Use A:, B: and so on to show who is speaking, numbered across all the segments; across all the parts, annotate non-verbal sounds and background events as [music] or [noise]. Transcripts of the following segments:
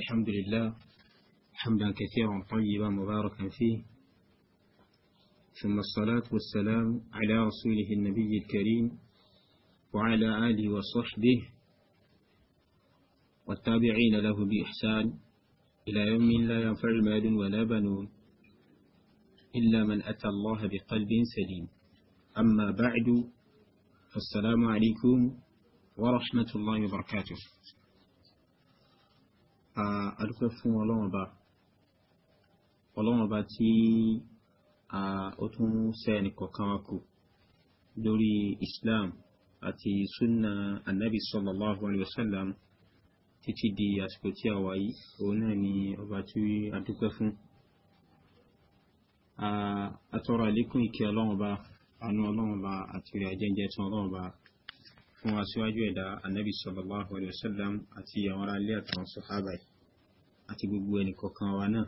A: الحمد لله حمدا كثيرا طيبا مباركا فيه ثم الصلاة والسلام على رسوله النبي الكريم وعلى آله وصحبه والتابعين له بإحسان إلى يوم لا ينفع مال ولا بنون إلا من أتى الله بقلب سليم أما بعد فالسلام عليكم ورحمة الله وبركاته adúpẹ́ fún ọlọ́run ọba ọlọ́run ọba tí ó tún ṣẹ́ ẹnìkọ̀ọ̀kan wa kù lórí Islam àti sunna anabi sallallahu alayhi wa sallam títí di àsìkò tí a wà yìí òun náà ni ọba tí a dúpẹ́ fún àtọrọ àlékún ìkẹ́ ọlọ́run ọba àánú ọlọ́run ọba àti rẹ̀ àjẹjẹ tán ọlọ́run ọba fún aṣíwájú ẹ̀dá anabi sallallahu alayhi wa sallam àti àwọn ará ilé àtàwọn sọ̀hábà yìí àti gbogbo ẹnìkọ̀ọ̀kan wa náà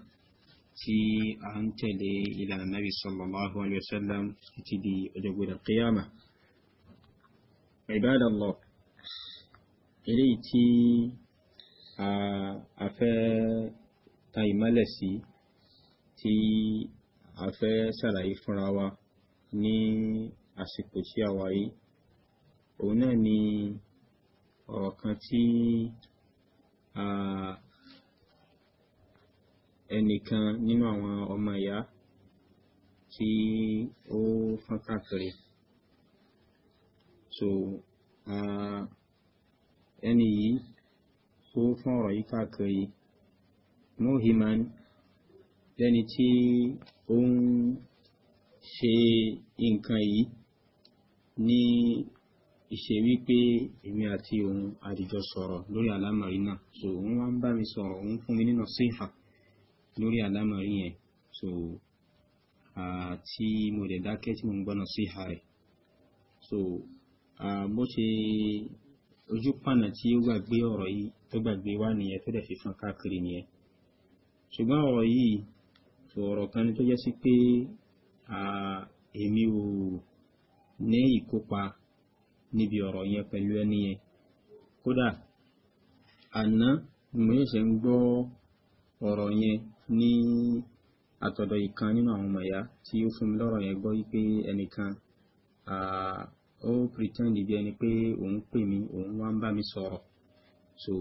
A: tí a ń tẹ̀lé ìlànà nàbì sallallahu alayhi wa sallam títí di ọjọ́ gbọdọ̀ kíyàmà. Ibadallah eléyìí tí a fẹ́ ta ìmọ́lẹ̀ sí tí a fẹ́ ṣàlàyé fúnra wa ní àsìkò tí a òun náà ni ọ̀rọ̀ kan tí ẹnìkan nínú àwọn ọmọ ìyá tí ó fọ́n káàkiri so ẹni yìí ó fọ́n ọ̀rọ̀ yìí káàkiri mohiman lẹ́ni tí ó ń ṣe nǹkan yìí ní ìṣe wípé èmi àti òun àdìjọ sọ̀rọ̀ lórí àlámọ̀rí náà so òun wá ń bá mi sọ̀rọ̀ òun fún mi nínú sífà lórí àlámọ̀rí yẹn so tí mo dẹ̀ dákẹ́ tí mo ń gbọ́nà sí ìhà rẹ̀ so bó ṣe ojú pànà tí ó gbàgbé ọ̀rọ̀ yìí tó gbàgbé wá nìyẹn tó dẹ̀ fi fọ́n káàkiri nìyẹn ṣùgbọ́n ọ̀rọ̀ yìí so ọ̀rọ̀ kan ni tó jẹ́ sí pé èmi ò ní ìkópa níbi ọ̀rọ̀ yẹn pẹ̀lú ẹni yẹn kódà àná mo ní àtọ̀dọ̀ ìkan nínú àwọn ọmọ ìyá tí ó fún mi lọ́rọ̀ yẹn gbọ́ wípé ẹnìkan ó pretend bí ẹni pé òun pè mí òun wá ń bá mi sọ̀rọ̀ so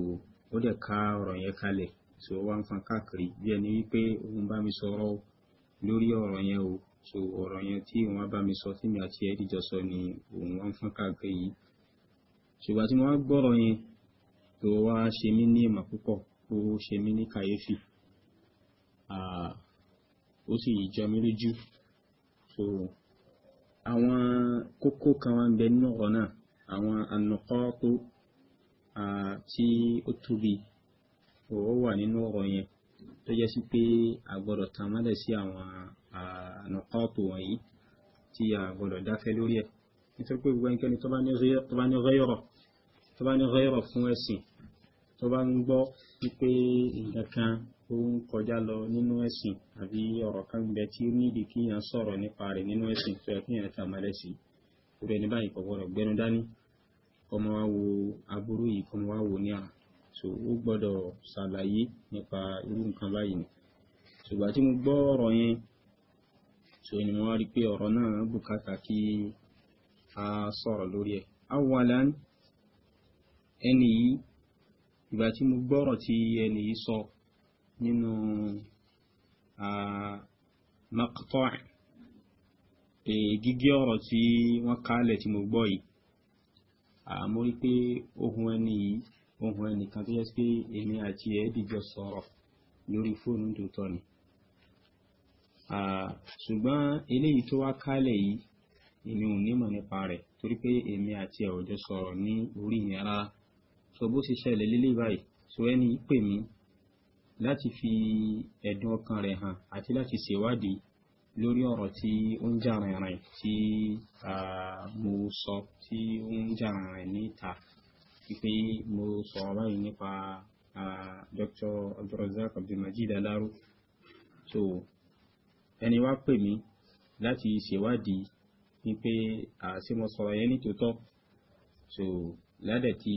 A: ó dẹ̀ ka ọ̀rọ̀ yẹn kalẹ̀ so ó wá ń fan káàkiri bí ẹni wípé òun bá mi sọ̀rọ̀ lórí ọ̀rọ̀ yẹn o so ọ̀rọ̀ yẹn tí òun wá bá mi sọ tí mi àti ẹ̀ dìjọ sọ ni òun wá ń fan káàkiri yìí ṣùgbọ́n tí mo wá gbọ́rọ̀ yẹn tó wá ṣe mí ní ìmọ̀ púpọ̀ ó ṣe mí ní kàyéfì ó sì jọ mí lójú so àwọn kókó kan wá ń bẹ nínú ọ̀rọ̀ náà àwọn ànàkọ́tò tí ó tóbi òwò wà nínú ọ̀rọ̀ yẹn tó jẹ́ sí pé a gbọ́dọ̀ tan mọ́lẹ̀ sí àwọn ànàkọ́tò wọ̀nyí tí a gbọ́dọ̀ dákẹ́ lórí ẹ̀ nítorí pé gbogbo ẹnikẹ́ni tó bá ní rẹ́yọ̀rọ̀ tó bá ní rẹ́yọ̀rọ̀ fún ẹ̀sìn tó bá ń gbọ́ wípé nǹkan kan ó ń kọjá lọ nínú ẹ̀sìn àbí ọ̀rọ̀ kan bẹ tí ó nídi kí yàn sọ̀rọ̀ nípa rẹ̀ nínú ẹ̀sìn tó yẹ kí yàn tàmálẹ̀ sí irú ẹni báyìí kò gbọdọ̀ gbẹnu dání kọmọ wá wo aburú yìí kọmọ wá wo ní à so ó gbọdọ̀ ṣàlàyé nípa irú nǹkan báyìí ni ṣùgbọ́n tí mo gbọ́ ọ̀rọ̀ yẹn so ni mo wá rí pé ọ̀rọ̀ náà bùkátà kí a sọ̀rọ̀ lórí ẹ̀ awalan ẹni yìí ìgbà tí mo gbọ́rọ̀ tí ẹni yìí sọ so, nínú maqta' gígé ọ̀rọ̀ tí wọ́n kálẹ̀ tí mo gbọ́ yìí àmọ́ rí pé ohun ẹni yìí ohun ẹnìkan tó yẹ pé èmi àti ẹ̀ dìjọ sọ̀rọ̀ lórí fóònù tó tọ́ ni ṣùgbọ́n eléyìí tó wá kálẹ̀ yìí èmi ò nímọ̀ nípa rẹ̀ torí pé èmi àti ẹ̀ ò jọ sọ̀rọ̀ ní orí yẹn rárá so bó ṣe ṣẹlẹ̀ lélẹ́ báyìí so ẹni pè mí láti fi ẹ̀dùn ọkàn rẹ̀ hàn àti láti ṣèwádìí lórí ọ̀rọ̀ tí ó ń jà rìnrìn tí mo sọ tí ó ń jà rìnrìn níta wípé mo sọ̀rọ̀ báyìí nípa Dr. Abdulrasaq Abdulmajid Alaru so ẹni wá pè mí láti ṣèwádìí wípé àṣé mo sọ̀rọ̀ yẹn nítòótọ́ so ládẹ̀ tí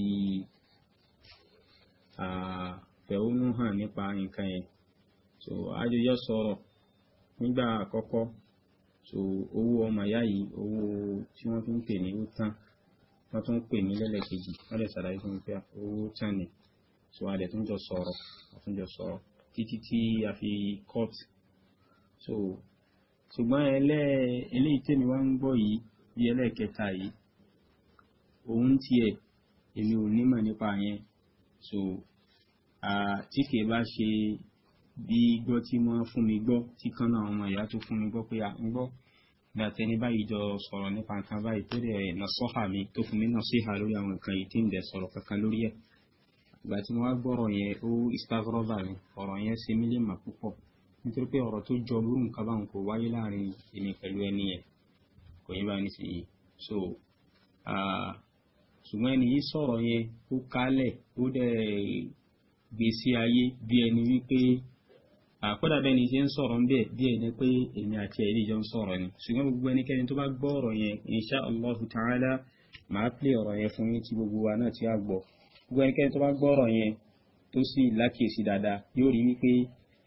A: fẹ̀hónú hàn nípa nǹkan yẹn so àjọyọ̀ sọ̀rọ̀ nígbà àkọ́kọ́ so owó ọmọ ìyá yìí owó tí wọ́n fi ń pè ní wọ́n tún pè ní lẹ́lẹ́kejì wọ́n lè ṣàlàyé fún mi owó so a dẹ̀ tún jọ sọ̀rọ̀ a tún jọ sọ̀rọ̀ títí tí a fi cut so ṣùgbọ́n ẹlẹ́ eléyìí tí kìí bá ṣe bí gbọ́ tí wọ́n fún mi gbọ́ tí kan náà ọmọ ìyá tó fún mi gbọ́ pé à ń gbọ́ bí àtẹni báyìí jọ sọ̀rọ̀ nípa nǹkan báyìí tó dẹ̀ mi tó fún mi nasíhà lórí àwọn nǹkan yìí tí ń dẹ̀ sọ̀rọ̀ kankan lórí ẹ̀ ìgbà tí mi ọ̀rọ̀ yẹn ṣe mí lè mà púpọ̀ nítorí pé ọ̀rọ̀ tó jọ lórí nǹkan báwọn kò wáyé láàrin èmi pẹ̀lú ẹni yẹn kò so ṣùgbọ́n ẹni yìí sọ̀rọ̀ yẹn ó kálẹ̀ ó dẹ̀ gbèsè ayé bí ẹni wípé àkọ́dà bẹ́ẹ̀ ni ṣe ń sọ̀rọ̀ ń bẹ̀ bí ẹni pé èmi àti ẹ̀rí jọ ń sọ̀rọ̀ ni ṣùgbọ́n gbogbo ẹnikẹ́ni tó bá gbọ́ ọ̀rọ̀ yẹn insha Allahu ta'ala màá pè ọ̀rọ̀ yẹn fún yín tí gbogbo wa náà ti á gbọ́ gbogbo ẹnikẹ́ni tó bá gbọ́ ọ̀rọ̀ yẹn tó sì lákìyèsí dáadáa yóò rí wípé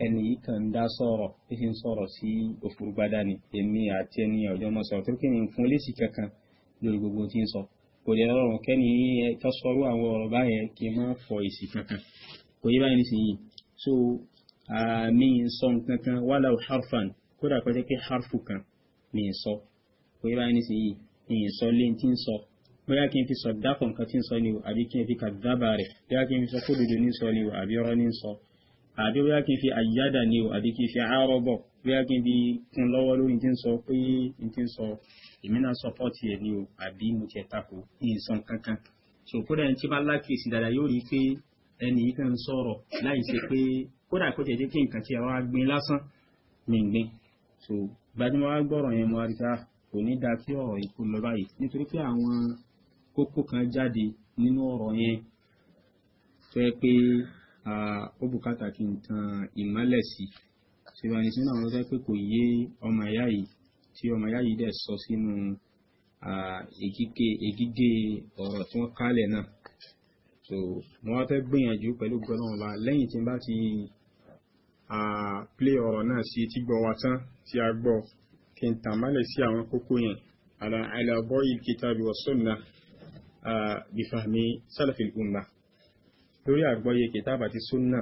A: ẹni yìí kàn ń dá sọ̀rọ̀ tó sì ń sọ̀rọ̀ sí òfurugbádá ni èmi àti ẹni ọ̀jọ́ mọ̀ sọ̀rọ̀ tó kéwìn fún lésì kankan lórí gbogbo tí ń sọ kò lè rọrùn kẹ́ni yẹn tó sọ̀rọ̀ àwọn ọ̀rọ̀ báyẹn kí n má fọ èsì kankan kò yí báyìí nísìnyí so mi ń sọ nǹkan kan wàhálà harfan kódà kó jẹ́ pé harfu kan mi ń sọ kò yí báyìí nísìnyí mi ń sọ lé tí ń sọ bóyá kí n fi sọ dákọ̀ nǹkan tí ń sọ ni o àbí kí n fi kàdábà rẹ̀ bóyá kí n fi sọ kódodo ní sọ ni o àbí ọ̀rọ̀ ní sọ àbí bóyá kí n fi àyádà ni o àbí kí n fi àárọ̀ bọ̀ bóyá kí n fi kún lọ́wọ́ lórí tí ń sọ pé n tí sọ èmi náà sọpọ́ọ̀tì ẹ̀ ni o àbí mo tiẹ̀ tako ní ìsọ̀n kankan so kódà ẹni tí bá lákèsí dáadáa yóò rí i pé ẹnì yìí kan sọ̀rọ̀ láì ṣe pé kódà kó tẹ̀ jẹ́ kí nǹkan tí àwa gbin lásán ní gbin so gbajúmọ̀ wá gbọ́rọ̀ yẹn mo àríkà ah, kò ní da kí ọ̀rọ̀ yìí kó lọ báyìí nítorí pé àwọn kókó kan jáde nínú ọ̀rọ̀ yẹn tó yẹ pé ó bùkátà kí n tan ìmọ́lẹ̀ sí ṣùgbọ́n àníṣe náà wọ́n fẹ́ pé kò yé ọmọ ìyá yìí tí ọmọ ìyá yìí dẹ̀ sọ sínú ègígé ọ̀rọ̀ tí wọ́n kálẹ̀ náà so mo wá fẹ́ gbìyànjú pẹ̀lú gbọ́dọ̀ ọba lẹ́yìn tí n bá ti play ọ̀rọ̀ náà sí etí gbọ́ wa tán tí a gbọ́ kí n tàn málẹ̀ sí àwọn kókó yẹn ala ala bọ́ọ̀lì kitabi wa sunna bi fahmi salafil umma lórí àgbọ́yé kìtàbà ti súnnà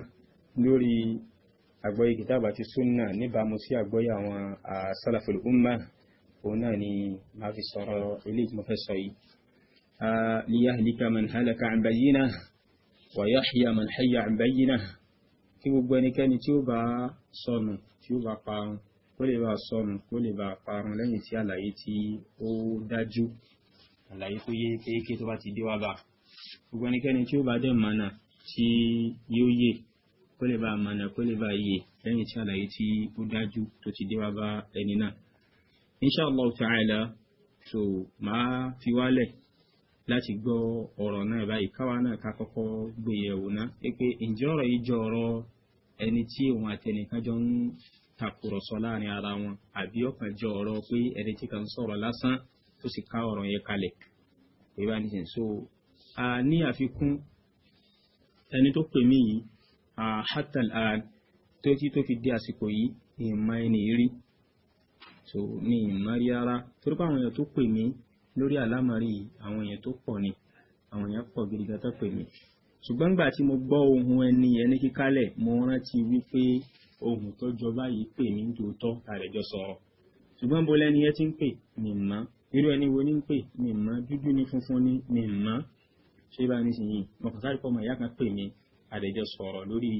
A: lórí àgbọ́yé kìtàbà ti súnnà níbàámu sí àgbọ́yé àwọn salafil umma òun náà ni màá fi sọ̀rọ̀ eléyìí tí mo fẹ́ sọ yìí ليهلك من هلك عن بينه ويحيى من حي عن بينه kí gbogbo ẹnikẹ́ni tí ó bá sọnù tí ó bá parun kó lè bá sọnù kó lè bá parun lẹ́yìn tí àlàyé tí ó dájú àlàyé tó yé kéékèé tó bá ti dé wá bá gbogbo ẹnikẹ́ni tí ó bá dẹ̀ mọ̀nà tí yóò yè kó lè bá mọ̀nà kó lè bá yè lẹ́yìn tí àlàyé tí ó dájú tó ti dé wá bá ẹni náà. inṣàlá ta'ala so máa fi wálẹ̀ láti gbọ́ ọ̀rọ̀ náà báyìí káwa náà ká kọ́kọ́ gbé yẹ̀wò náà pé ǹjẹ́ ọ̀rọ̀ yìí jọ ọ̀rọ̀ ẹni tí òun àtẹnìkan jọ ń takùrọ̀sọ láàrin ara wọn àbí ọ̀kan jọ ọ̀rọ̀ pé ẹni tí kan sọ̀rọ̀ lásán tó sì ká ọ̀rọ̀ yẹn kalẹ̀ pé nìyẹn so a ní àfikún ẹni tó pè mí yìí hatal ad tó ti tó fi dé àsìkò yìí ìmọ̀ ẹni rí so ní ìmọ̀ rí ara torí pé àwọn èèyàn tó pè mí lórí àlámọ̀rí àwọn èèyàn tó pọ̀ ni àwọn èèyàn pọ̀ gidi pè mí ṣùgbọ́n nígbà tí mo gbọ́ ohun ẹni yẹn ní kíkálẹ̀ mo rántí wípé ohun tó jọ báyìí pè mí ń tòótọ́ àrẹ̀jọ sọ̀rọ̀ ṣùgbọ́n bo lẹ́ni yẹn ti ń pè mí mọ́ irú ẹni wo ni ń pè mí mọ́ dúdú ni funfun ni mí mọ́ ṣé bá mi sì yìn mo kàn sáré pọ̀ mọ́ ìyá kan pè mí àrẹ̀jọ sọ̀rọ̀ lórí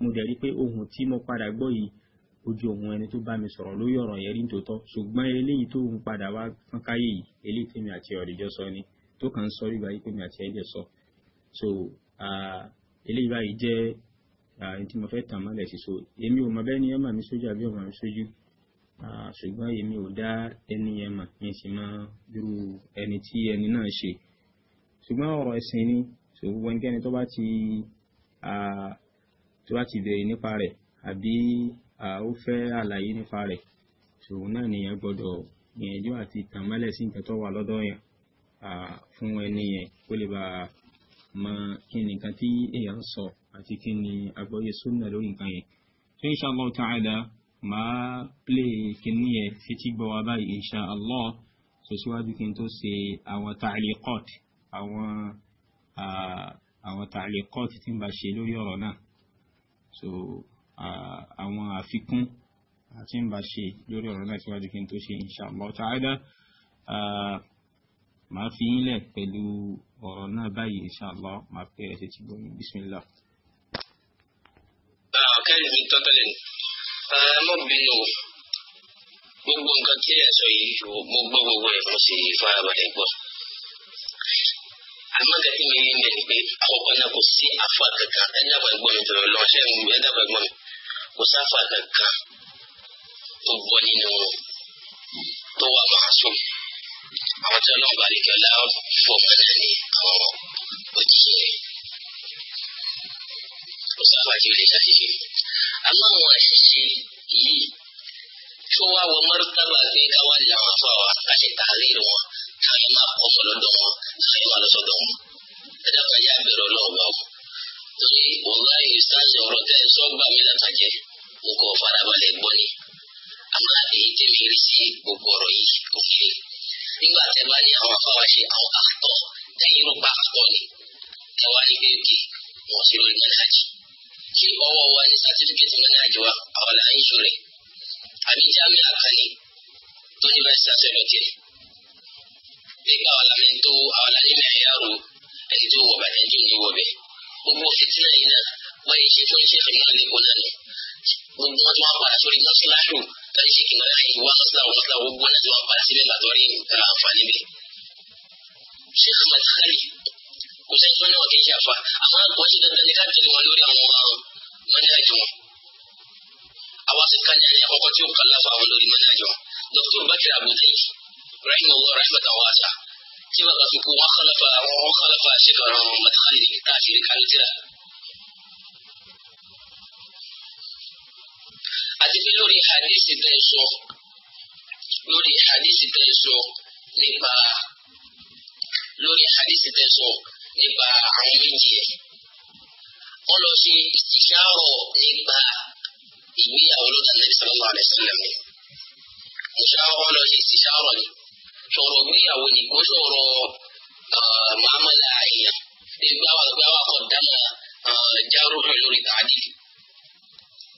A: mo dẹ̀ rí pé ohun tí mo padà gbọ́ yìí ó jẹ́ òun ẹni tó bá mi sọ̀rọ̀ lórí ọ̀rọ̀ yẹn rí nítòótọ́ ṣùgbọ́n eléyìí tó ń padà wá fún káyé yìí eléyìí tèmi àti ọ̀rẹ́jọ́ sọ ni tó kàn ń sọ rí báyìí pé àti ẹ̀jẹ̀ sọ so eléyìí báyìí jẹ́ ẹni tí mo fẹ́ tàn mọ́lẹ̀ sí so èmi ò mọ bẹ́ẹ̀ ni ẹ mà mí sójú àbí ọ̀mà mi sójú ṣùgbọ́n èmi ò dá ẹni yẹn mà mi sì mọ irú ẹni tí ẹni náà ṣe ṣùgbọ́n ọ̀rọ̀ ẹ̀sìn ni ṣòwò ẹnikẹ́ni tó bá ti bẹ̀rẹ̀ nípa rẹ̀ àbí ó fẹ́ àlàyé nípa rẹ̀ ṣòun náà nìyẹn gbọ́dọ̀ gbìyànjú àti tàn mọ́lẹ̀ sí nǹkan tó wà lọ́dọ̀ yẹn fún ẹni yẹn kó lè bá mọ kí ni nǹkan tí èèyàn sọ àti kí ni àgbọ́yé súnà lórí nǹkan yẹn so inshallah ta'ala máa play kíní yẹn fetí gbọ́ wa báyìí inshallah so kí n tó ṣe àwọn ta'liqat àwọn àwọn ta'liqat tí n bá ṣe lórí ọ̀rọ̀ náà àwọn àfikún àti ń bá ṣe lórí ọ̀rọ̀ náà síwájú kí n tó ṣe insha Allah ta'ala màá fi yín lẹ̀ pẹ̀lú ọ̀rọ̀ náà báyìí insha màá pẹ́ ẹ̀ ṣe ti gbọ́ mi bismillah.
B: kẹ́hìn mi tọ́tọ́lẹ̀ mo bínú gbogbo nǹkan tí ẹ sọ yìí mo gbọ́ gbogbo ẹ̀ mo sì farabalẹ̀ gbọ́ amaka ti mi ni mbẹ ni pe àkọ́kọ́ náà kò sí afa kankan ẹ dàgbà ẹ̀gbọ́n mi tọrọ lọ ṣẹ ń gbẹ dàgbà ẹ̀gbọ́n mi. sáfà kankan tó bọ́ nínú tó wà màásùn àwọn tí ọlọ́run bá lè kí ọlá fò mọ́lẹ̀ ní àwọn òjijì rẹ̀ kò sáfà kí lè ṣàṣìṣe. aláwọn àṣìṣe yìí tó wá wọ mọ́rútàbà pé káwá lè àwọn afọ àwọn àṣẹ tààrí wọn káyọ̀ máa kọ́ ọmọ lọ́dọ̀ wọn káyọ̀ máa lọ́sọ̀dọ̀ wọn ẹ̀dá kan yá bẹ̀rẹ̀ ọlọ́ọ̀gbà wọn. torí òun bá yìí sáàsì ọ̀rọ̀ tẹ́ sọ gbà mí látàjẹ́ mo kọ̀ farabalẹ̀ gbọ́ ni àmọ́ èyí tèmi rí sí gbogbo ọ̀rọ̀ yìí kò fi lè nígbà tẹ́ bá ní àwọn afáwa ṣe àwọn àtọ̀ tẹ́yìn ló pa àtọ̀ ni ẹ wá rí pé òkè wọn sí lórí mẹ́nájì ṣé ọwọ́ wa ní sátífíkẹ́tì mẹ́nájì wa àwọn là ń ṣòrẹ̀ àbí jáàmì àkàní tó ní bá ṣiṣẹ́ lọ́tẹ̀ nígbà wà lámẹ́ńtò àwọn làní mẹ́rin yàrá ẹni tó wọ bàtẹ́ńtì ò ní wọ bẹ́ẹ̀. وموفقنا إلى ما يجيتون شيخ المغرب ولا لي والناس ما أربعة تولي الناس يلاحظوا فأيشي كما يحيي وغسلا وغسلا وبنت وأربعة سنين بعد ورين أنفاني به شيخ ما تخلي kusaifanya wakichafa ama wachidadadikati waluri amwao manhajo awasikanyanya wakati ukalafa awaluri manhajo dr bakir abu zaid rahimahullah rahmatan wasa سبق سكو وخلف وخلف شكر مدخله بالتأثير كالجاء àti lórí hadisi bẹ́ẹ̀ sọ lórí hadisi bẹ́ẹ̀ sọ nípa lórí hadisi bẹ́ẹ̀ sọ nípa àwọn méjì yẹn wọ́n lọ sí ìṣàrọ̀ nípa ìgbéyàwó lọ́dọ̀ Nabi sallallahu alaihi wasallam ni ìṣàrọ̀ lọ sí ìṣàrọ̀ ni. sọ̀rọ̀ gbéyàwó ni kò sọ̀rọ̀ màmàlà àyà gbáwà gbáwà ọ̀dàmà járùmù lórí tààdì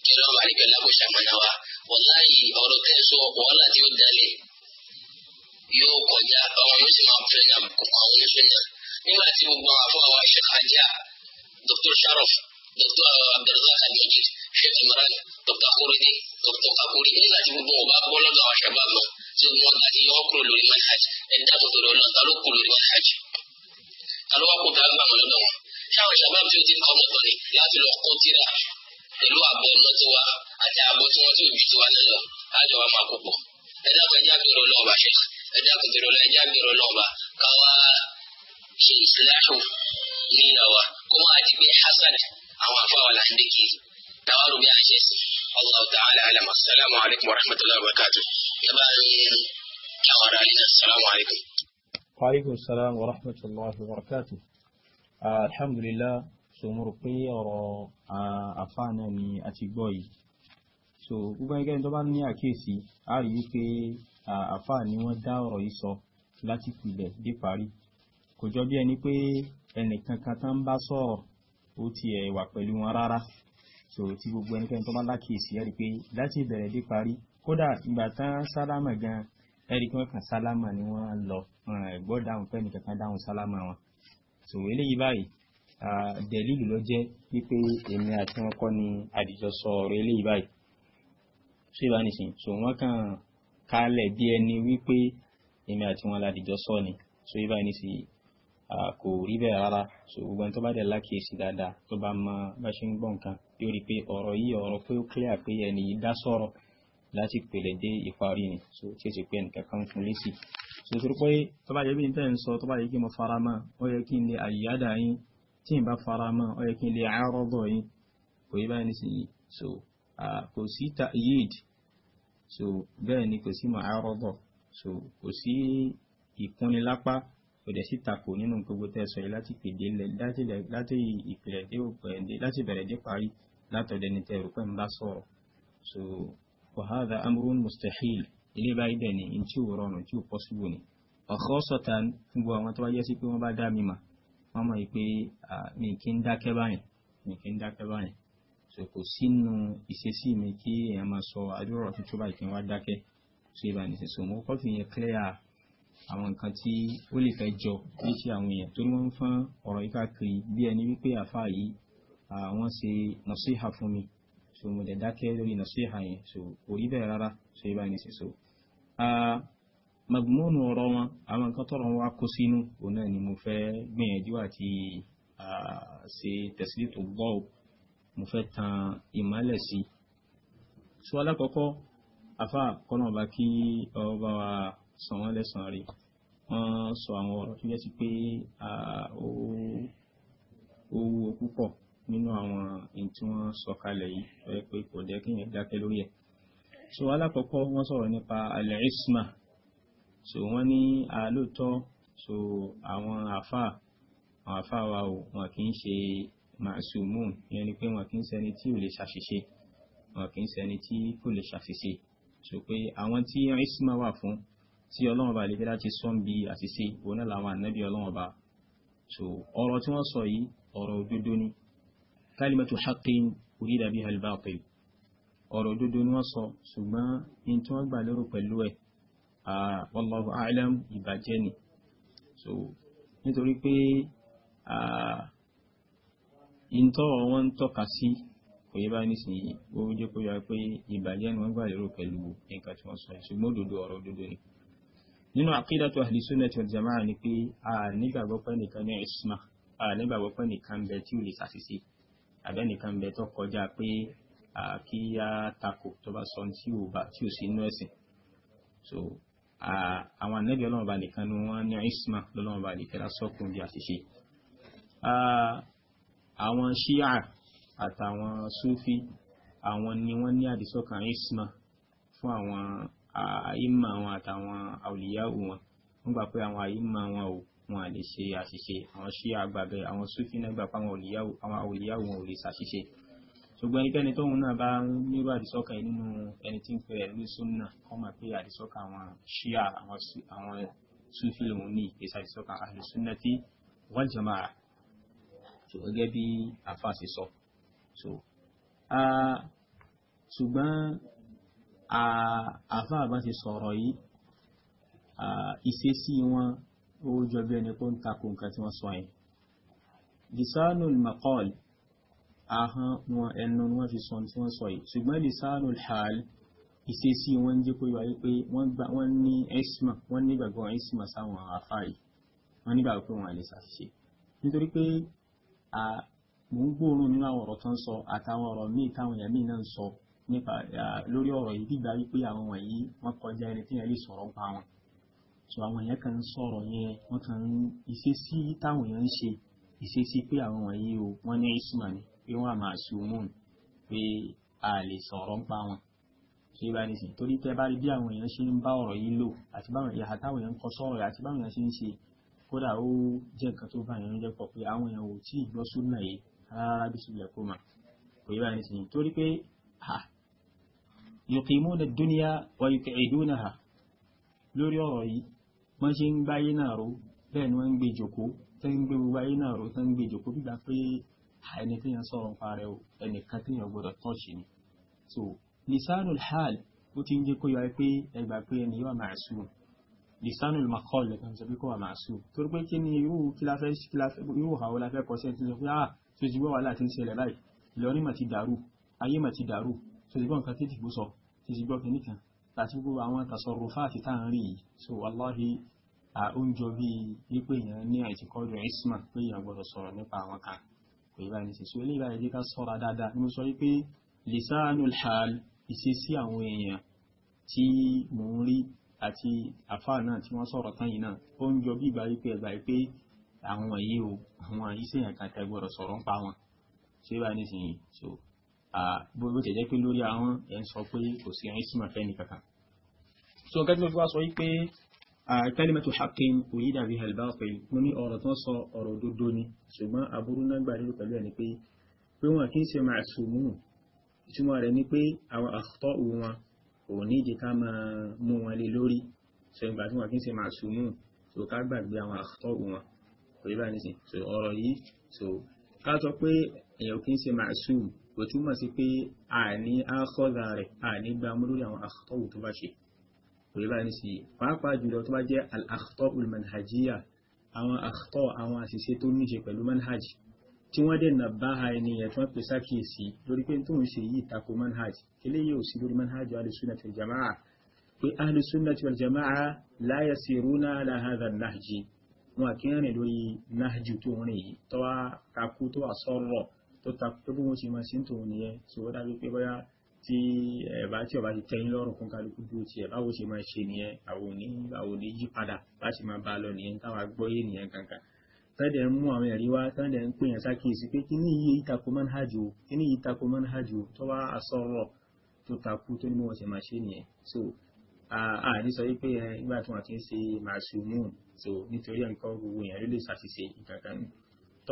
B: kí ló máa rí pẹ̀lú àkóso àmàna wa wàláyé ọ̀rọ̀ tẹ́ sọ wàhálà tí ó dalẹ̀ yóò kọjá àwọn yóò sì máa fẹ́ náà àwọn onífẹ́ náà nígbà tí gbogbo àwọn afọ àwọn iṣẹ́ ajá Dr. Sharaf Dr. Abdulrahman Adéjì حيث المرأة تبقى خورجي تبقى خورجي إلا تبقى بابو لدى شبابنا ثم أتي يوكل للمنهج إلا تقول لنا تلوك للمنهج قالوا أكو تابع لدى شاو شباب تنتي فهم الطريق لا تلوك قتلا إلو أبو نتوى أتى أبو تواتي بيتوى لدى هذا هو ما كوكو إذا كان جابر لوبا شيخ إذا كنت لولا جابر لوبا كوا شيء إصلاحه لنا وكما أتي بحسن أو أفعل عندك táwọn bí a ṣe sí Allahu ta'ala alam assalamu alaikum wa rahmatullahi wa barakatuh ẹ bá
A: ní káwọn ará ilé assalamu alaikum. wa alaikum salam wa rahmatullahi wa barakatuh alhamdulillah so mo rò pé ọ̀rọ̀ àfáàná ni a ti gbọ́ so gbogbo ẹgbẹ́ tó bá ní àkíyèsí a rí wípé àfáà ni wọ́n dá ọ̀rọ̀ yìí sọ láti pilẹ̀ dé parí kò jọ bí ẹni pé ẹnìkan kan tán bá sọ̀rọ̀ ó ti wà pẹ̀lú wọn rárá so tí gbogbo ẹnikẹ́ni tó bá lákìsí ẹ̀rí pé láti ìbẹ̀rẹ̀ dé parí kódà ìgbà tán sálámà gan ẹ̀rí pé wọ́n kàn sálámà ni wọ́n lọ ẹ̀gbọ́ dáhùn pé ẹnì kankan dáhùn sálámà wọn so eléyìí báyìí dẹ̀lílù ló jẹ́ wípé èmi àti wọn kọ́ ni àdìjọ sọ eléyìí báyìí so ìbá nìsín so wọ́n kàn kalẹ̀ bí ẹni wípé èmi àti wọn ládìjọ sọ ni so ìbá nìsín kò rí bẹ́ẹ̀ rárá so gbogbo ẹni tó bá dẹ̀ lákìsí dáadáa tó bá mọ bá ṣe ń gbọ́ nǹkan yóò pe pé ọ̀rọ̀ yìí ọ̀rọ̀ pé ó clear pé ẹni dá sọ̀rọ̀ láti pèlè dé ìparí ni so tí ó sì pé ẹnìkan kan fún lésì so sọ pé tó bá jẹ́ bí sọ tó bá yẹ kí mo fara mọ́ ó yẹ kí n lè àyíyáda yín tí n bá fara mọ́ ó yẹ kí n lè àárọ̀bọ̀ yín kò yẹ báyìí nísìnyí so kò sí ta'yid so bẹ́ẹ̀ ni kò sí mọ̀ àárọ̀bọ̀ so kò sí ìkúnnilápá kò dẹ̀ sí tako nínú gbogbo tẹ́ sọ yìí láti pèdé láti ìpìlẹ̀ dé òpin láti bẹ̀rẹ̀ dé parí látọ̀dẹ̀ ní tẹ́ rò pé ń bá sọ̀rọ̀ so wàhálà amúrún mustahil ilé báyìí bẹ̀ ni n tí ò rọrùn tí ò pọ́sibú ni ọ̀kọ́ sọ̀tà gbogbo àwọn tó bá yẹ sí pé wọ́n bá dá mi mà wọ́n mọ̀ pé mi kì í dákẹ́ báyìí mi kì í dákẹ́ báyìí so kò sínú ìṣesí mi kí èèyàn máa sọ adúrò tuntun báyìí kí n wá dákẹ́ so ìbá ní sísun mo kọ́ fi yẹn clear àwọn nǹkan tí ó lè fẹ́ jọ létí àwọn èèyàn tó ní wọ́n ń fọ́n ọ̀rọ̀ yìí káàkiri bí ẹni wípé àfáà yìí àwọn ṣe nasiha fún mi so mo dẹ̀ dákẹ́ lórí nasiha yẹn so kò rí bẹ́ẹ̀ rárá so yẹ báyìí nìsín so. magmúnù ọ̀rọ̀ wọn àwọn nǹkan tọrọ wọn kó sínú òun náà ni mo fẹ́ gbìyànjú àti ṣe tẹ̀sílẹ̀ tó gbọ́ ò mo fẹ́ tan ìmọ́lẹ̀ sí i. so alákọ̀ọ́kọ́ afa kọ́nà ọba kí ọba wa sàn wọ́n lẹ́sàn-án rí wọ́n sọ àwọn ọ̀rọ̀ tó yẹ sí pé ó wúwo púpọ̀ nínú àwọn èyí tí wọ́n sọ kalẹ̀ yìí tó yẹ pé kò jẹ́ kí yẹn dákẹ́ lórí ẹ̀. so alákọ̀ọ́kọ́ wọ́n sọ̀rọ̀ nípa al-isma so wọ́n ní àlóòótọ́ so àwọn àfà àwọn àfà wa ò wọn kì í ṣe màṣùmù ìyẹn ni pé wọn kì í ṣẹni tí ò lè ṣàṣìṣe wọn kì í ṣẹni tí kò lè ṣàṣìṣe so pé àwọn tí isma wà fún tí ọlọ́run bá lè fẹ́ láti sọ́n bí àṣìṣe òun náà làwọn ànábì ọlọ́run bá so ọ̀rọ̀ tí wọ́n sọ yìí ọ̀rọ̀ òdodo ni kalimatu haqqin urida biha al-batil ọ̀rọ̀ òdodo ni wọ́n sọ ṣùgbọ́n in tí wọ́n gbà lérò pẹ̀lú ẹ̀ wallahu a'lam ìbàjẹ́ ni so nítorí pé ìntọ́ wọn tọ́ka sí kò yẹ bá nísìnyí ó jẹ́ kó yára pé ìbàjẹ́ ni wọ́n gbà lérò pẹ̀lú nǹkan tí wọ́n sọ ṣùgbọ́n òdodo ọ̀rọ̀ òdodo ni nínú àkídàtò ahli sunnati wal jama'a ni pé a nígbàgbọ́ pé nìkan ní isma a nígbàgbọ́ pé nìkan bẹ tí ò lè ṣàṣìṣe àbẹ́nìkan bẹ tó kọjá pé kí á takò tó bá sọ tí ò bá tí ò sí inú ẹ̀sìn so àwọn ànábì ọlọ́run ọba nìkan ni wọ́n ní isma lọ́lọ́run ọba nìkan lásọ̀kùn bí àṣìṣe àwọn ṣíà àtàwọn súfì àwọn ni wọ́n ní àdìsọ́kàn isma fún àwọn àìmọ̀ àwọn àtàwọn àwòlíyá wọn wọ́n gbà pé àwọn àìmọ̀ wọn ò wọn à lè ṣe àṣìṣe àwọn ṣí àgbàbẹ àwọn sufi náà gbà fáwọn òlìyáwó àwọn òlìyáwó wọn ò lè ṣàṣìṣe ṣùgbọ́n ẹnikẹ́ni tóun náà bá ń nírú àdìsọ́kàn yìí nínú ẹni tí ń pè rẹ̀ ní sunna wọ́n mọ̀ pé àdìsọ́kàn àwọn ṣíà àwọn sufi òun ní ìpèsè àdìsọ́kàn ahlu sunnati wal jamaa so gẹ́gẹ́ bí àfáà ṣe sọ so ṣùgbọ́n àfáà bá ṣe sọ̀rọ̀ yìí ìṣesí wọn ó jọ bí ẹni pé ń takò nǹkan tí wọ́n sọ yẹn lisanul maqal ahọ́n wọn ẹnu wọn fi sọ tí wọ́n sọ yìí ṣùgbọ́n lisanul hal ìṣesí wọn jẹ́ pé wáyé pé wọ́n ní ẹ́sìmà wọ́n ní ìgbàgbọ́ ẹ́sìmà sáwọn àfáàrí wọ́n ní ìgbàgbọ́ pé wọ́n lè ṣàṣìṣe nítorí pé mò ń gbóòórùn nínú àwọn ọ̀rọ̀ tó ń sọ àtàwọn ọ̀rọ̀ míì táwọn èèyàn míì náà ń sọ nípa lórí ọ̀rọ̀ yìí dìgbà wípé àwọn wọ̀nyí wọ́n kọjá ẹni tí yẹn lè sọ̀rọ̀ pa wọn so àwọn èèyàn kan sọ̀rọ̀ yẹn wọ́n kan ń ìṣesí táwọn èèyàn ń ṣe ìṣesí pé àwọn wọ̀nyí o wọ́n ní ìṣúná ni pé wọ́n á máa ṣe òmùn pé a lè sọ̀rọ̀ ń pa wọn ṣe bá ní sìn torí tẹ́ bá rí bí àwọn èèyàn ṣe ń bá ọ̀rọ̀ yìí lò àti báwọn ìyá táwọn èèyàn kọ sọ̀rọ̀ yìí àti báwọn èèyàn ṣe ń ṣe kódà ó jẹ́ nǹkan tó bá èèyàn jẹ́ pọ̀ pé àwọn èèyàn ò tí ì gbọ́ súnà yìí rárá bí sílẹ̀ kó mà kò yẹ bá ní sìn torí pé ha yuqimuna ad-dunya wa yuq'idunaha lórí ọ̀rọ̀ yìí wọ́n ṣe ń gbáyé náà ró bẹ́ẹ̀ ni wọ́n ń gbé jòkó tẹ́ ń gbé gbogbo ayé náà ró tẹ́ ń gbé jòkó gbígbà pé ẹni tí yẹn sọ̀rọ̀ nípa rẹ̀ o ẹnìkan tí yẹn gbọ́dọ̀ tọ́ọ̀ṣì ni so lisanul hal ó ti ń jẹ́ kó yọ pé ẹgbà pé ẹni yóò máa sùn lisanul maqal lẹ́kàn sọ pé kó wà máa sùn torí pé kí ni irú kí la fẹ́ irú àwọn la fẹ́ kọ́ sí ẹni tí sọ pé ah tó ti gbọ́ wàhálà tí ń ṣẹlẹ̀ báyìí Ìlọrin mà dàrú ayé mà dàrú tó nǹkan tí ìdìbò sọ tó ti gbọ́ àti gbogbo àwọn tasarrufati tá à ń rí yìí so wallahi oúnjẹ bíi wípé èèyàn ní àìsíkọ́dù isma pé èèyàn gbọ́dọ̀ sọ̀rọ̀ nípa àwọn kan kò yí báyìí nìṣẹ́ so eléyìí báyìí jẹ́ ká sọ́ra dáadáa ni mo sọ wípé lisanul hal ìṣesí àwọn èèyàn tí mò ń rí àti àfáà náà tí wọ́n sọ̀rọ̀ tán yìí náà ó ń jọ bí ìgbà wípé ẹgbà wípé àwọn èyí o àwọn iṣẹ́ kan tẹ́ gbọ́dọ̀ sọ̀rọ̀ ń pa wọn ṣé báyìí nìṣẹ́ yìí so bó tẹ̀ jẹ́ pé lórí àwọn ẹ̀ ń sọ pé kò sí ẹ̀yìn símọ̀ fẹ́ nìkankan. so nǹkan tí mo fi wá sọ yìí pé kalimatu haqqin urida biha al-batil mo ní ọ̀rọ̀ tó ń sọ ọ̀rọ̀ òdodo ni ṣùgbọ́n aburú náà gbà lérò pẹ̀lú ẹ̀ ni pé pé wọn kì í ṣe ma'sumun ìtumọ̀ rẹ̀ ni pé àwọn àkọ́tọ̀ wọn ò ní ìdí ká máa mú wọn lé lórí ṣe ìgbà tí wọn kì í ṣe ma'sumun so ká gbàgbé àwọn àkọ́tọ̀ wọn kò yí bá ní sìn ọ̀rọ̀ yìí so ká sọ pé èèyàn kì í ṣe ma'sum kò túmọ̀ sí pé àní ákọ́dà rẹ̀ àní gbámú lórí àwọn àkọ́tọ̀wù tó bá ṣe kò yẹ báyìí sí pàápàá jùlọ tó bá jẹ́ al-akhta'ul manhajiyya àwọn àkọ́tọ̀ àwọn àṣìṣe tó ní ṣe pẹ̀lú manhaj tí wọ́n dẹ̀ bá ha ẹni yẹn tí wọ́n pè sákìyèsí lórí pé tó ṣe yìí tako manhaj eléyìí ò sí lórí manhaj ahlus jama'a pé ahlus jama'a la yasiruna ala hadha an wọn kí lórí nahju tó ń yìí tó wá kakú tó wà sọ̀rọ̀ tó ta tó bó wọn ṣe máa ṣe ń tòun nìyẹn so ó dájú pé bóyá tí ẹ̀bá tí ọba ti tẹ́yìn lọ́rùn fún kálukú dúró tiẹ̀ báwo ṣe máa ṣe nìyẹn àwọn ní àwọn ní yí padà láti máa bá a lọ nìyẹn táwa gbọ́ yé nìyẹn kankan tẹ́lẹ̀ ń mú àwọn ẹ̀rí wá tẹ́lẹ̀ ń pè yẹn sákìyèsí pé kí ní iye ìtako manhaj o kí ní iye ìtako manhaj o tó wá tó takú tó ní bí ṣe máa ṣe nìyẹn so a ní sọ wípé ẹ nígbà tí wọ́n ti ń ṣe màṣúmù so nítorí ẹ̀ńkọ́ gbogbo yẹn ló lè ṣàṣìṣe ìkankan ni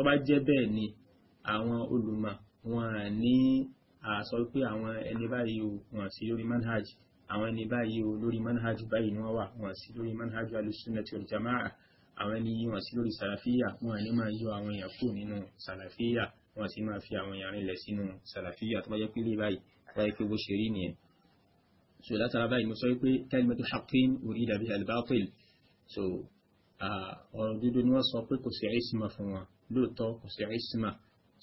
A: bá jẹ́ bẹ́ẹ̀ ni àwọn olùmọ̀ wọn ní àsọ pé àwọn ẹni báyìí wọn sí lórí manhaj àwọn ẹni báyìí lórí manhaj báyìí ni wọ́n wà wọn sí lórí manhaj alusunnati wal jamaa àwọn ẹni wọn sí lórí sàlàfíà wọn ní máa yọ àwọn èèyàn kù nínú sàlàfíà wọn sì máa fi àwọn èèyàn rinlẹ̀ sínú sàlàfíà tó bá jẹ́ pé lè báyìí báyìí pé bó ṣe rí nìyẹn so látara báyìí mo sọ pé kalimatu haqqin urida biha al so ọ̀rọ̀ dúdú ni wọ́n sọ pé kò sí àìsímà fún wọn lóòótọ́ kò sí àìsímà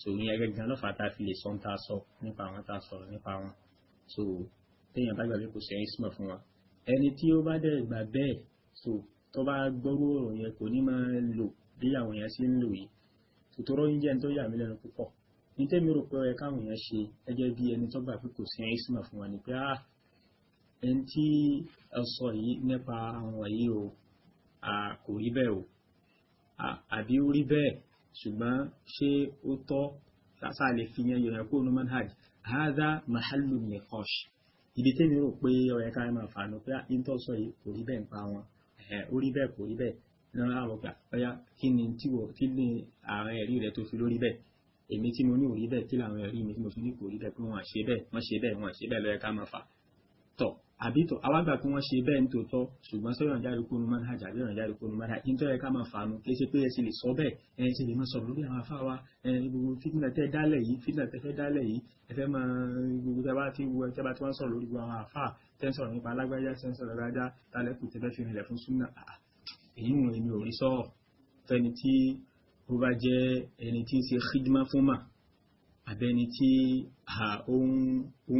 A: so ìyẹn gẹ́gẹ́ lọ́fà tá a fi lè sọ ń ta sọ nípa àwọn tá a sọ̀rọ̀ nípa wọn so téèyàn bá gbàgbé kò sẹ́yìn símọ̀ fún wa ẹni tí ó bá dẹ̀ gbà bẹ́ẹ̀ so tó bá gbọ́rú ọ̀rọ̀ yẹn kò ní máa lò bí àwọn èèyàn ṣe ń lò yìí tòtòrọ́ yín jẹ́ ẹni tó yà mí lẹ́nu púpọ̀ ní tẹ́mi rò pé ó yẹ káwọn èèyàn ṣe gẹ́gẹ́ bí ẹni tó gbà pé kò sẹ́yìn símọ̀ fún wa ni pé ah ẹni tí ẹ sọ yìí nípa àwọn wọ̀nyí o kò rí bẹ́ẹ̀ o àbí ó rí bẹ́ẹ̀ ṣùgbọ́n ṣé ó tọ́ sáà lè fi yẹn yọ̀yàn kó nu manhaj hadha mahalu niqash ibi tẹ́mi rò pé ọ̀yẹ́ ká máa fà nù pé ìtọ́ sọ yìí kò rí bẹ́ẹ̀ ń pa wọn ó rí bẹ́ẹ̀ kò rí bẹ́ẹ̀ náà láwọn gbà ọ̀yá kí ni tí wọ́n kí ni àwọn ẹ̀rí rẹ̀ tó fi lórí bẹ́ẹ̀ èmi tí mo ní òrí bẹ́ẹ̀ kí làwọn ẹ̀rí mi tí mo fi ní kò rí bẹ́ẹ̀ pé wọ́n ṣe bẹ́ẹ̀ wọ́n ṣe bẹ́ẹ̀ wọ́n ṣe bẹ́ẹ̀ lọ́yẹ́ ká máa fà tọ̀ àbí tọ awágbà tí wọ́n ṣe bẹ́ẹ̀ nítòótọ́ ṣùgbọ́n sọyàn jáde kó nu manhaj àbí ọ̀ràn jáde kó nu manhaj kí n tọ́ yẹ ká máa fàánù kí ẹ ṣe pé ẹ ṣe lè sọ bẹ́ẹ̀ ẹ ṣe lè máa sọ̀rọ̀ lórí àwọn afá wa ẹ gbogbo fitna tẹ dálẹ̀ yìí fitna tẹ fẹ́ dálẹ̀ yìí ẹ fẹ́ máa gbogbo tẹ bá ti wo ẹ tẹ bá ti wọ́n sọ̀rọ̀ lórí àwọn afá tẹ́ ń sọ̀rọ̀ nípa alágbájá tẹ́ ń sọ̀rọ̀ rájá tálẹ́kù tẹ fẹ́ fi rìnlẹ̀ fún súnà èyí àbẹ́ni tí ó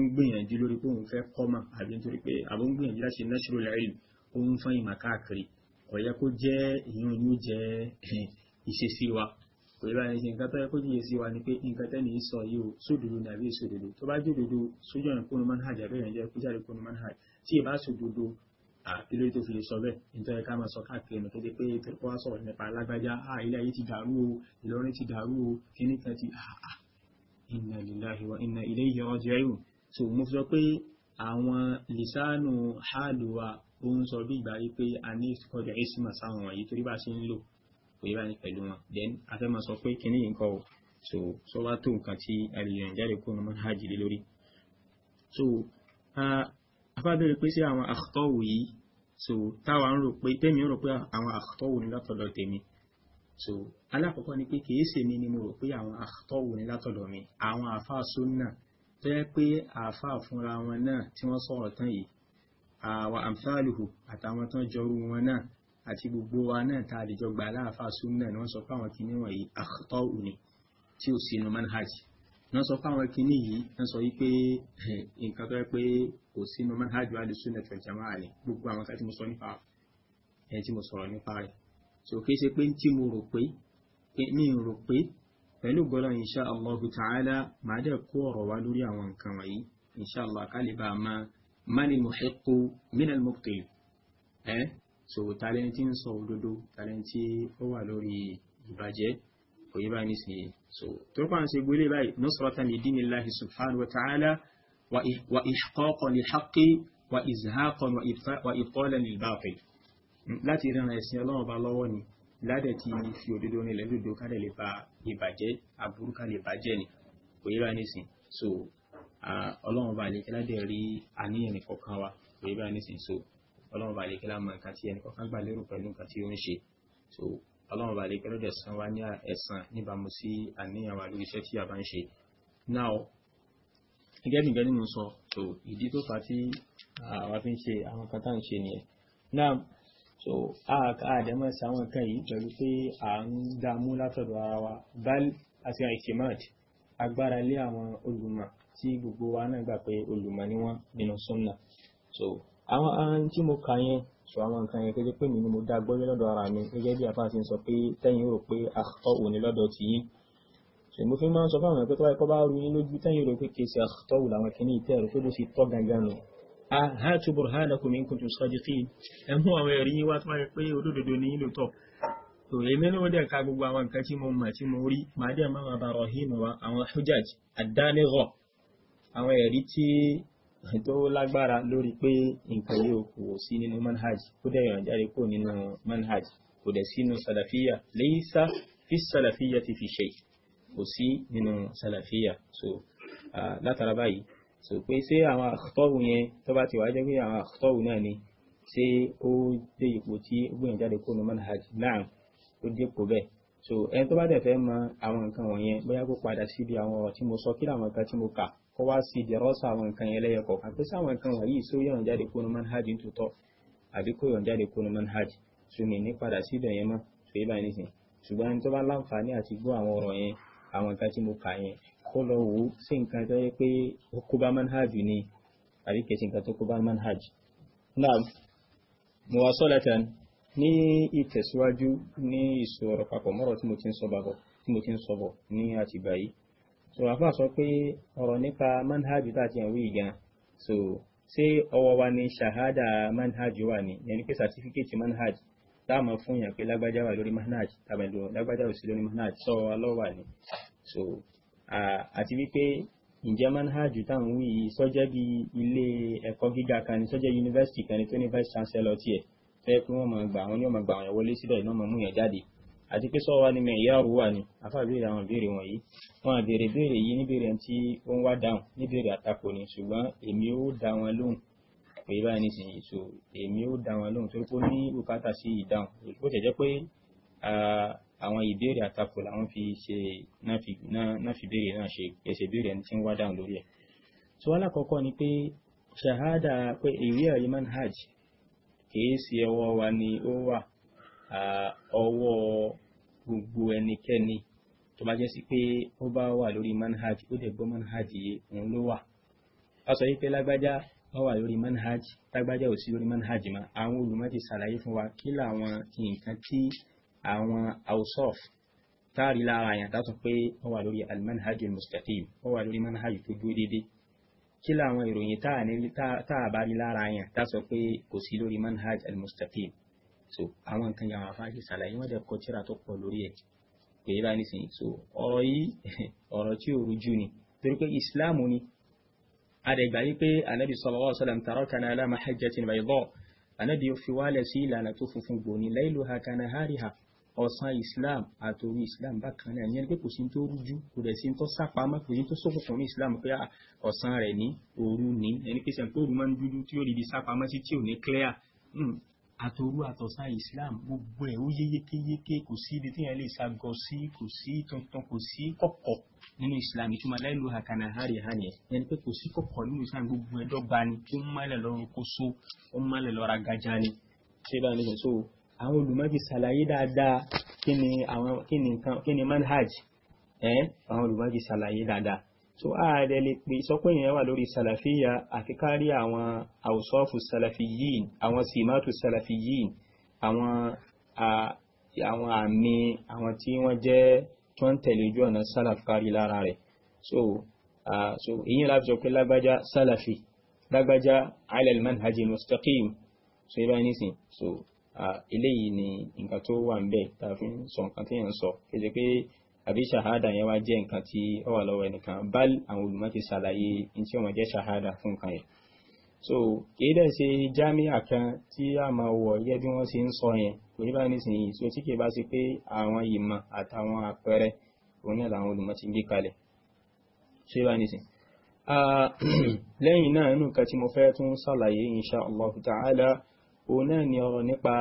A: ń gbìyànjú lórí pé òun fẹ́ kọ́mà àbí nítorí pé àbó ń gbìyànjú láti nashru al-ilm ó ń fọ́n ìmọ̀ káàkiri kò yẹ kó jẹ́ ìyún yóò jẹ́ ìṣesí wa kò yẹ báyìí ṣe nǹkan tó yẹ kó jẹ́ ìṣesí wa ni pé nǹkan tẹ́ni sọ yìí o sódodo ni àbí sódodo tó bá jódodo sójú ọ̀nà kónú manhaj àbẹ́ ìrìnjẹ́ kó jáde kónú manhaj tí ì bá sódodo àkílórí tó fi lè sọ bẹ́ẹ̀ nítorí ká máa sọ káàkiri ẹnu tó dé pé tó wá sọ̀rọ̀ nípa alágbájá ilé ayé ti dàrú o Ìlọrin ti dàrú o kíní ti inna lillahi wa inna ilayhi raji'un so mo sọ pé àwọn lisanu haalu wa ó ń sọ bí ìgbà yìí pé a ní ìsìkọjọ ìsìmọ̀ sáwọn wọ̀nyí torí bá a ṣe ń lò kò yẹ bá ní then a fẹ́ máa sọ pé kíní yìí ń kọ́ o so sọ wá tó nǹkan tí àlèyàn jáde kó ọmọ hajj lé lórí so afábẹ́rẹ́ pé sí àwọn àkọ́wò yìí so táwa ń rò pé tẹ́mi ń rò pé àwọn àkọ́wò ní látọ̀dọ̀ tèmi so alákọ̀ọ́kọ́ ni pé kìí ṣèmi ni mo rò pé àwọn àtọ́wò ni látọ̀dọ̀ mi àwọn àáfàá sunna tó yẹ pé àáfàá fúnra wọn náà tí wọ́n sọ̀rọ̀ tán yìí àwọn àmfàlùhù àtàwọn tán jọrú wọn náà àti gbogbo wa náà tá a lè jọ gbà aláàfáà sunna ni wọ́n sọ pé àwọn kìíní wọ̀nyí àtọ́wò ni tí ò sínú manhaj wọ́n sọ pé àwọn kìíní yìí wọ́n sọ wípé nǹkan tó yẹ pé kò sínú manhaj wa lè sunna tẹ̀jẹ̀ máa ní gbogbo àwọn kan tí mo sọ nípa rẹ̀ so kìí ṣe pé tí mo rò pé ní rò pé pẹ̀lú gbọ́dọ̀ insha Allah ta'ala máa dẹ̀ kó ọ̀rọ̀ wá lórí àwọn nǹkan wọ̀nyí insha Allah kálíbà máa mani muhiqqu minal mubtil ẹ́ so talenti ń sọ òdodo talenti ó wà lórí ìbàjẹ́ òye bá nísìnyí so torípa ń ṣe gbélé báyìí nusratan li dinillahi subhanahu wa ta'ala wa ihqaqan lil haqqi wa izhaqan wa ibtalan lil batil láti ríran ẹ̀sìn ọlọ́run ọba lọ́wọ́ ni ládẹ̀ tí fi òdodo ní lẹ́dòdó kádẹ̀ lè ba ìbàjẹ́ àbúrúkà lè bàjẹ́ ni kò yíra nísìn so ọlọ́run ọba àlekẹ́ ládẹ̀ rí àníyàn nìkọ̀ọ̀kan wa kò yíra nísìn so ọlọ́run ọba àlekẹ́ lámọ nǹkan tí ẹnì kọ̀ọ̀kan gbà lérò pẹ̀lú nǹkan tí ó ń ṣe so ọlọ́run ọba àlekẹ́ lọ́dẹ̀ san wa ní ẹ̀san níbàámu sí àníyàn wa now gẹ́gẹ́ bí nǹkan nínú so ìdí tó fà á tí now so àdẹ́mọ̀ sí àwọn nǹkan yìí pẹ̀lú pé à ń dààmú látọ̀dọ̀ ara wa bal àti àìsèmáàd agbára lé àwọn olùmọ̀ tí gbogbo wa náà gbà pé olùmọ̀ ni wọ́n nínú súnà so àwọn ahọ́n tí mo kà yẹn so àwọn nǹkan yẹn kéde pé mi ni mo dá gbọ́yé lọ́dọ̀ ara mi gẹ́gẹ́ bí apá ti ń sọ pé tẹ́yìn rò pé àkọ́ òní lọ́dọ̀ ti yín so mo fi máa ń sọ fáwọn ẹ̀pẹ́ tó wáyé kọ́ bá rú yín lójú tẹ́yìn rò pé kèsì àkọ́tọ̀wù làwọn kìíní ìtẹ́ rò pé bó ṣe tọ́ gangan nù هاتوا برهانكم إن كنتم صادقين ẹmú àwọn ẹ̀rí yín wá tó wáyé pé olódodo ní ìlú tọ̀ tó èmi ní wọ́n dẹ̀ ka gbogbo àwọn nǹkan tí mo mọ̀ tí mo rí màá dẹ̀ máa bá rahim wa àwọn hujjaj àdánirọ̀ àwọn ẹ̀rí tí tó lágbára lórí pé nǹkan yóò kò sí nínú so pé ṣé àwọn àkọ́rù yẹn tó bá ti wá jẹ́ pé àwọn àkọ́rù náà ni ṣé ó dé ipò tí ó gbìyànjú jáde kó nu manhaj náà ó dé ipò bẹ́ẹ̀ so ẹni tó bá dẹ̀ fẹ́ mọ àwọn nǹkan wọ̀nyẹn bóyá kó padà síbi àwọn ọ̀rọ̀ tí mo sọ kí làwọn nǹkan tí mo kà kó wá sí ìdẹ̀rọ́sà àwọn nǹkan yẹn lẹ́yẹ kọ̀ọ̀kan pé sáwọn nǹkan wọ̀nyí só yọ̀n jáde kó nu manhaj ń tutọ́ àbí kó yọ̀n jáde kó nu manhaj so mi ní padà síbẹ̀ yẹn mọ́ so yìí nìsín ṣùgbọ́n ẹni tó bá láǹfààní àti gbọ́ àwọn ọ̀rọ̀ yẹn àwọn nǹkan tí mo kà yẹn kó lọ wò ó sí nǹkan tó yẹ ni àbí kìí sí nǹkan tó kó bá manhaj. náà mo wá sọ́lá tán ní ìtẹ̀síwájú ní ìṣòro papọ̀ mọ́rọ̀ tí mo ti ń sọ bàbọ̀ ti ń sọ̀bọ̀ so àfáà sọ pé ọ̀rọ̀ nípa manhaj tá a ti hàn gan so se ọwọ́ wa ni ṣàhádà manhaj wà ní yẹn ni pé certificate manhaj táàmù fún yàn pé lágbájá wà lórí manhaj tàbí lágbájá ò sí lórí manhaj sọ wa lọ́wà ni so àti wípé ǹjẹ́ manhajù táwọn wí yìí sọ́jẹ́ bí ilé ẹ̀kọ́ gíga kan ní sọ́jẹ́ yunifásitì kan ní tó ní vice chancellor tiẹ̀ tó yẹ pé wọ́n máa gbà wọ́n ní ọmọ gbà wọ́n wọlé síbẹ̀ náà máa mú yẹn jáde àti pé sọ́wọ́ ni mẹ̀yà òwúwà ni afá béèrè àwọn ìbéèrè wọ̀nyí wọn àbèrè béèrè yìí níbèrè tí ó ń wá dáhùn níbèrè àtakò ni ṣùgbọ́n èmi ó dá wọn lóhùn pé báyìí nísìnyí so èmi ó dá wọn lóhùn torí pé ó ní bùkátà sí ìdáhùn bó tẹ̀ jẹ́ pé àwọn ìbéèrè àtakò làwọn fi ṣe náà fi béèrè náà ṣe èsì béèrè ẹni tí ń wá dáhùn lórí pé pé ìwé manhaj kìí ṣe ọwọ́ wa ni ó wà ọwọ́ gbogbo enikeni. tó bá si sí pé ó bá wà lórí manhaj ó dẹ̀ gbọ́ manhaj yìí òun ló wà. a sọ yìí pé lágbájá wà lórí manhaj lágbájá ò sí manhaj àwọn ṣàlàyé fún wa kí làwọn àwọn awsaf táàrí lára àyàn tá sọ pé wọ́n wà lórí almanhajul mustaqim wọ́n wà lórí manhaj tó dúró déédéé kí làwọn ìròyìn táà bá rí lára àyàn tá sọ pé kò sí lórí manhaj almustaqim so àwọn nǹkan yàrá fáṣí ṣàlàyé wọ́n dẹ̀ kọ tírà tó pọ̀ lórí ẹ̀ pé bá nísìnyí so ọ̀rọ̀ yìí [laughs] ọ̀rọ̀ tí ò rújú ni torí pé ìsìláàmù ni adẹ̀gbà yí pé anabi sallallahu alaihi wasallam tarakana ala mahajjatin bayda anabi fi wálẹ̀ sí ìlànà tó funfun gbòó ni layluha kanahariha ọ̀sán islam àtòru islam bákan náà ìyẹn ni pé kò sí tó rújú kò dẹ̀ sí tó sápamọ́ kò sí tó sókùnkùn ní islam pé ọ̀sán rẹ̀ ní òru ní ẹni pé sẹ́ni pé òru máa ń dúdú tí ó rí ibi sápamọ́ sí tí ò ní clear hmm. àtòru àtọ̀sán islam gbogbo ẹ̀ ó yéyékéyéké kò sí ibi tí yẹn lè ságọ sí kò sí tuntun kò sí kọ̀kọ̀ nínú islam ìtumọ̀ láìlú àkànà hàrì hàní ẹ̀ yẹn ni pé kò sí kọ̀kọ̀ nínú islam gbogbo ẹ̀ dọ́gba ni tó ń mọ́lẹ̀ lọ́rùn kó so ó ń mọ́lẹ̀ lọ́ra gajá ni ṣé báyìí nìyẹn so àwọn olùmọ̀ ti ṣàlàyé dáadáa kí ni àwọn kí ni nǹkan kí ni manhaj ẹ̀ àwọn olùmọ̀ ti ṣàlàyé dáadáa so ààrẹ lè pè ìsọpọ̀ èèyàn wà lórí sàlàfíyà àti kárí àwọn àwòsọ́ọ̀fù sàlàfíyìn àwọn sìmátù sàlàfíyìn àwọn àwọn àmì àwọn tí wọ́n jẹ́ tó ń tẹ̀lé ojú ọ̀nà sàlàf kárí lára rẹ̀ so so ìyẹn láti sọ pé lágbájá sàlàfí lágbájá alal mustaqim so ibà nísìn so eléyìí ni nǹkan tó wà ń bẹ̀ tá a fi ń sọ nǹkan tí yẹn ń sọ kéde pé àbí ṣàhádà yẹn wá jẹ́ nǹkan tí ó wà lọ́wọ́ ẹnìkan bal àwọn olùmọ̀ ti ṣàlàyé ní tí ó máa jẹ́ fún nǹkan yẹn so kìí dẹ̀ ṣe jámíà kan tí a máa wọ̀ yẹ́ bí wọ́n ṣe ń sọ yẹn kò ní báyìí nísìnyí tí ó tí kìí bá ṣe pé àwọn ìmọ̀ àtàwọn àpẹẹrẹ òun náà làwọn olùmọ̀ ti gbé kalẹ̀ ṣé báyìí nísìn lẹ́yìn náà nínú nǹkan tí mo fẹ́ tún ṣàlàyé insha Allah ta'ala òun náà ni ọ̀rọ̀ nípa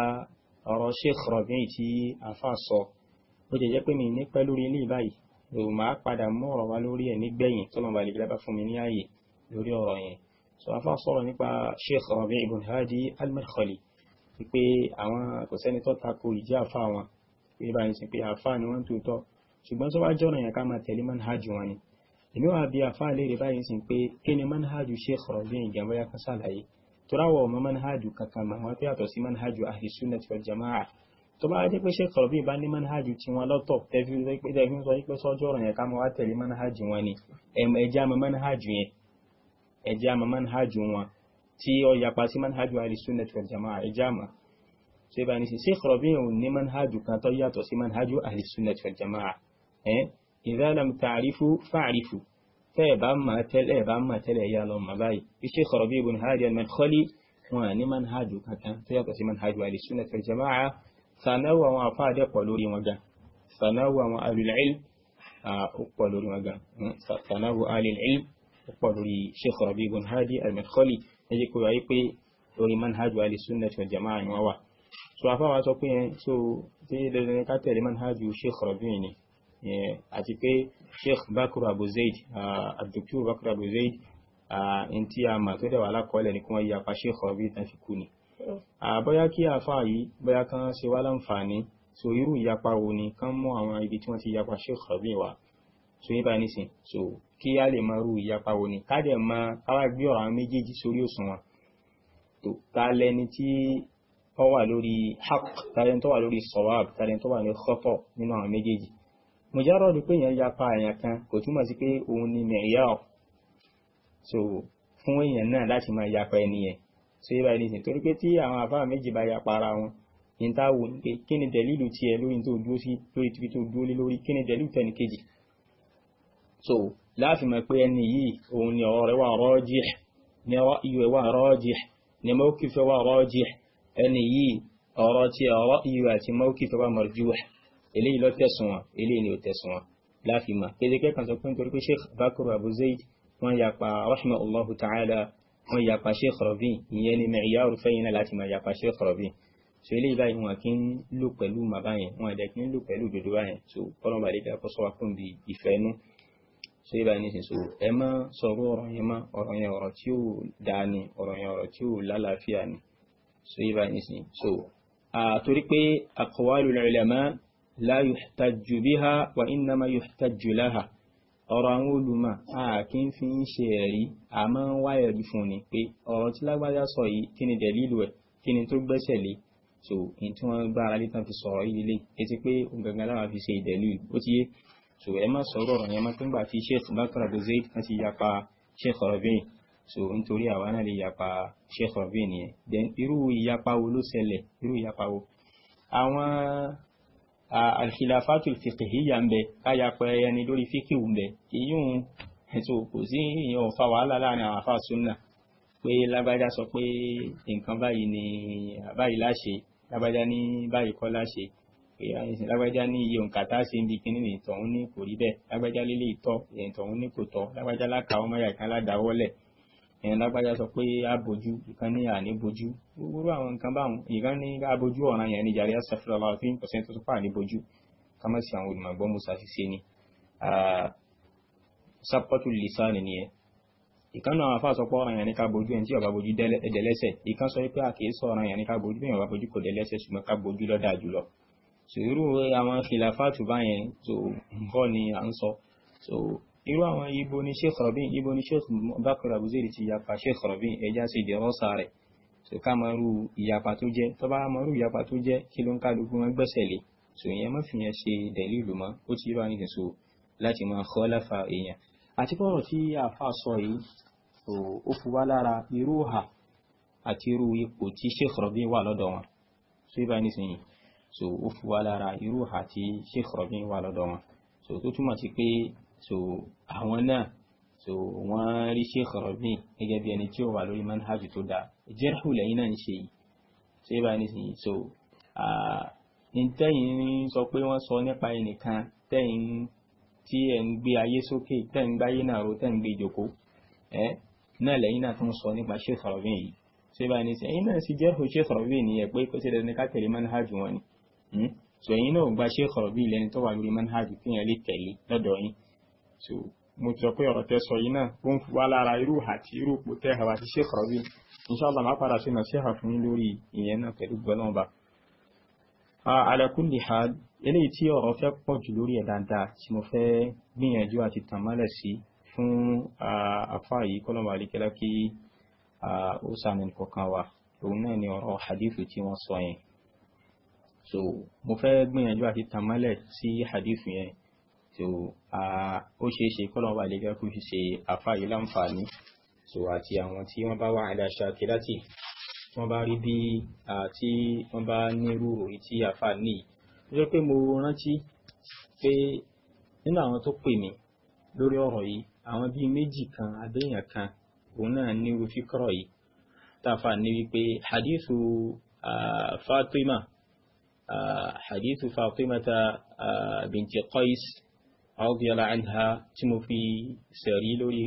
A: ọ̀rọ̀ Sheikh Rabi'i tí àfà sọ ó jẹ́ jẹ́ pé mi ní pẹ́ lórí ilé báyìí ló máa padà mú ọ̀rọ̀ wá lórí ẹ̀ nígbẹ̀yìn tó lọ́nà balẹ̀ bá fún mi ní ààyè lórí ọ̀rọ̀ yẹn so àfà sọ̀rọ̀ nípa Sheikh Rabi' ibn Hadi al-Madkhali wípé àwọn kò sẹ́ni tó tako ìjẹ́ àfà wọn pé bá ní sin pé àfà ni wọ́n tó tọ́ ṣùgbọ́n tó bá jọ̀rọ̀ yẹn ká máa tẹ̀lé manhaj wọn ni èmi wà bí àfà léèrè báyìí sin pé kí ni manhaj Sheikh Rabi' ìjàmbá yá kan ṣàlàyé toráwọ̀ ọmọ manhajù kankan mọ̀ wọ́n tó yàtọ̀ sí manhajù ahli sunnati wal jamaa'ah tó bá jẹ́ pé ṣe kọ̀rọ̀ bí ìbá ní manhajù tí wọ́n lọ́tọ̀ tẹ́fí sọ pé sọ́jọ́ ọ̀rọ̀ yẹn ká mọ́ wá tẹ̀lé manhajù wọn ni ẹjẹ́ àmọ́ manhajù yẹn ẹjẹ́ àmọ́ manhajù wọn tí ó yapa sí manhajù ahli sunnati wal jamaa'ah ẹjẹ́ àmọ́ ṣe bá ní ṣe kọ̀rọ̀ bí ní manhajù kan tó yàtọ̀ sí manhajù ahli sunnati wal jamaa'ah idha lam ta'rifu tẹ́ ẹ̀ bá mọ̀ tẹ́lẹ̀ ẹ̀ bá mọ̀ tẹ́lẹ̀ ẹ̀yà lọ mọ̀ báyìí iṣẹ́ sọ̀rọ̀ bí ibùn hajj al-madkhali wọn ní manhaju kankan tó yàtọ̀ sí manhaju al-sunnah wal jamaa'ah sànáwó àwọn afá adẹ́pọ̀ lórí wọn gan sànáwó àwọn ahlul ilm ọ̀pọ̀ lórí wọn gan hmm, sànáwó ahlul ilm ọ̀pọ̀ lórí iṣẹ́ sọ̀rọ̀ bí ibùn hajj al-madkhali ẹ̀jẹ̀ kó wáyé pé lórí manhaju al-sunnah wal jamaa'ah ni wọ́n wà so afá wa sọ pé so tí dandan ká tẹ̀lé manhaju iṣẹ́ sọ̀rọ̀ bí ni àti pé sheikh Bakura abu zaid abdulkur bakr abu zaid uh, uh, n tí a mà tó dẹ̀wà alákọọ́lẹ̀ ní kí wọ́n yí sheikh rabi tán fi kú ni. Hmm. Uh, bóyá kí àáfàá yìí bóyá kan ṣe wá láǹfààní so irú ìyapa wo ni kán mú àwọn ibi tí wọ́n ti yapa sheikh rabi wá so yíba nísìn so kí a lè máa rú ìyapa wo ni ká dẹ̀ máa káwá gbé ọ̀rọ̀ àwọn méjèèjì sórí òṣùwọ̀n tó ká lẹ́ni tí wọ́n wà lórí haq tàlẹ́ntọ́ wà lórí sọ̀wáàb tàlẹ́ntọ́ wà lórí khata nínú àwọn méjèèjì mùjárọ̀dù pé èèyàn yapa èèyàn kan kò túmọ̀ sí pé òun ni mẹ̀ríà so fún èèyàn náà láti máa yapa ẹni yẹn so yíba ẹni sìn torí pé tí àwọn àfáà méjì bá yapa ara wọn ní ta wò ní pé kí ni dẹ̀lílù tiẹ̀ lórí tó dúró sí lórí tí tó dúró lé lórí kí ni dẹ̀lílù tẹni kejì so láàfin mọ̀ pé ẹni yìí òun ni ọ̀rọ̀ rẹ̀ wà rọ́ọ̀jì ni iyọ̀ ẹ̀ wà rọ́ọ̀jì ni mọ́kìfẹ́ wà rọ́ọ̀jì ẹni yìí ọ̀rọ̀ ti ọ̀rọ̀ iyọ̀ àti mọ́kìfẹ́ wà marjuh eléyìí ló tẹ̀sùn wọn eléyìí ni ò tẹ̀sùn wọn láàfin mà kéjẹkẹ́ kan sọ pé nítorí pé sheikh bakr abu zayd wọ́n yapa rahma allahu ta'ala wọ́n yapa sheikh rabi ìyẹn ni mẹ̀ríyàrú fẹ́yìn náà láti máa yapa sheikh rabi so eléyìí báyìí wọn kì í lò pẹ̀lú màbá yẹn wọn ẹ̀dẹ̀ kì í lò pẹ̀lú òdodo báyẹn so kọ́nà bàdé kí a kọ́ sọ́wọ́ fún bí ìfẹ́ nú so ibà ní sísò ẹ má sọ̀rọ̀ ọ̀rọ̀ yẹn má ọ̀rọ̀ yẹn ọ̀rọ̀ tí ó dáa ni ọ̀rọ̀ yẹn ọ̀rọ̀ tí ó lálàáfíà ni so ibà ní sísò so àtorí pé aqwalul ulama la yuhtajju biha wa innama yuhtajju laha ọ̀rọ̀ àwọn olùmọ̀ ààkí ń fi ń ṣe ẹ̀rí àmọ́ ń wá ẹ̀rí fún ni pé ọ̀rọ̀ tí lágbájá sọ yìí kí ni dẹ̀lílù ẹ̀ kí ni tó gbẹ́sẹ̀ lé so ní tí wọ́n gbá ara lé tán fi sọ̀rọ̀ yìí lé etí pé ògangan láwọn fi ṣe ìdẹ̀lú ó ti yé so ẹ má sọ̀rọ̀ ọ̀rọ̀ yẹn má tó ń gbà tí sheikh bakra tó zayt kan ti yapa sheikh rabin so nítorí àwa náà lè yapa sheikh rabin yẹn then irú ìyapa wo ló ṣẹlẹ̀ irú ìyapa wo àwọn alkhilafatu fiqhiyya ń bẹ káyapẹ ẹni lórí fíkìw ń bẹ ìyún ẹ̀tọ́ kò sí ìyẹn ò fa wàhálà láàrin àwọn àfa súnà pé lágbájá sọ pé nǹkan báyìí ni báyìí láṣe lágbájá ní báyìí kọ́ láṣe lágbájá ní iye òǹkà tá a ṣe ń bi kínní ní ìtọ̀hún ní kò rí bẹ́ẹ̀ lágbájá lílé ìtọ́ ìtọ̀hún ní kò tọ́ lágbájá láka ọmọ yàrá kan èèyàn lágbájá sọ pé àbójú ìkan ní àníbójú gbogbo àwọn nǹkan báwọn ìkan ní àbójú ọ̀ràn yẹn ní jàre àṣàfihàn àwọn fíìmù pẹ̀sẹ̀ntì tó pa àníbójú ká má sí àwọn olùmọ̀gbọ́n musa ṣiṣe ni sápọ́tù lìsáàni ni ẹ ìkan náà àfáà sọ pé ọ̀ràn yẹn ní ká bójú ẹni tí ọba bójú dẹ́lẹ́sẹ̀ ìkan sọ pé àkèé sọ ọ̀ràn yẹn ní ká bójú bẹ́ẹ̀ ọba bójú kò dẹ́lẹ́sẹ̀ ṣùgbọ́n ká bójú lọ́dà jùlọ sùúrù àwọn kìlàfáàtù báyẹn tó ń bọ̀ ni à ń sọ irú àwọn ibo ni Sheikh Rabi' ibo ni Sheikh Bakr Abu Zayd ti yapa Sheikh Rabi' ẹja sí ìdẹ́rọ́sà rẹ̀ so ká máa rú ìyapa tó jẹ́ tó bá máa rú ìyapa tó jẹ́ kí ló ń kálukú wọn gbẹ́sẹ̀ lé so ìyẹn má fi yẹn ṣe dẹ̀lí ìlú mọ́ ó ti bá ní so láti máa kọ́ láfa èèyàn àti bọ́rọ̀ tí àáfàá sọ yìí so ó fi wá lára irú hà àti irú ipò tí Sheikh Rabi' wà lọ́dọ̀ wọn so ìbá ní sìn so ó fi wá lára irú hà tí Sheikh Rabi' wà lọ́dọ̀ wọn so tó túmọ̀ sí pé so àwọn náà so wọ́n rí Sheikh Rabi gẹ́gẹ́ bí ẹni tí ó wà lórí manhaj tó dáa jẹ́rù lẹ́yìn náà ń ṣe yìí so yẹ́ bá ní sìn yìí so ntẹ́yìn sọ pé wọ́n sọ nípa ẹnìkan tẹ́yìn tí ẹ̀ ń gbé ayé sókè tẹ́yìn gbáyé náà ro tẹ́yìn gbé ìjòkó ẹ́ náà lẹ́yìn náà tó ń sọ nípa Sheikh Rabi yìí so yẹ́ bá ní sìn ẹ̀yìn náà sì jẹ́rù Sheikh Rabi ni ẹ̀ pé kó ṣe dandan so mo sọ pé ọ̀rọ̀ tẹ sọ yìí náà ó ń wá lára irú àti irú ipò tẹ àwa ti Sheikh Rabi inṣàlá máa padà sí náà ṣèkà fún yín lórí ìyẹn náà pẹ̀lú gbọ́dọ̀ ọba. ala kulli hal eléyìí tí ọ̀rọ̀ fẹ́ pọ̀ jù lórí ẹ̀ dáadáa tí mo fẹ́ gbìyànjú àti tàmálẹ̀ sí fún àfa yìí kọ́lọ́mù àríkẹ́lá kí ó sàmì kọ̀ọ̀kan wa òun náà ni ọ̀rọ̀ hadith tí wọ́n sọ yẹn so mo fẹ́ gbìyànjú àti tàmálẹ̀ sí hadith yẹn a ó ṣeé ṣe kọ́lọ̀ wà lè gẹ́kùn fi ṣe àfá yìí láǹfààní so àti àwọn tí wọ́n bá wà ala shakirati tí wọ́n bá rí bí àti wọ́n bá nírú òyí tí àfá ní ó jẹ́ pé mo rántí pé nínú àwọn tó pè mí lórí ọ̀rọ̀ yìí àwọn bíi méjì kan abẹ́yàn kan òun náà nírú fíkọ́rọ̀ yìí táfà ní wípé hadithu Fatima hadithu Fatima ta binti Qais àwòbíọ́lá àìhà tí mo fi sẹ̀rí lórí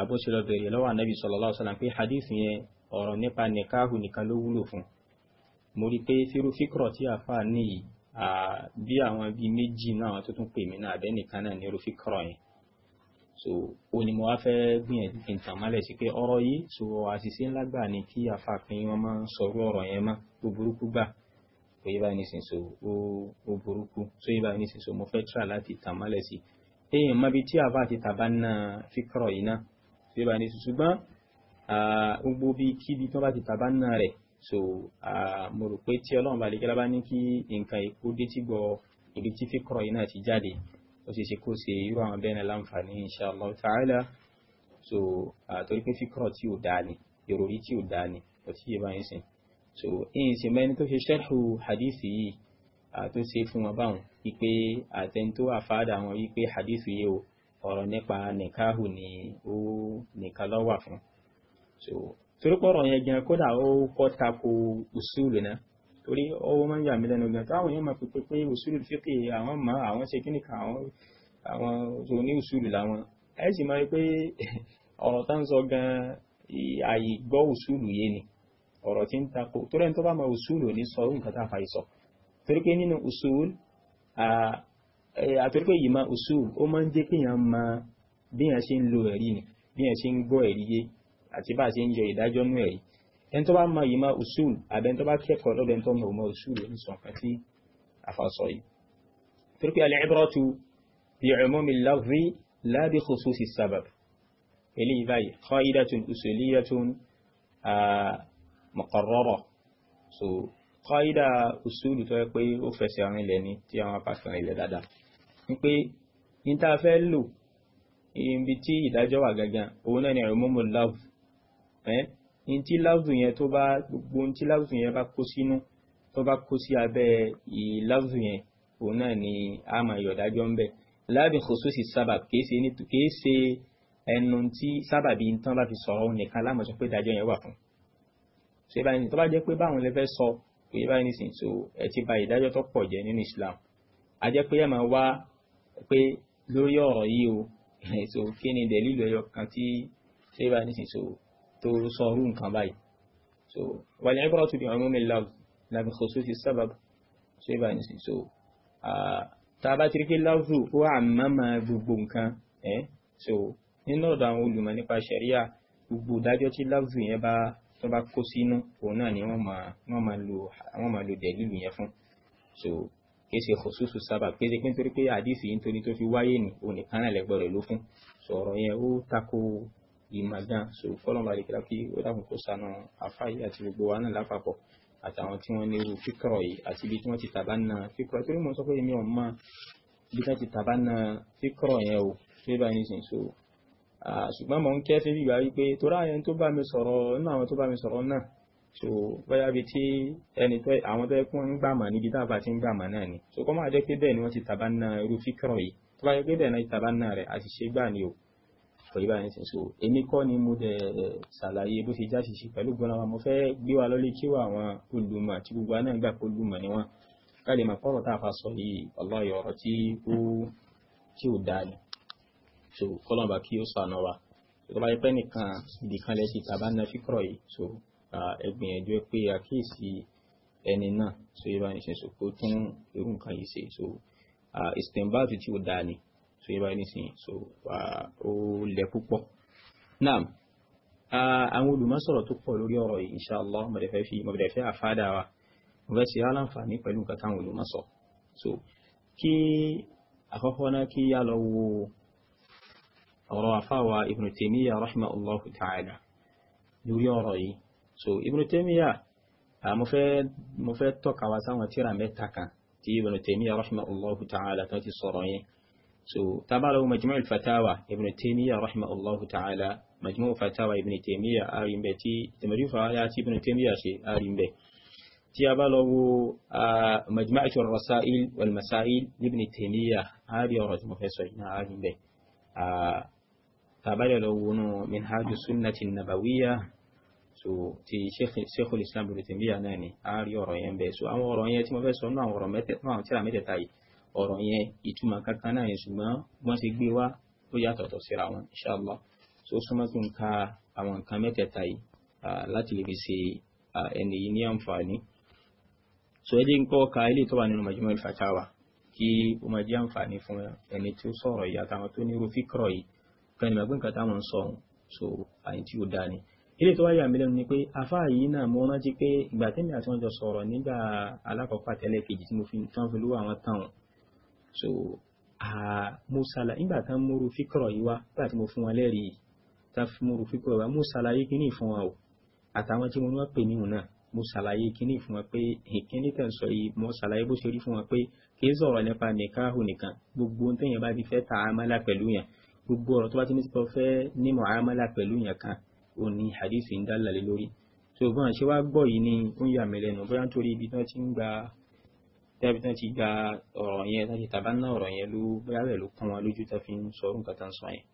A: àbóṣelọ bẹ̀rẹ̀ lọ́wọ́ ànábì sallallahu alaihi wasallam pé hadith yẹn ọ̀rọ̀ nípa nìkáhù nìkan ló wúlò fún mo rí pé fírú fíkọ̀rọ̀ tí àfà ní yìí bí àwọn bíi méjì náà tó tún pè mí náà àbẹ́ nìkan náà ní irú fíkọ̀rọ̀ yẹn so ó ní mo wá fẹ́ gbìyànjú kí n tàn málẹ̀ sí pé ọ̀rọ̀ yìí so àṣìṣe ńlá gbà ni kí àfà pín wọn máa ń sọrú ọ̀rọ̀ yẹn mọ́ gbogbo kò yé báyìí nísìnyí so ó burúkú so yé báyìí nísìnyí so mo fẹ́ tíra láti tàn mọ́lẹ̀ sí i èèyàn mọ́bi tí àbá àti tàbá ná fíkọ̀rọ̀ yìí náà so yé báyìí nísìnyí ṣùgbọ́n gbogbo bíi kíbi tí wọ́n bá ti tàbá ná rẹ̀ so mo rò pé tí ọlọ́run bá lè gẹ́lá bá ní kí nǹkan èkó dé tí gbọ́ ibi tí fíkọ̀rọ̀ yìí náà ti jáde ó ṣe ṣe kó ṣe irú àwọn bẹ́ẹ̀ náà láǹfààní ta'ala so torí pé fíkọ̀rọ̀ tí ò dáa ni ìròrí tí ò so in sì mẹ́ni tó ṣe ṣẹ́rù hadisi yìí tó ṣe fún wọn báwọn wípé àtẹni tó wà fáadà wọn wípé hadisi yìí o ọ̀rọ̀ nípa nìkáhù ni ó nìkan lọ́wà fún so torí pọ̀rọ̀ yẹn gan kódà ó kọ́ tako usulu náà torí ọwọ́ máa ń yà mí lẹ́nu gan táwọn yẹn máa fi pé pé usulu fíkì àwọn mọ àwọn ṣe kí nìkan àwọn àwọn tó ní usulu làwọn ẹ sì máa rí pé [laughs] ọ̀rọ̀ tá ń sọ gan àyè gbọ́ usulu yé ni ọ̀rọ̀ tí ń tako tó rẹ̀ tó bá ma usul ò ní sọ nǹkan tá a fa ìsọ torí pé nínú usul àtorí pé yìí ma usul ó máa ń jẹ́ kéèyàn ma béèyàn ṣe ń lo ẹ̀rí ni béèyàn ṣe ń gbọ́ ẹ̀rí yé àti bá a ṣe ń yọ ìdájọ́ nú ẹ̀rí ẹni tó bá ma yìí ma usul àbẹ́ni tó bá kẹ́kọ̀ọ́ lọ́bẹ̀ tó ma ò ma ní sọ nǹkan tí a sọ yìí torí pé al-ibratu bi umumi al-lafzi la bi khususi as eléyìí báyìí qa'idatun usuliyatun mọ̀kọ̀rọ̀rọ̀ so kọ́ídà usulu tó yẹ pé ó fẹsẹ̀ àwọn ilẹ̀ ni tí àwọn apàṣẹ ilẹ̀ dáadáa ni pé ní tá a fẹ́ lò ibi tí ìdájọ́ wà gangan òun náà ni àìmọ́mọ́ láàbù ẹ́ ní tí láàbù yẹn tó bá gbogbo ní tí láàbù yẹn bá kó sínú tó bá kó sí abẹ́ ìláàbù yẹn òun náà ni a máa yọ̀ dájọ́ ń bẹ̀ láàbì kòsósì sábà kìí ṣe ẹnu tí sábàbí tán bá fi sọ̀rọ̀ nìkan láàmú sọ pé ìdájọ́ yẹn wà fún un so ìbáyìí ní tó bá jẹ́ pé báwọn lè fẹ́ sọ pé ìbáyìí ní sìn so ẹ ti bà ìdájọ́ tó pọ̀ jẹ́ nínú Islam a jẹ́ pé ẹ máa wá pé lórí ọ̀rọ̀ yìí o [laughs] so kí ni dẹ̀lílù ẹyọ kan tí so ìbáyìí ní sìn so tó sọ orú nǹkan báyìí so wal ibratu bi umumi lafz la bi khususi sabab so ìbáyìí ní sìn so tá a bá ti rí pé láwùjọ ó àmàmà gbogbo nǹkan so nínú ọ̀dọ̀ àwọn olùmọ̀ nípa ṣẹ̀ríà gbogbo ìdájọ́ tí láwùjọ yẹn bá tó bá kó sínú òun náà ni wọ́n máa lo wọ́n lo dẹ̀lílù yẹn fún so kì í ṣe kòsóso sábà pé pé nítorí pé àdìsí yìí nítorí tó fi wáyé nì òun nìkan náà lẹ́gbọ́n rẹ̀ ló fún so ọ̀rọ̀ yẹn ó tako ìmọ̀ gan so fọlọ́mọ àdìkẹ́lá kí ó dàkún kó sànà àfáyé àti gbogbo wa náà lápapọ̀ àtàwọn tí wọ́n nírú fíkọ̀rọ̀ yìí àti ibi tí wọ́n ti tàbá na fíkọ̀rọ̀ torí mo sọ pé èmi ò mọ ibi tí wọ́n ti tàbá na fíkọ̀rọ̀ yẹn o pé báyìí nìsín so ṣùgbọ́n mo ń kẹ́ sí bíbá wípé torá ẹni tó bá mi sọ̀rọ̀ nínú àwọn tó bá mi sọ̀rọ̀ náà so bóyá bíi tí ẹni tó àwọn tó yẹ kó ń gbà mọ̀ níbi táàbà ti ń gbà mọ̀ náà ni so kọ́ máa jẹ́ pé bẹ́ẹ̀ ni wọ́n ti tàbá ná irú fíkọ̀rọ̀ yìí tó bá yẹ pé bẹ́ẹ̀ náà ti tàbá ná rẹ̀ àti ṣe gbà ni o kò yí báyìí so èmi kọ́ ni mo dẹ̀ eh, ṣàlàyé bó ṣe já ṣiṣi pẹ̀lú gbọ́n wa mo fẹ́ gbé wa lọ́lé kí wà àwọn olùmọ̀ tí gbogbo wa náà gbà pé olùmọ̀ ni wọ́n ká lè mọ̀ pọ́rọ̀ tá a fa sọ so kọ́lọ́mọba kí ó sànà wa tó bá yẹ pé nìkan ìdìkan lẹ ti tàbá ná fíkọ̀rọ̀ yìí so ẹgbìyànjú ẹ pé àkíyèsí ẹni náà so yẹ bá ní ṣe so kó tún irú nǹkan yìí ṣe so ìsìtẹ̀mbáàtì tí ó dáa ni so yẹ bá ní sìn so ó lẹ púpọ̀ náà àwọn olùmọ̀sọ̀rọ̀ tó pọ̀ lórí ọ̀rọ̀ yìí inṣàlá mọ̀dẹ̀fẹ́ fi mọ̀dẹ̀fẹ́ àfádà wa mo fẹ́ ṣe aláǹfààní pẹ̀lú nǹkan táwọn olùmọ̀sọ̀ so kí àkọ́kọ́ náà kí yá lọ wo ọ̀rọ̀ àfáwà ibn tèmíyà rahma allah ta'ala lórí ọ̀rọ̀ yìí so ibn tèmíyà mo fẹ́ tọ́ka wa sáwọn tíra mẹ́ta kan tí ibn tèmíyà rahma allah ta'ala tó ti sọ̀rọ̀ yẹn so tabalawo majmu'u fatawa ibn tèmíyà rahma allah ta'ala majmu'u fatawa ibn tèmíyà arimbe tí tẹmẹrífà ya ti ibn tèmíyà ṣe arimbe tí a bá lọ wo majmu'u rasail wal masail ibn tèmíyà ari ọ̀rọ̀ tí mo fẹ́ sọ yìí náà arimbe tàbálẹ̀ lọ wọnú minhaju sunnati nabawiya so ti sheikhul islam bin tèmíyà náà ni a rí ọ̀rọ̀ yẹn bẹ́ẹ̀ so àwọn ọ̀rọ̀ yẹn tí mo fẹ́ sọ náà àwọn ọ̀rọ̀ mẹ́tẹ̀ẹ̀ta àwọn tíra mẹ́tẹ̀ẹ̀ta yìí ọ̀rọ̀ yẹn ìtumọ̀ kankan náà yẹn ṣùgbọ́n wọ́n ti gbé wá ó yàtọ̀tọ̀ síra wọn inshallah so súnmọ́ kí n ka àwọn nǹkan mẹ́tẹ̀ẹ̀ta yìí láti lè fi ṣe ẹni yìí ní àǹfààní so ẹ jẹ́ n kọ́ ka ilé tó nínú Majmu' al kí ó máa jẹ́ àǹfààní fún ẹni tó sọ̀rọ̀ yìí àtàwọn tó nírú fíkọ̀rọ̀ yìí kan ìmọ̀ pé nǹkan táwọn ń sọ ohun so àyè tí ó dá ni ilé tó wáyé àmì lẹ́nu ni pé afá yìí náà mo rántí pé ìgbà tí mi àti wọn jọ sọ̀rọ̀ nígbà alákọ̀ọ́kọ́ àtẹ́lẹ̀ kejì tí mo fi tán fi lówó àwọn táwọn so mo sàlà nígbà tán múru fíkọ̀rọ̀ yìí wá nígbà tí mo fún wọn lẹ́rìí tán múru fíkọ̀rọ̀ wá mo sàlàyé kíní fún wọn o àtàwọn tí mo ní wọ́n pè níhùn náà mo ṣàlàyé kíní fún wọn pé ìkíní tẹ̀ ń sọ yìí mo ṣàlàyé bó ṣe rí fún wọn pé kì í sọ̀rọ̀ nípa nìkáhù nìkan gbogbo ohun téèyàn bá ti fẹ́ ta àmàlà pẹ̀lú yẹn gbogbo ọ̀rọ̀ tó bá ti ní sọ fẹ́ ní muamala pẹ̀lú yẹn kan òun ni hadith ń dálà lé lórí tó bọ́n ṣe wá gbọ́ yìí ni ó ń yà mí lẹ́nu bóyá nítorí ibi tán ti ń gba tẹ́bi tán ti gba ọ̀rọ̀ yẹn tán ti tàbá ná ọ̀rọ̀ yẹn ló bóyá rẹ̀ ló kún wọn lójú tán fi ń sọ nǹkan tán sọ yẹn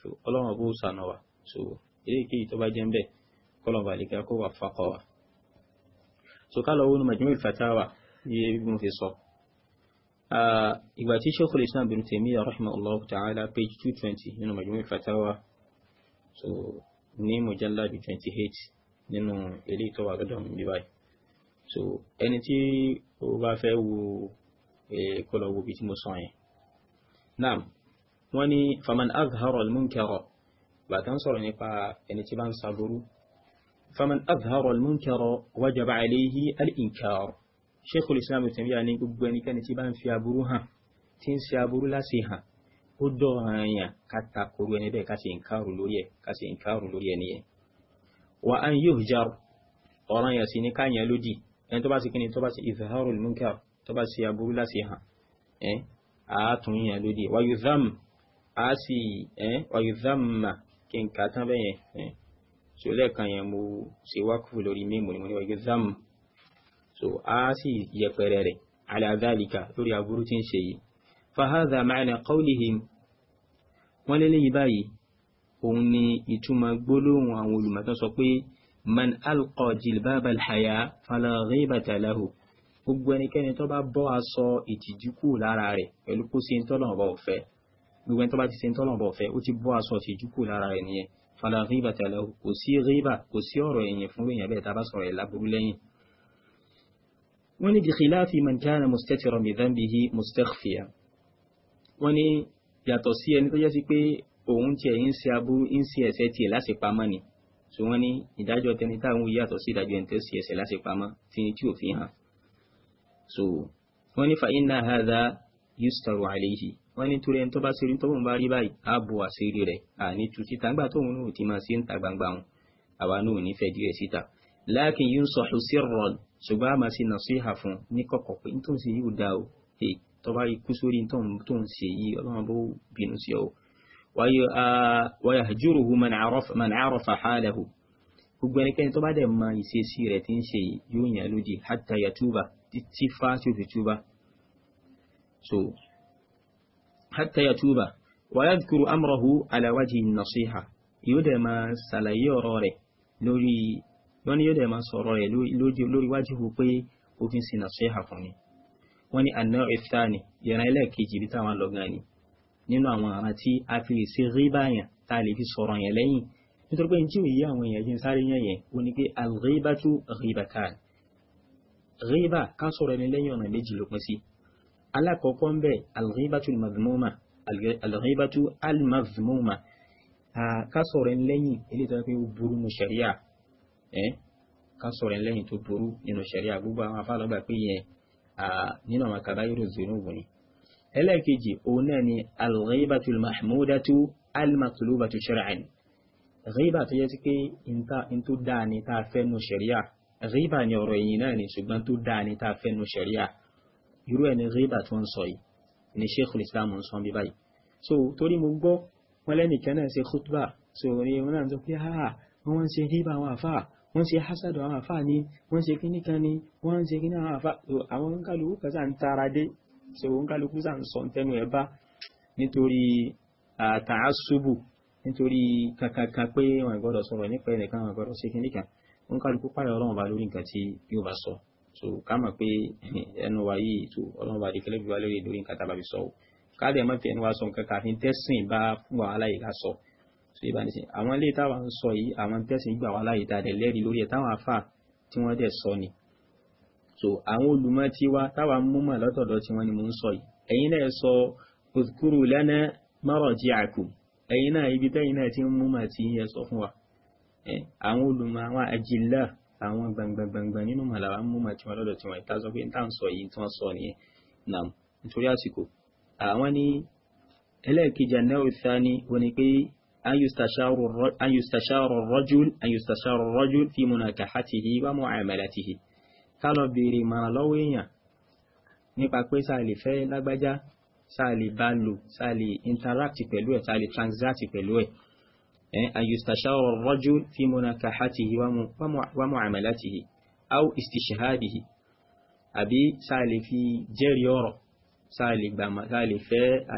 A: so ọlọ́run bó sànà wa so eléyìí tó bá jẹ́ ń bẹ̀ fatawa ní ebi Uh, ìgbà tí Shaykhul Islam Ibn Taymiyyah rahimahullah ta'ala page two twenty nínú Majmu' Fatawa so ní mujallad twenty eight nínú eré ìtọ́wà gbọ́dọ̀ mi báyìí so ẹni tí ó bá fẹ́ wo kọlọ̀ wo bí tí mo sọ yẹn naam wọ́n ní faman azhara al-munkara bàtà sọ̀rọ̀ nípa ẹni tí bá ń saburú faman azhara al-munkara alayhi al-inkar Sheikhul Islam tẹ̀míyà ní gbogbo ẹnikẹ́ni tí bá ń fi aburú hàn tí ń ṣe aburú láti hàn ó dọ̀ràn èèyàn ká takoro ẹni bẹ́ẹ̀ ká ṣe lórí ẹ̀ ká ṣe lórí ẹni yẹn. wa an yuhjar ọ̀ràn yẹn sì ní káyẹn lódì ẹni tó bá ṣe kíni tó bá ṣe izharul munkar tó bá ṣe aburú láti hàn ẹ́ àátún yẹn lódì wa yudham a sì ẹ́ wa yudham mà kí n kà tán bẹ́yẹn ẹ́ sọlẹ́ kan yẹn mo ṣe wákùú lórí mímu ni mo ní wa yudham so a sì yẹpẹrẹ rẹ̀ ala dhalika lórí aburú tí ń ṣe yìí fahadha ma'na qawlihim wọ́n lé léyìí báyìí òun ni ìtumọ̀ gbólóhùn àwọn olùmọ̀tán sọ pé man alqa jilbab alhaya fala ghibata kò sí ghibah kò sí ọ̀rọ̀ ẹ̀yìn fún èèyàn bẹ́ẹ̀ tá a lẹ́yìn wọ́n ní bìkìláàfi man kana mustatiran bi dhanbihi mustakhfiya wọ́n ní yàtọ̀ sí ẹni tó jẹ́ sí pé òun tiẹ̀ ń ṣe aburú ń ṣe ẹ̀ṣẹ̀ tiẹ̀ láti pamọ́ ni so wọ́n ní ìdájọ́ tẹni táwọn yàtọ̀ sí ìdájọ́ ẹni tó ṣe ẹ̀ṣẹ̀ láti pamọ́ tí tí ò fi hàn so wọ́n fa inna hadha yustaru alayhi wọ́n ní torí ẹni tó bá ṣe rí tọ́wọ́n bá rí báyìí á bo àṣírí rẹ̀ àní tu síta ńgbà ti máa ṣe ń gbangba wọn àwa náà ò ní fẹ́ díẹ̀ síta lakin yunsahu sirran ṣùgbọ́n a máa ṣe nàṣíhà fún ní kọ̀kọ̀ pé nítorí ṣe yóò dá o tó bá ikú sórí tó ń ṣe yìí ọlọ́run bó bínú sí ọ wayahjuruhu man arafa halahu gbogbo ẹnikẹ́ni tó bá dẹ̀ mọ ìṣesí rẹ̀ tí ń ṣe yóò yàn lódì hatta yatuba títí fá tí ó fi túbà so hatta yatuba wayadhkuru amrahu ala wajhi nasiha yóò dẹ̀ máa ṣàlàyé ọ̀rọ̀ rẹ̀ lórí wọ́n ní yóò dẹ̀ máa sọ̀rọ̀ rẹ̀ lórí wájú wo pé òfin sì nà ṣe àfọ̀n ni wọ́n ní àná ìfẹ́ ni ìran ẹlẹ́ẹ̀kejì bí táwọn lọ gan ni nínú àwọn àràn tí a fi lè ṣe rí báyàn tá a lè fi sọ̀rọ̀ yẹn lẹ́yìn nítorí pé njẹ́ òye àwọn èèyàn yẹn sáré yẹn yẹn ó ní pé al-ghibatu ghibatan ríbà ká sọ̀rọ̀ ẹni lẹ́yìn ọ̀nà méjì ló pín sí alákọ̀ọ́kọ́ ń bẹ̀ al-ghibatu al-madhmuma al-ghibatu ká sọ̀rọ̀ ẹni lẹ́yìn eléyìí tó pé ó burú mu ṣẹ̀ríà ẹ́ eh, ká sọ̀rọ̀ lẹ́yìn tó burú nínú ṣẹ̀ríà gbogbo àwọn afáàlọ́gbà pé yẹn nínú àwọn kàbáyọ̀rọ̀ zunubu ni. ẹlẹ́ẹ̀kejì òun náà ni al-ghaybatul mahmudatu al-matlubatu shar'an ghayba tó yẹ sí pé n tó dáa ni tá a fẹ́ nu ṣẹ̀ríà ghayba ni ọ̀rọ̀ ẹ̀yìn náà ni ṣùgbọ́n tó dáa ni tá a fẹ́ nu ṣẹ̀ríà irú ẹ̀ ni ghayba tó ń sọ yìí ni sheikhul islam ń sọ bí báyìí so torí mo gbọ́ wọn lẹ́nìkan náà ṣe khutba so wọn náà sọ pé ha wọn ṣe ghayba àwọn àfáà wọ́n ṣe hasadu àwọn àfáà ni wọ́n ṣe kíní kan ni wọ́n ṣe kíní àwọn àfáà àwọn kálukú kan sáà tara dé so wọ́n kálukú sáà ń sọ tẹnu ẹ̀ bá nítorí àtàásùbù nítorí kankankan pé wọ́n gbọ́dọ̀ sọ̀rọ̀ nípa ẹnìkan wọ́n gbọ́dọ̀ ṣe kíní kan wọ́n kálukú pààyà ọlọ́run bá lórí nǹkan tí yóò bá sọ so ká mọ̀ pé ẹnu wa yìí tó ọlọ́run bá dikẹ́lẹ́ bí wa lórí nǹkan tá sọ ká dẹ̀ má fi ẹnu wa sọ nǹkan ká fi tẹ́sìn so ibà nísìnyí àwọn ilé táwa ń sọ yìí àwọn tẹ̀sìn gbà wá láyé tá a lórí ẹ̀ táwọn afá tí wọ́n dẹ̀ sọ ni so àwọn olùmọ̀ tiwa táwa mú mọ̀ lọ́tọ̀dọ̀ tiwọn ni mò ń sọ yìí ẹ̀yin náà sọ òkúrú lẹ́nà marji'akum ẹ̀yin náà ibi tẹ́yin náà ti ń mú mọ̀ tí yẹn sọ fún wa àwọn olùmọ̀ àwọn àjìlá àwọn gbàngbàngbàngbà nínú màlàwà mú nam nítorí àsìkò àwọn ní ẹlẹ́ẹ̀kejì àná òsà ni أن يستشار أن يستشار الرجل أن يستشار الرجل في مناكحته ومعاملته ká lọ béèrè ìmọ̀ràn lọ́wọ́ èèyàn nípa pé sáà lè fẹ́ lágbájá sáà lè bá lò sáà lè interact pẹ̀lú ẹ̀ sáà lè transact pẹ̀lú ẹ̀ أن يستشار الرجل في مناكحته ومعاملته أو استشهاده àbí sáà lè fi jẹ́rìí ọ̀rọ̀ sáà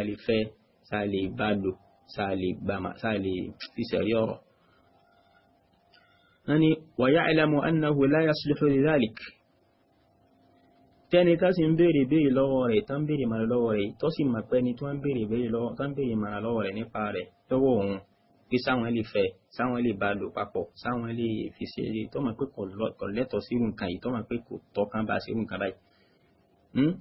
A: lè fẹ́ sáà bá lò sáàlè gbàmà sáàlè fíṣẹ̀rí ọ̀rọ̀ wọ́n ni wa ya'lamu annahu la yasluhu li dhalik tẹ́ni tá sì ń béèrè béèrè lọ́wọ́ rẹ̀ tán béèrè mara lọ́wọ́ rẹ̀ tó sì mọ̀ pẹ́ni tó ń béèrè béèrè lọ́wọ́ tán béèrè mara lọ́wọ́ rẹ̀ nípa rẹ̀ lọ́wọ́ òun pé sáwọn lè fẹ́ sáwọn lè bá lò papọ̀ sáwọn lè fi ṣe eré tó pé kò lẹ́tọ̀ọ́ sí irun yìí tó pé kò tọ́kàn bá sí irun báyìí. Hmm?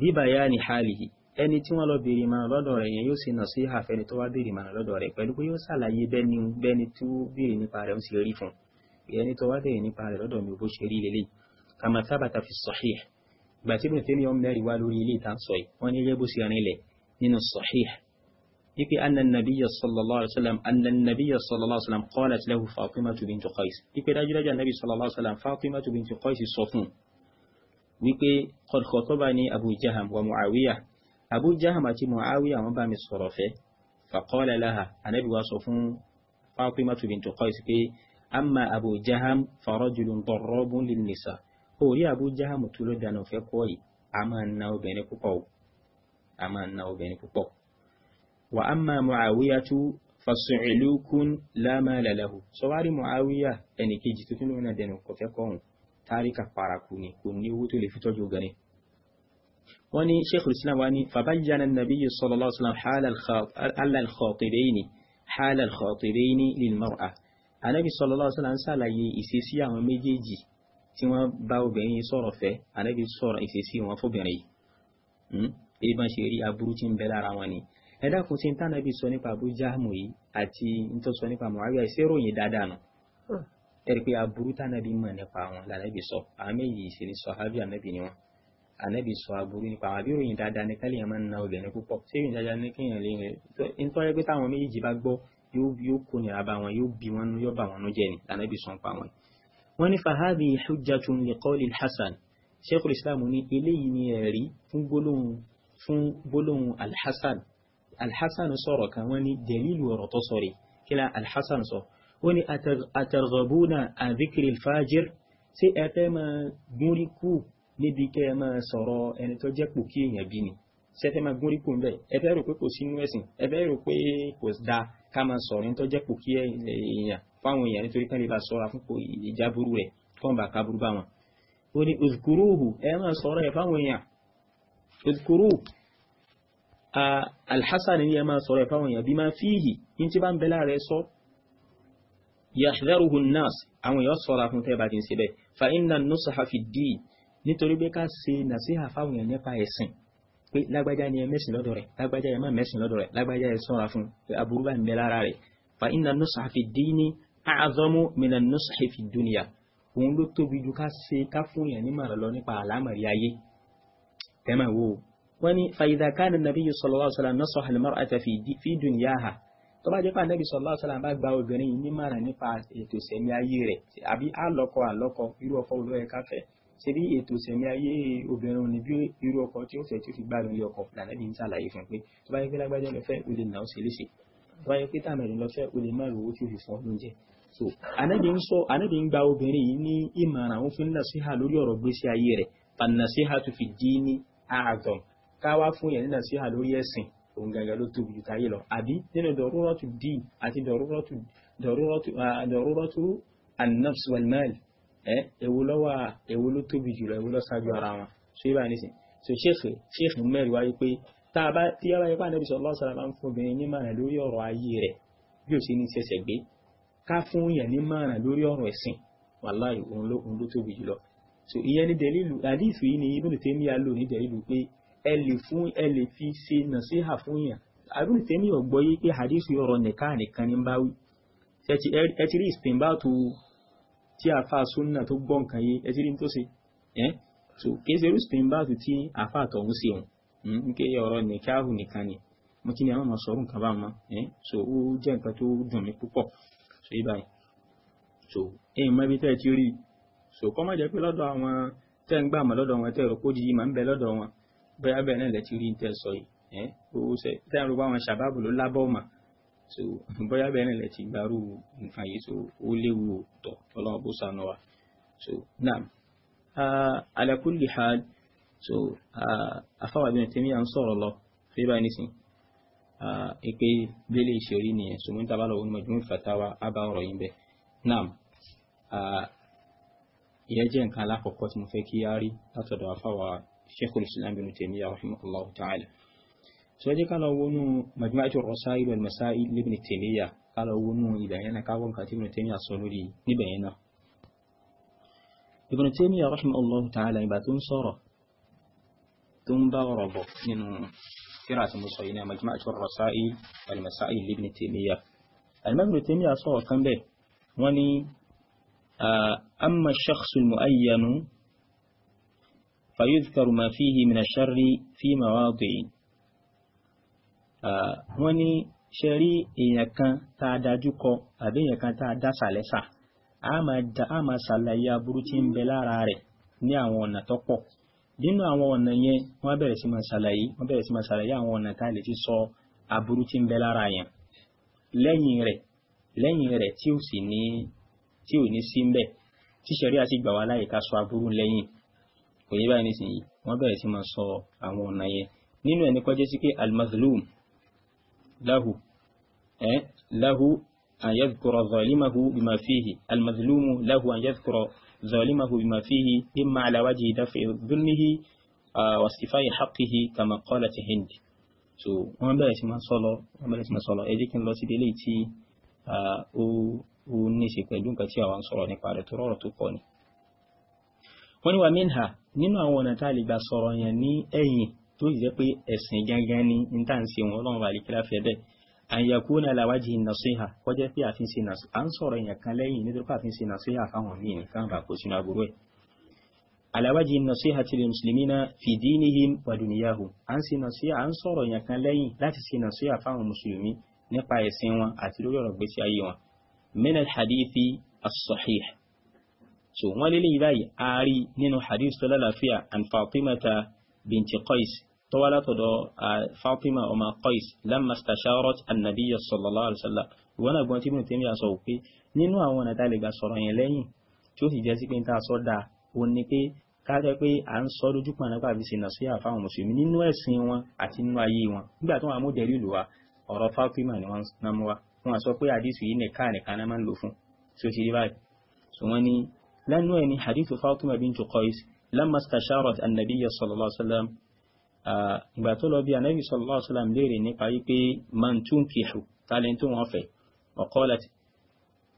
A: bíbáyáni halihi ẹni tí wọ́n lọ béèrè ìmọ̀ràn lọ́dọ̀ rẹ̀ yẹn yóò ṣe nasiha fẹ́ni tó wá béèrè ìmọ̀ràn lọ́dọ̀ rẹ̀ pẹ̀lú pé yóò ṣàlàyé bẹ́ni bẹ́ni tí ó béèrè nípa rẹ̀ ń ṣe rí fún ẹni tó wá béèrè nípa rẹ̀ lọ́dọ̀ mi bó ṣe rí lélẹ̀ kama thabata fi sahih ìgbà tí ibùn tẹ́mi ọmọ mẹ́rin wá lórí ilé ìta sọ yìí wọ́n ní ilé bó ṣe rinlẹ̀ nínú sahih ipe annannabiya sallallahu sallallahu alaihi wasallam qalat lahu sallallahu alaihi wasallam fatimatu bintu wípé kọ̀tọ̀bá ní Abu Jaham wa Muawiya Abu Jaham àti Muawiya wọ́n bá mi sọ̀rọ̀ fẹ́ faqala laha anábì wa sọ fún Fatimatu bintu Qais pé amma Abu Jaham farajulun darrabun lin nisa orí Abu Jaham tó kọ́ yìí a tárìkà paraku ni kò ní owó tó lè fi tọ́jú gani wọ́n ní sheikh islam wa ni fabayyana nabiyyu sallallahu alaihi wasallam hala al-khatibaini hala al-khatibaini lil mar'a anabi sallallahu alaihi wasallam ṣàlàyé ìṣesí àwọn méjèèjì tí wọ́n bá obìnrin sọ̀rọ̀ fẹ́ anabi sọ̀rọ̀ ìṣesí wọn fóbìnrin yìí hmm? bí wọ́n ṣe rí aburú tí ń bẹ lára wọn ni tánàbí sọ nípa abu jahmu yìí àti ní tó sọ nípa muawiya ìṣeròyìn dáadáa nù ẹ̀rí pé aburú tánàbí mọ̀ nípa wọn lànàbí sọ àwọn méjì sì ní sàhábì ànàbí ni wọn ànàbí sọ aburú nípa àwọn abíròyìn dáadáa ní kálí yẹn máa ń na obìnrin púpọ̀ ṣé ìròyìn dáadáa ní kéèyàn lè rẹ nítorí pé táwọn méjì bá gbọ́ yóò kó nira bá wọn yóò bí wọn yóò bá wọn jẹ ni lànàbí sọ pa wọn. wọn ní fahadi hujjatun li qawli hasan sheikhul islam ní eléyìí ni ẹ̀rí fún gbólóhùn alhassan alhassan sọ̀rọ̀ kan wọ́n ní dẹ̀lílù ọ̀rọ̀ tó sọ̀rọ̀ kí la alhassan sọ̀rọ̀ ó ní àtàrọ̀bùnà àdíkìrì fàájìr sí ẹ̀fẹ́ máa gúnrí kú níbi kẹ́ máa sọ̀rọ̀ ẹni tó jẹ́ pò kí èèyàn bí ni sẹ́fẹ́ máa gúnrí kú níbẹ̀ ẹ̀fẹ́ rò pé kò sínú ẹ̀sìn ẹ̀fẹ́ rò pé kò da ká máa sọ̀rọ̀ ẹni tó jẹ́ pò kí èèyàn fáwọn èèyàn nítorí kan lè bá sọ́ra fún ìjábúrú rẹ̀ kọ́ bá kábúrú bá wọn ó ní òzùkúrúhù ẹ máa sọ̀rọ̀ ẹ̀ fáwọn èèyàn òzùkúrú alhassan ni ẹ máa sọ̀rọ̀ ẹ̀ fáwọn èèyàn bí máa fíhì ní tí bá ń bẹ láàrẹ sọ yahdaruhu an-nas àwọn èèyàn sọ́ra fún tẹ́ bá ti ń ṣe bẹ́ẹ̀ fa inna nusaha fi ddin nítorí pé ká ṣe nàṣíhà fáwọn èèyàn nípa ẹ̀sìn pé lágbájá ni ẹ mẹ́sìn lọ́dọ̀ rẹ̀ lágbájá ẹ má mẹ́sìn lọ́dọ̀ rẹ̀ lágbájá ẹ sọ́ra fún pé aburú bá ń bẹ lára rẹ̀ fa inna nusaha fi ddini a'zamu mina nusahi fi dunya òun ló tóbi ju ká ṣe ká fún èèyàn nímọ̀ràn lọ nípa àlámọ̀rí ayé tẹ́mà wo wọ́n ní fa idha kana an-nabiyyu sallallahu alaihi wasallam nasaha al tó bá jẹ́ pé anabi sọlá ọ̀sán bá gba obìnrin yìí nímọ̀ràn nípa ètò ìsẹ̀mí ayé rẹ̀ àbí àlọ́kọ àlọ́kọ irú ọkọ olóyè káfẹ́ ṣe bí ètò ìsẹ̀mí ayé obìnrin òní bí irú ọkọ tí ó fẹ́ tí ó fi gbá lórí ọkọ lànàbí ń ṣàlàyé fún pé tó bá yẹ pé lágbájá lọ fẹ́ o lè nà ó ṣe léṣe tó bá yẹ pé tàmẹ̀rẹ̀ lọ fẹ́ o lè má lówó tí ó fi fún oúnjẹ so anabi ń sọ anabi ń gba obìnrin yìí ní ìmọ̀ràn òun fi ń nàṣíhà lórí ọ̀rọ̀ gbèsè ayé rẹ̀ pànàṣíhà tó fi dín ní àgàn káwá fún yẹn ní nàṣíhà lórí ẹ̀sìn òun gangan ló tóbi ju táyé lọ àbí nínú dọ̀rúrọ́tù dín àti dọ̀rúrọ́tù dọ̀rúrọ́tù dọ̀rúrọ́tù an-nafs wal-mal ẹ èwo lọ́wọ́ èwo ló tóbi jùlọ èwo ló ṣáájú ara wọn so yíba ní sìn so ṣéèkì ṣéèkì mẹ́rin wáyé pé tá a bá tí yàrá yẹn bá nẹ́bí sọ lọ́sọ̀rọ̀ máa ń fún obìnrin nímọ̀ràn lórí ọ̀rọ̀ ayé rẹ̀ bí ó ṣe ní ṣẹ̀ṣẹ̀ gbé ká fún yẹn nímọ̀ràn lórí ọ̀rọ̀ ẹ̀sìn wàláì òun ló tóbi jùlọ so ìyẹn ní dẹ̀lílù àdìsù yìí ni Ibn Taymiyyah lò ní dẹ̀lílù pé ẹ lè fún ẹ lè fi ṣe nàṣíhà fún yàn àbúrò tẹ́mi ọ̀gbọ́ yí pé hadith ọ̀rọ̀ nìkan nìkan ní bá wí ẹ ti rí ìsìnbá tó tí àfa súnà tó gbọ́ nǹkan yé ẹ ti rí tó ṣe ẹ́ so kìí ṣe irú ìsìnbá tó tí àfa àtọ̀hún ṣe òun ń hmm, ké ọ̀rọ̀ nìkáhù nìkan ni mo kí ni àwọn ọmọ sọ̀rọ̀ nǹkan bá wọn ẹ́ so ó jẹ́ nǹkan tó dùn mí púpọ̀ so yí báyìí so ẹ̀yìn mọ́ ibi tẹ́ ti rí so kọ́ má jẹ́ pé lọ́dọ̀ àwọn tẹ́ ń gbà mọ́ lọ́dọ̀ wọn tẹ́ rò kó bóyá bẹ́ẹ̀ náà lẹ ti rí tẹ́ sọ yìí ẹ́ owó sẹ tẹ́ ń ro báwọn ló lábọ́ mà so [laughs] bóyá bẹ́ẹ̀ náà lẹ ti gbárù nǹkan yìí so ó léwu tọ̀ ọlọ́run bó sànù wa so naam ala kulli hal so afáwà bí wọn ti ní à ń sọ̀rọ̀ lọ fi báyìí nísìn ipe bílé ìṣerí nìyẹn so mo ń tabalọ̀ wọn mọ̀jú fatawa ábá ọ̀rọ̀ yìí bẹ́ẹ̀ naam ìyẹn jẹ́ nǹkan alákọ̀ọ́kọ́ tí mo fẹ́ kí á rí látọ̀dọ̀ afáwà الشيخ الإسلام بن تيمية رحمه الله تعالى سوى قال ونو مجموعة الرسائل والمسائل لابن تيمية قال ونو يبينا كاون كاتب ابن تيمية صنوري نبينا ابن تيمية رحمه الله تعالى يباتون صورة ثم باوربو من قراءة المصينة مجموعة الرسائل والمسائل لابن تيمية المهم ابن تيمية صورة كان به وني أما الشخص المؤين fayudhkaru ma fihi min ash-sharri fi mawadi'i wọ́n ní ṣe rí èèyàn kan tá a dájú kọ àbí èèyàn kan tá a dá sàlẹ́sà a máa ṣàlàyé aburú tí ń bẹ lára rẹ̀ ní àwọn ọ̀nà tó pọ̀ nínú àwọn ọ̀nà yẹn wọ́n bẹ̀rẹ̀ sí máa ṣàlàyé wọ́n bẹ̀rẹ̀ sí máa ṣàlàyé àwọn ọ̀nà tá ti sọ aburú tí ń bẹ lára yẹn lẹ́yìn rẹ̀ tí ò sì ní tí ò ní sí ń bẹ̀ tí ṣẹ̀rí àti gbà wá láyè ká sọ aburú lẹ́yìn kò yé báyìí nísìnyí wọ́n bẹ̀rẹ̀ sí máa sọ àwọn ọ̀nà yẹn nínú ẹni kọjá sí pé al-mazlum lahu ẹ lahu an yadhkura zalimahu bima fihi al-mazlumu lahu an yadhkura zalimahu bima fihi imma ala wajhi daf'i dhulmihi wa istifai haqqihi kama qalat Hind so wọ́n bẹ̀rẹ̀ sí máa sọ̀lọ̀ wọ́n bẹ̀rẹ̀ sí máa sọ̀lọ̀ ẹ jẹ́ kí n lọ sí délé tí ó ní ṣe pẹ̀lú nǹkan tí àwọn sọ̀rọ̀ nípa rẹ̀ tó rọrọ̀ tó pọ̀ ni wọ́n ní wà minha nínú àwọn ọ̀nà tá a lè gbà sọ̀rọ̀ yẹn ní ẹ̀yìn tó jẹ́ pé ẹ̀sìn gángan ni n tá à ń ṣe wọn ọlọ́run bá àlekíra fẹ́ bẹ́ẹ̀ an yakuna ala wajhi nasiha jẹ́ pé àfin ṣe nàṣ à ń sọ̀rọ̀ yẹn kan lẹ́yìn nítorí pé àfin ṣe nasiha fáwọn míì nìkan bá kó sínú aburú ẹ̀ ala wajhi nasiha ti lil muslimina fi dinihim wa dunyahum à ń ṣe à ń sọ̀rọ̀ yẹn kan lẹ́yìn láti ṣe nasiha fáwọn mùsùlùmí nípa ẹ̀sìn wọn àti lórí ọ̀rọ̀ gbèsè ayé wọn min hadithi as so wọ́n lélẹ̀ yìí báyìí ààrí nínú hadith tó lálàáfíà an fatimata binti qais tó wá látọ̀dọ̀ fatima ọmọ qais lamma stasharat annabiyya sallallahu alaihi wasallam ìwọ́n àgbọn tí mo ti ń yà sọ pé nínú àwọn ọ̀nà tá a lè gbà sọ̀rọ̀ yẹn lẹ́yìn tí ó sì jẹ́ sí pé tá a sọ dáa ó ní pé kájẹ́ pé à ń sọ lójú pọ̀ nípa àbí ṣe nàṣíyà fáwọn mùsùlùmí nínú ẹ̀sìn wọn àti nínú ayé wọn nígbà tó wà mú dẹ̀rí ìlú wa ọ̀rọ̀ fatima ni wọ́n ná sọ pé àdìsù yìí nìkan nìkan náà máa ń lò fún tí ó ti rí báyìí so wọ́n ní lẹ́nu ẹ̀ ni hadithu Fatima bintu Qais lamma stasharat annabiya sallallahu alaihi wasallam ìgbà tó lọ bí anabi sallallahu alaihi wasallam léèrè nípa wípé man tunkihu talent wọn fẹ́ wa qalat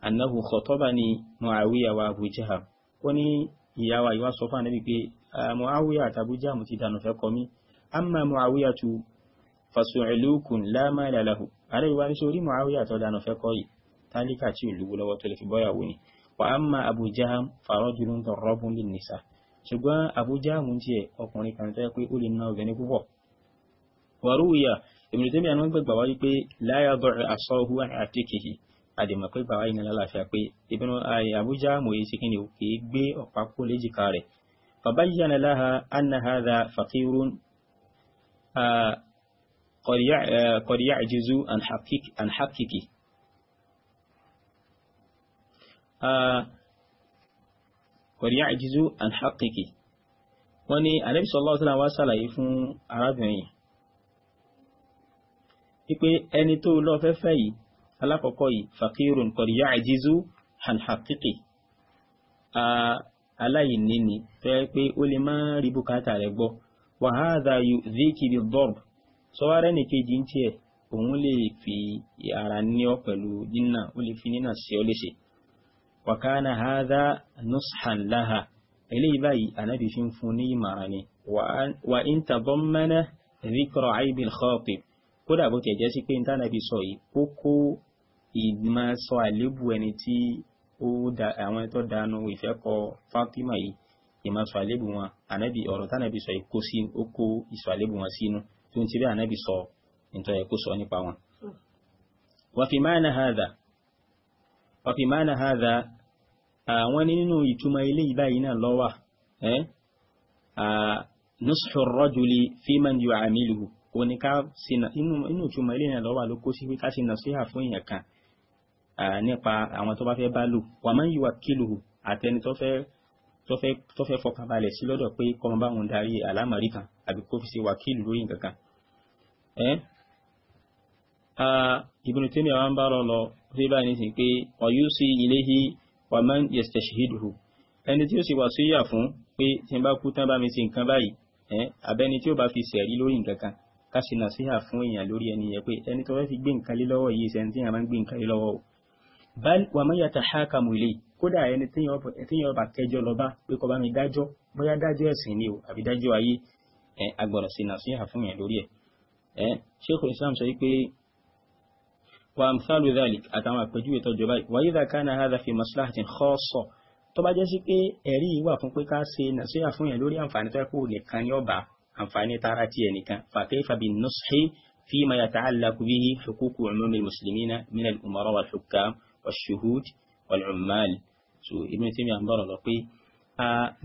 A: annahu khatabani Muawiya wa Abu Jahm ó ní ìyá wa ìwà sọ fún anabi pé Muawiya àti Abu Jahm ti dànù fẹ́ kọ́ mi amma Muawiya tu fasu'ilukun la mala lahu ni sori Muawiya tó dànù fẹ́ kọ́ yìí tálíkà tí ò lọ́wọ́ tó lè fi bọ́yàwó ni wa amma Abu Jahm farajulun darrabun bin nisa ṣùgbọ́n Abu Jahm ń tiẹ̀ ọkùnrin kan tó yẹ pé ó lè na obìnrin púpọ̀ wàrúwìyà Ibn Taymiyyah àwọn gbẹ̀gbà wáyé pé la yada'u asahu an atikihi àdèmọ̀ pé bàbá yìí ní lálàáfíà pé Ibn Abu Jahm mòye sí kíni òkè gbé ọ̀pá kó léjìká rẹ̀ فبين لها أن هذا فقير قد يعجز عن حقك عن حقك wàlíyàjízú an haqqiki wọ́n ni ànábì sallallahu alaihi wasallam wá sàlàyé fún arábìnrin wípé ẹni tó lọ fẹ́fẹ́ yìí alákọ̀ọ́kọ́ yìí faqirun wàlíyàjízú an haqqiki aláìní ni tó pé ó lè má rí bùkátà rẹ̀ gbọ́ wa hadha fi ara ní ọ pẹ̀lú dínà ó fi nínà sí ọ وكان هذا نصحا لها إلي باي أنا بفين فني معني وإن تضمن ذكر عيب الخاطب kódà bó tiẹ̀ jẹ́ sí pé níta nàbí sọ yìí ó kó ìmọ̀ sọ àlébù ẹni tí àwọn ẹ̀tọ́ dànù ìfẹ́ kọ Fatima yìí ìmọ̀ sọ àlébù wọn ànábì ọ̀rọ̀ tánàbí sọ yìí kó sí ó kó ìsọ àlébù wọn sínú tó ń ti bí ànábì sọ nítorí ẹ̀ sọ nípa wọn. wàfìmáàna hàdà wàfìmáàna hàdà àwọn ní nínú ìtumọ̀ ilé ìbáyìí náà lọ́wà ẹ́ nushu rajuli fi man yu'amiluhu kò ní ká sínà inú ìtumọ̀ ilé náà lọ́wà ló kó sí pé ká sínà sí àfún èèyàn kan nípa àwọn tó bá fẹ́ bá lò wa man yuwakkiluhu àtẹni tó fẹ́ tó fẹ́ fọkànbalẹ̀ sí lọ́dọ̀ pé kọ́mọ bá wọn darí àlámọ̀rí kan àbí kó fi ṣe wàkílù lórí nǹkan kan Ibn Taymiyyah àwọn bá lọ lọ sí báyìí nísìnyí pé ọ̀yú sí iléhi wa man yastashhiduhu ẹni tí ó sì wà síyà fún pé tí n bá kú tán bá mi ṣe nǹkan báyìí ẹ abẹni tí ó bá fi sẹ̀rí lórí nǹkan kan ká ṣe nàṣíhà fún èèyàn lórí ẹni yẹn pé ẹni tó fẹ́ fi gbé nǹkan lé lọ́wọ́ yìí sẹ́ni tí yẹn máa ń gbé nǹkan lé lọ́wọ́ o. bal wa man yatahakamu ilay kódà ẹni tí yẹn bá kẹjọ lọ bá pé kó bá mi dájọ́ bóyá dájọ́ ẹ̀sìn ni o àbí dájọ́ ayé ẹ agbọ̀rọ̀ ṣe nàṣíhà fún èèyàn lórí ẹ. ẹ Sheikhul Islam sọ wípé وأمثال ذلك أتما بجوية جباي وإذا كان هذا في مصلحة خاصة tó bá jẹ́ sí pé ẹ̀rí wà fún pé ká ṣe nàṣíyà fún yẹn lórí àǹfààní tó kù nìkan yóò bá àǹfààní tara ti ẹ̀ nìkan فكيف بالنصح فيما يتعلق به حقوق عموم المسلمين من الأمراء والحكام والشهود والعمال so Ibn Taymiyyah ń bọ̀rọ̀ lọ pé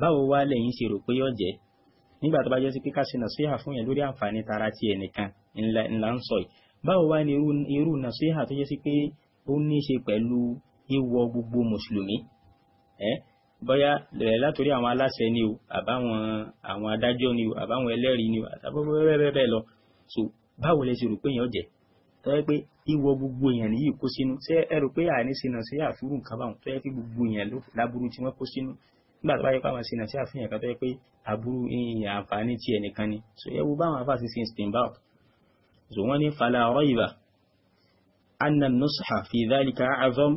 A: báwo wá lẹ́yìn ṣe rò pé yóò jẹ́ nígbà tó bá jẹ́ sí pé ká ṣe nàṣíyà fún yẹn lórí àǹfààní tara ti ẹ̀ nìkan ńlá ń sọ yìí báwo wá ni irú nàṣíhà tó jẹ́ sí pé ó ní ṣe pẹ̀lú ìwọ gbogbo mùsùlùmí ẹ́ bọ́yá lẹ̀rẹ̀ látòrí àwọn aláṣẹ ni o àbáwọn àwọn adájọ́ ni o àbáwọn ẹlẹ́rìí ni o àtàbọ̀bọ̀ bẹ́ẹ̀ lọ so báwo lẹ ṣe rò pé èèyàn jẹ tó yẹ pé ìwọ gbogbo èèyàn nìyí kó sínú ṣé ẹ rò pé àní ṣe nàṣíhà fúrú nǹkan báwọn tó yẹ pé gbogbo èèyàn láburú tí wọ́n kó sínú nígbà tó bá yẹ pé àwọn ṣe nàṣíhà fún èèyàn kan tó yẹ pé àbúrú ìyìn àǹfààní ti ẹnìkan ni so ẹ wo báwọn afáàṣì ṣe ń spin back زواني فلا ريب أن النصح في ذلك أعظم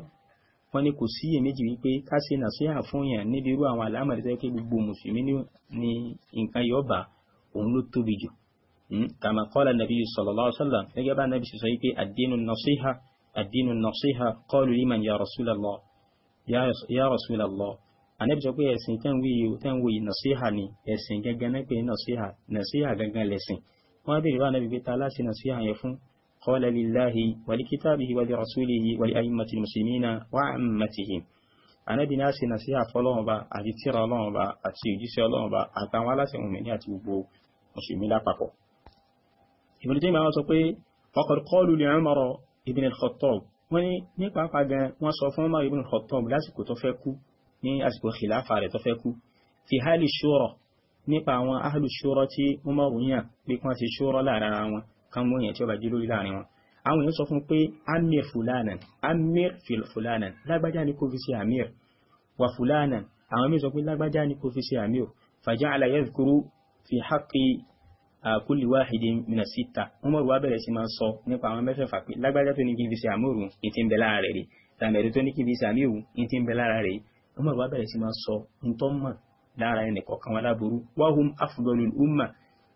A: wọ́n ní kò sí èméjì wípé ká ṣe nàṣíhà fún yàn níbi irú àwọn àlámọ̀rí tó yẹ pé gbogbo mùsùlùmí ní nǹkan yọba òun ló tóbi jù hmm? kama qala nàbí sallallahu alaihi wasallam gẹ́gẹ́ bá nàbí sọ wípé ad-dinu nasiha ad-dinu nasiha qalu liman ya rasulallah ya rasulallah anabi sọ pé ẹ̀sìn wọ́n bèèrè bá nàbí ta láti nà sí àyẹ̀ fún qala lillahi wa li kitabihi wa li rasulihi wa li a'immatil muslimina wa ammatihim ànábì náà sì nà sí àfọlọ́wọ́n bá àti tíra ọlọ́wọ́n bá àti òjíṣẹ́ ọlọ́wọ́n bá àtàwọn aláṣẹ òmìn ní àti gbogbo mùsùlùmí lápapọ̀ Ibn Taymiyyah máa sọ nípa àwọn ahlu shura tí wọ́n máa wù yàn pé kí wọ́n ṣe shura láàrin ara wọn kán mú èèyàn tí ó bá jí lórí láàrin wọn àwọn èèyàn sọ fún pé amir fulanan amir fulanan lágbájá ni kò fi ṣe amir wa fulanan àwọn mí sọ pé lágbájá ni kò fi ṣe amir faja'ala yadhkuru fi haqqi kulli wahidin mina sita Umar wá bẹ̀rẹ̀ sí máa sọ nípa àwọn mẹ́fẹ̀ẹ̀fà pé lágbájá tó ní kí n fi ṣe amir ìtì ń bẹ lára rẹ̀ tàmẹ̀rẹ̀ tó ní kí fi ṣe amir ìtì ń bẹ lára rẹ̀ Umar wá bẹ̀rẹ̀ sí máa sọ ntọ́mọ̀ lára ẹnì kọ̀ọ̀kan wọn láburú wahum afdalul umma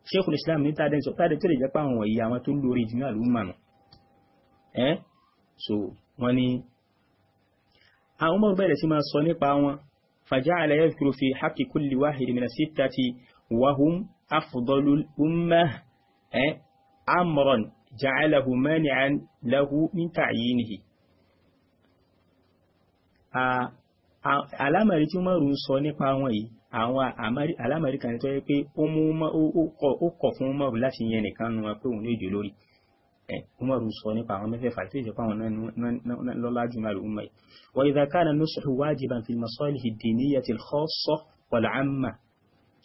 A: Sheikhul Islam ní tàdé sọ tàdé tó lè jẹ́ pé àwọn ìyá wọn tó lórí ìdúnyà ló mà nù ẹ́ so wọ́n ní àwọn ọmọ bẹ̀rẹ̀ sí máa sọ nípa wọn faja'ala yadhkuru fi haqqi kulli wahid min as-sittati wahum afdalul umma ẹ́ amran ja'alahu mani'an lahu min ta'yinihi alámàrí tí wọ́n rú sọ nípa wọn yìí àwọn alámọ̀rí kan tó yẹ pé ó kọ̀ fún Umaru láti yẹn nìkan nu wọn pé òun ló jẹ lórí Umaru sọ nípa àwọn mẹ́fẹ̀ẹ̀fà tí ó jẹ́ pàwọn náà lọ́lá jù náà lùmọ̀ yìí wa idha kana nusuhu wajiban fil masalih ad-diniyati al-khassa wal amma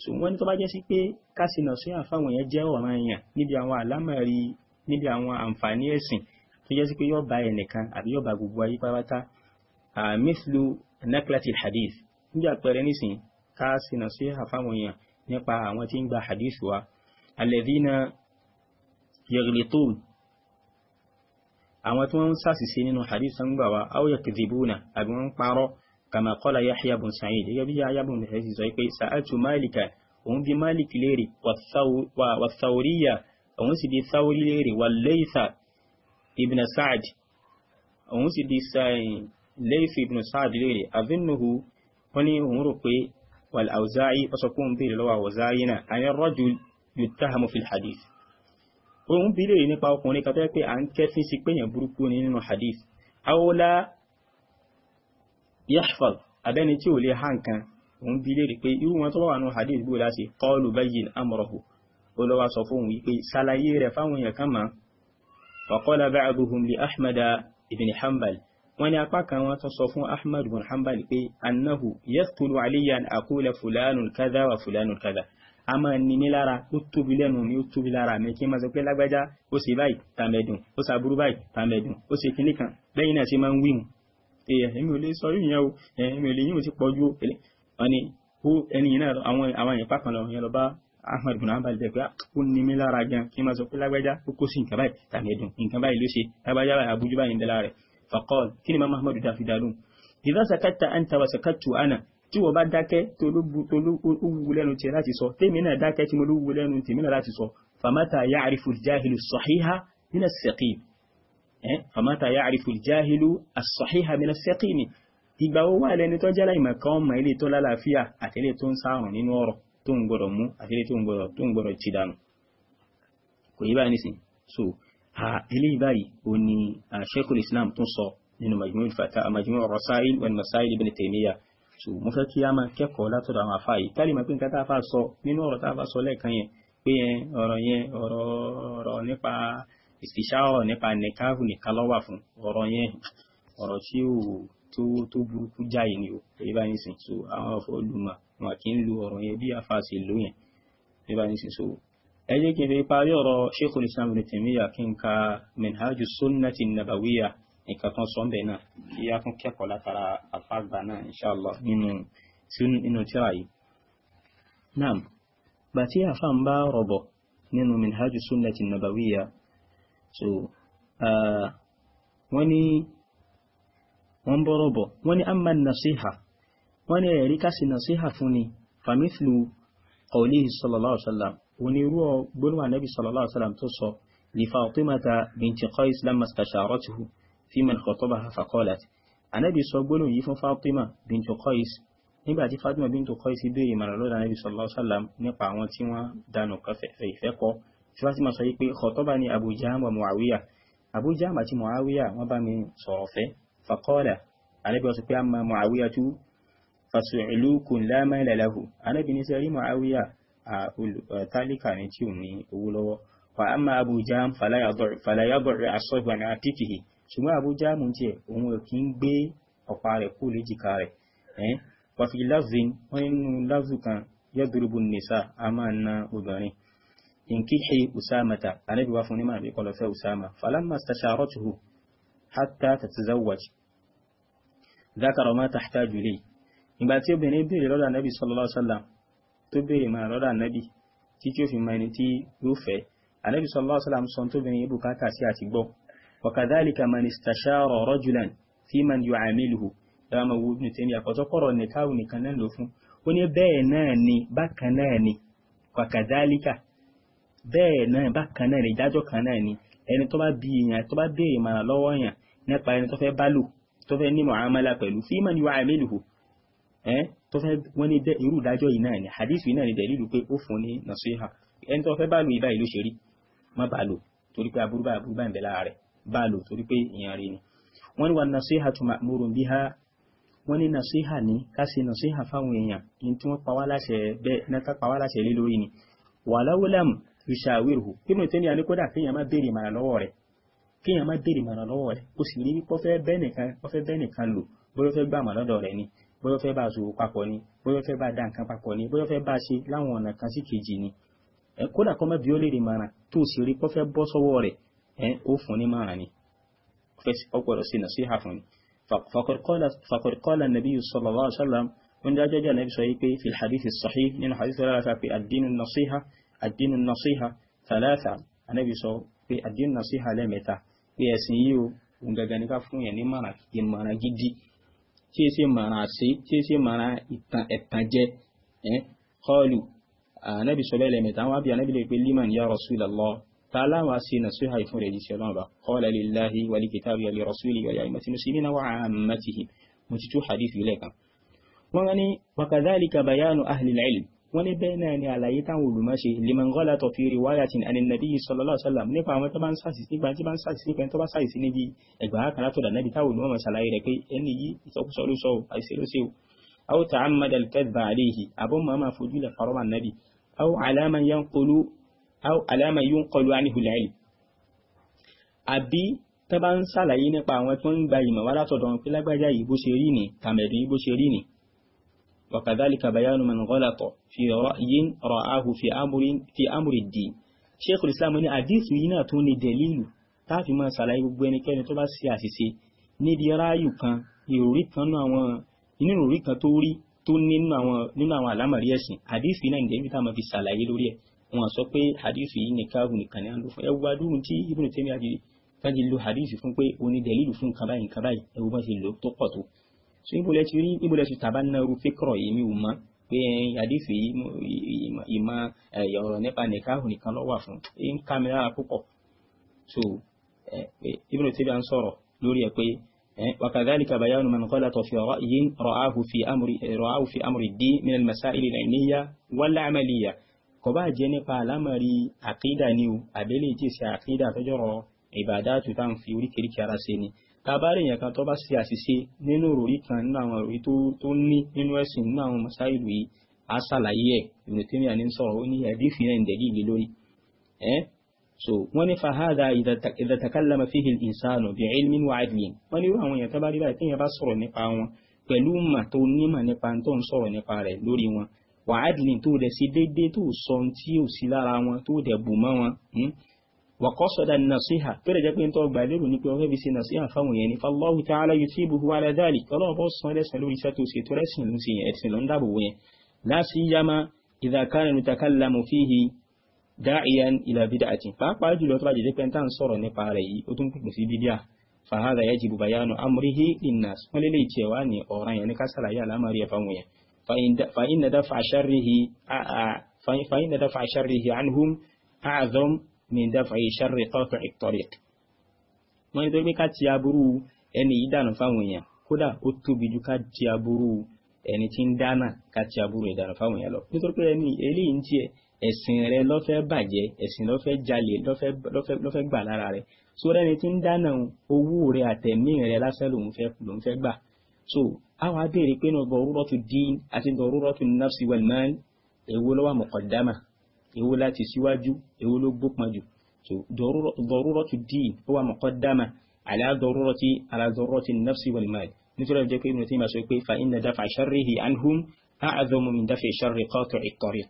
A: so wọ́n ní tó bá jẹ́ sí pé kásìnà sóyà fáwọn yẹn jẹ́ ọ̀ràn èèyàn níbi àwọn àlámọ̀rí níbi àwọn àǹfààní ká sì nasiha fáwọn èèyàn nípa àwọn tí ń gba hadith wa alladhina yaghlitun àwọn tí wọ́n ń ṣàṣìṣe nínú hadith ń gbà wá aw yakdhibuna àbí wọ́n ń parọ́ kama qala Yahya bun Sa'id gẹ́gẹ́ bí Yahya bun Sa'id sọ pé sa'atu Malika òun bí Malik léèrè wa Thawriya òun sì bí Thawri léèrè wa Laytha ibn Sa'd òun sì òun rò pé والأوزاعي فسكون بير لو أوزاعينا عن الرجل يتهم في الحديث òun bí lè nípa ọkùnrin kan tó yẹ pé à ń kẹ́fín sí péyàn burúkú ní nínú hadith awola yahfaz abẹ́ni tí ò lè ha nǹkan òun bí lè rí pé irú wọn tó wà nínú hadith bó láti qalu bayyin amrahu ó lọ wá sọ fóun wípé ṣàlàyé rẹ̀ fáwọn èèyàn kan mọ́ faqala ba'duhum li ahmad ibn hanbal wọ́n ní apá kan wọ́n tún sọ fún ahmad bin hanbal pé annahu yastulu aliyan akula fulanul kaza wa fulanul kaza a máa ní mi lára ó tóbi lẹ́nu mi ó tóbi lára mi kí n máa sọ pé lágbájá ó ṣe báyìí tàmẹ̀dùn ó ṣàbúrú báyìí tàmẹ̀dùn ó ṣe kinní kan lẹ́yìn náà ṣe máa ń wíwù èmi ò lè sọ yìí yẹn o èmi ò lè yìí ò ti pọ̀ ju wọ́n ní ẹni yìí náà àwọn èèyàn pápá yẹn lọ bá ahmed bin abdul jẹ pé ah, ó ní mi lára gan kí n máa sọ pé lágbájá ó kó sí nǹkan báyìí tàmẹ̀dùn nǹkan báyìí ló ṣe lágbájá báyìí abújú báyìí ń dẹ́lára rẹ̀ faqal kí ni mama ahmadu dáfi dá lóhùn ìdá sakatta anta wa sakattu ana tí wọ́n bá dákẹ́ tó lówó lẹ́nu tiẹ̀ láti sọ tèmi náà dákẹ́ tí mo lówó lẹ́nu tèmi náà láti sọ famata ya'rifu al-jahilu as-sahiha min as-saqim famata ya'rifu al-jahilu as-sahiha min as-saqim ìgbà wo wà lẹ́ni tó jẹ́lá ìmọ̀ kan mọ̀ ilé tó lálàáfíà àtẹ́lẹ̀ tó ń sáàrùn nínú ọ̀rọ̀ tó ń gbọ́dọ̀ mú àtẹ́lẹ̀ tó ń gbọ́dọ̀ eléyìí báyìí ó ní ah, Sheikhul Islam tún sọ nínú Majmu' al-Fatawa ah, Majmu' rasail wal-Masail Ibn Taymiyyah so mo fẹ́ kí a máa kẹ́kọ̀ọ́ látọ̀dọ̀ àwọn afá yìí kálí máa pé nǹkan tá a fà sọ nínú ọ̀rọ̀ tá a fà sọ lẹ́ẹ̀kan yẹn pé yẹn ọ̀rọ̀ yẹn ọ̀rọ̀ ọ̀rọ̀ nípa ìsìṣàrọ̀ nípa nìkáàbù nìkan lọ́wà fún ọ̀rọ̀ yẹn ọ̀rọ̀ tí ò tó tó burúkú jáì ni o èyí bá yín sìn so àwọn ọ̀fọ̀ olùmọ̀ wọn kì í lu ọ̀rọ̀ yẹn bí afá sì lóyìn èyí bá yín sìn so ẹ jẹ́ kí n fi parí ọ̀rọ̀ Sheikhul Islam Ibn Taymiyyah kí n ka Minhaju Sunnati Nabawiyyah nǹkan kan sọ bẹ́ẹ̀ náà kí a tún kẹ́kọ̀ọ́ látara àfàgbà náà inṣàlá nínú nínú tíra yìí. Naam, gbà tí àfà ń bá rọ̀bọ̀ nínú Minhaju Sunnati Nabawiyyah so wọ́n ní wọ́n bọ́ rọ̀bọ̀ wọ́n ní amma nasiha wọ́n ní ẹ̀rí kásì fún ni famithlu qawlihi onírú gbólúwà nabi sallallahu alaihi wasallam tó sọ li fatimata binti qais lamma istasharatuhu fi man khatabaha faqalat anabi sọ gbólúwà yìí fún fatima binti qais nígbà tí fatima binti qais béèrè ìmọ̀ràn lọ́dọ̀ nabi tí wọ́n dànù kọfẹ́ ìfẹ́ kọ́ tí fatima sọ tálíkà ni tí ò ní owó lọ́wọ́ wà á máa Abu Jahm fàlàyàbọ̀rẹ̀ àsọ̀gbà ní àtìkìhì ṣùgbọ́n Abu Jahm tiẹ̀ òun ò kí ń gbé ọ̀pá rẹ̀ kú léjìká rẹ̀ wàfi lafzin wọ́n nínú lafzu kan yadrubu nisa a máa na obìnrin inkihi usamata anabi wa fún ní máa bí kọlọfẹ́ usama falamma stasharatuhu hatta tatazawwaj dhakara ma tahtaju li ìgbà tí obìnrin béèrè lọ́dọ̀ anabi sallallahu alaihi wasallam tó béèrè mọ́ra lọ́dọ̀ ànábì tí tí ó fi mọ ẹni tí yóò fẹ́ ànábì sallallahu alaihi wasallam sọ tóbìnrin yìí bùkátà sí àti gbọ́ wa kadhalika man istashara rajulan fi man yu'amiluhu dáwọn ọmọ Ibn Taymiyyah àkọ́tọ́ kọ̀rọ̀ nìkáwù nìkan náà ló fún ó ní bẹ́ẹ̀ náà ni bákan náà ni wa kadhalika bẹ́ẹ̀ náà bákan náà ni ìdájọ́ kan náà ni ẹni tó bá bí èèyàn tó bá béèrè mọ́ra lọ́wọ́ èèyàn nípa ẹni tó fẹ́ bá lò tó fẹ́ ní muamala Eh, tó fẹ́ wọ́n ní irú ìdájọ́ yìí náà ni hadith yìí náà ni dẹ̀lílù pé ó fún ní nasiha ẹni tó fẹ́ bá lò ìbá ìlú ṣe rí má bá lò torí pé aburú bá aburú bá ń lára rẹ̀ bá lò torí pé ìyàn rí ni wọ́n ní wa nasiha tu ma'murun biha wọ́n ní nasiha ní ká ṣe nasiha fáwọn èèyàn ní tí wọ́n pa wá láṣẹ bẹ́ẹ̀ náà ká pa wá láṣẹ lé lórí ni walaw lam yushawiruhu kí ni ìtẹ́ni àníkódà kéèyàn má béèrè màrà lọ́wọ́ rẹ̀ kéèyàn má béèrè màrà ó sì rí bóyá ó gbà mà lọ́dọ̀ rẹ̀ ni bóyá fẹ́ bá a ṣòwò papọ̀ ni bóyá fẹ́ bá a dá nǹkan papọ̀ ni bóyá fẹ́ bá a ṣe láwọn ọ̀nà kan sí kejì ni kódà kọ́ mọ́ bí ó lè rí mara tó sì rí kọ́ fẹ́ bọ́ sọ́wọ́ rẹ̀ ó fún ní mara ni ọgbọ̀rọ̀ sí nà sí ha fún ni fàkọ̀rọ̀kọ́lá nàbí sallallahu alaihi wasallam ó ní dájọ́jà nàbí sọ yìí pé fi hadith sahih nínú hadith lára pé ad-dinu nasiha ad-dinu nasiha sọ pé ad-dinu nasiha pé ẹ̀sìn yìí ó ń gangan nípa fún yẹn ní mara gidi tí èsì mọ̀ràn àṣẹ tí èsì mọ̀ràn ìtàn ẹ̀tàn jẹ ẹ́ kọlù ànábì sọ́bẹ̀ lẹ́mẹ̀ta wọ́n bí ànábì lè pe liman ya rasulallah ta láwọn àṣẹ nà sóhà ìfún rẹ̀ jíṣẹ́ lọ́nà bá kọ́lá lillahi wa li kitabi wa li rasuli wa li a'immati muslimina wa ammatihi mo ti tú hadith yìí lẹ́ẹ̀kan wọ́n ní wa kadhalika bayanu ilm wọ́n ní bẹ́ẹ̀ náà ni àlàyé táwọn olùmọ̀ṣe liman ghalata fi riwayatin anin nabiyyi sallallahu alaihi wasallam nípa àwọn tó bá ń ṣàṣìṣe nípa tí bá ń ṣàṣìṣe pẹ̀lú tó bá ṣàṣìṣe níbi ẹ̀gbà kan látọ̀dà náà táwọn olùmọ̀ rẹ̀ pé ẹni yìí وكذلك بيان من غلط في رأي رآه في أمر في أمر الدين شيخ الإسلام ní àdísù yìí náà tún ní dẹ̀lílù táàfi máa ṣàlàyé gbogbo ẹnikẹ́ni tó bá ṣe àṣìṣe níbi ráàyù kan ìròrí kan nínú àwọn inú ìròrí kan tó rí tó ní nínú àwọn àlámàrí ẹ̀sìn àdísù yìí náà ní dẹ̀lílù táwọn fi ṣàlàyé lórí ẹ̀ wọn sọ pé àdísù yìí nìkan ọ̀hún nìkan ní àlùfọ́ ẹ wá dúró tí Ibn Taymiyyah àti kájí lo àdísù fún pé onídẹ̀lílù fún kàbáyì kàbáyì ẹ wọ́n ti lò tó pọ̀ tó so níbo lẹ ti rí níbo lẹ ti tàbá náà ru fíkọ̀rọ̀ yìí mi ò mọ̀ pé àdìsí ìmọ̀ ọ̀rọ̀ nípa nìkáhùn nìkan ló wà fún ń ká mi lára púpọ̀ so ibùdó tí a ń sọ̀rọ̀ lórí ẹ̀ pé وكذلك بيان من غلط في رأي رآه في أمر رآه في أمر الدين من المسائل العلمية والعملية kò bá jẹ́ nípa àlámọ̀rí àkídà ni o àbẹ́lẹ̀ tí ṣe àkídà tó jọrọ̀ ìbàdá fi oríkèríkè ara ṣe ni tàbárì yẹn kan tó bá ṣe àṣìṣe nínú òròrí kan nínú àwọn òròrí tó ní nínú ẹ̀sìn nínú àwọn mọ̀sáìlú yìí á ṣàlàyé ẹ̀ Ibn Taymiyyah ní sọ̀rọ̀ ó ní ẹ̀dí fi náà ń dẹ̀dí ìlú lórí. so wọ́n ní fahadà idha takallama fihi al-insanu bi'ilmin wa 'adlin wọ́n ní irú àwọn èèyàn tó bá rí báyìí téèyàn bá sọ̀rọ̀ nípa wọn pẹ̀lú mà tó nímà nípa tó ń sọ̀rọ̀ nípa rẹ̀ lórí wọn wa 'adlin tó dẹ̀ sí déédéé tó sọ tí ò sí lára wọn tó dẹ̀ bù mọ́ wọn hmm? وقصد النصيحة ترى جاك انت بالر نيكو غي بي نصيحة فهو يعني فالله تعالى يثيبه على ذلك الله بو سن لس لو يساتو سي ترسن لسي اتسن لون دابو لا سيما إذا كان المتكلم فيه داعيا إلى بدعة فأقبع جلو تراجي جاك انت انصر نقاري وتم كتن في بدعة فهذا يجب بيان أمره للناس وللي تيواني أوران يعني كسر يا الأمر فهو فإن دفع شره فإن دفع شره عنهم أعظم min dafa sharri qati'i tariq wọ́n ní torí pé ká ti aburú ẹni yìí dànù fáwọn èèyàn kódà ó tóbi ju ká ti aburú ẹni tí ń dáná ká ti aburú ìdànù fáwọn èèyàn lọ nítorí pé ẹni eléyìí ń tiẹ̀ ẹ̀sìn rẹ lọ́fẹ́ bàjẹ́ ẹ̀sìn lọ́fẹ́ jalè lọ́fẹ́ gbà lára rẹ so rẹni tí ń dáná owó rẹ àtẹ̀mí rẹ lásán lòun fẹ́ lòun fẹ́ gbà so àwọn abéèrè pé náà daruratu din àti daruratu nafsi wal mal èwo ló wà muqaddama èwo láti síwájú èwo ló gbópọn jù so daruratu din ó wà muqaddama ala darurati ala darurati nafsi wal mal nítorí ọjọ́ pé ibùdó tí ma sọ pé fa inna dafa sharrihi anhum a'zamu min dafi sharri qati'i tariq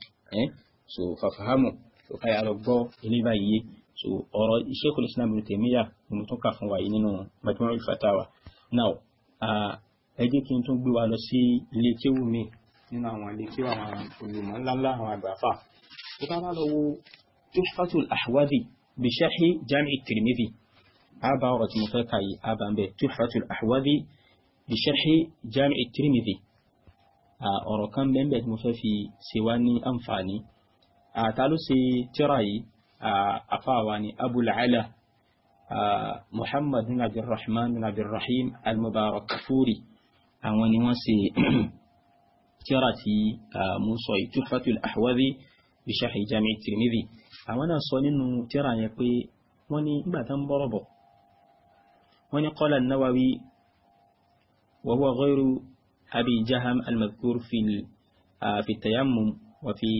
A: so fafahamu so káyà lọ gbọ́ ilé báyìí so ọ̀rọ̀ Sheikhul Islam Ibn Taymiyyah ni mo tún kà fún wa yìí nínú Majmu'ul Fatawa now ẹ jẹ́ kí n tún gbé wa lọ sí ilé kéwù mi nínú àwọn ilé kéwù àwọn olùmọ̀ ìta bá lọ wo tuhfatul ahwadi bí sharhi jami'i tirmidhi àbá ọ̀rọ̀ tí mo fẹ́ kàyí àbá ń bẹ tuhfatul ahwadi bí sharhi jami'i tirmidhi ọ̀rọ̀ kan bẹ́ẹ̀ bẹ́ẹ̀ tí mo fẹ́ fi ṣe wá ní àǹfààní àtàlù tíra yìí àfáàwá ni abul ala muhammad bin abdulrahman bin abdulrahim àwọn ni wọ́n ṣe [clears throat] tíra tí mo sọ yìí tuhfatul بشرح جامع الترمذي أولا صنن ترى يقي وني بعد ضربه وني قال النووي وهو غير أبي جهم المذكور في في التيمم وفي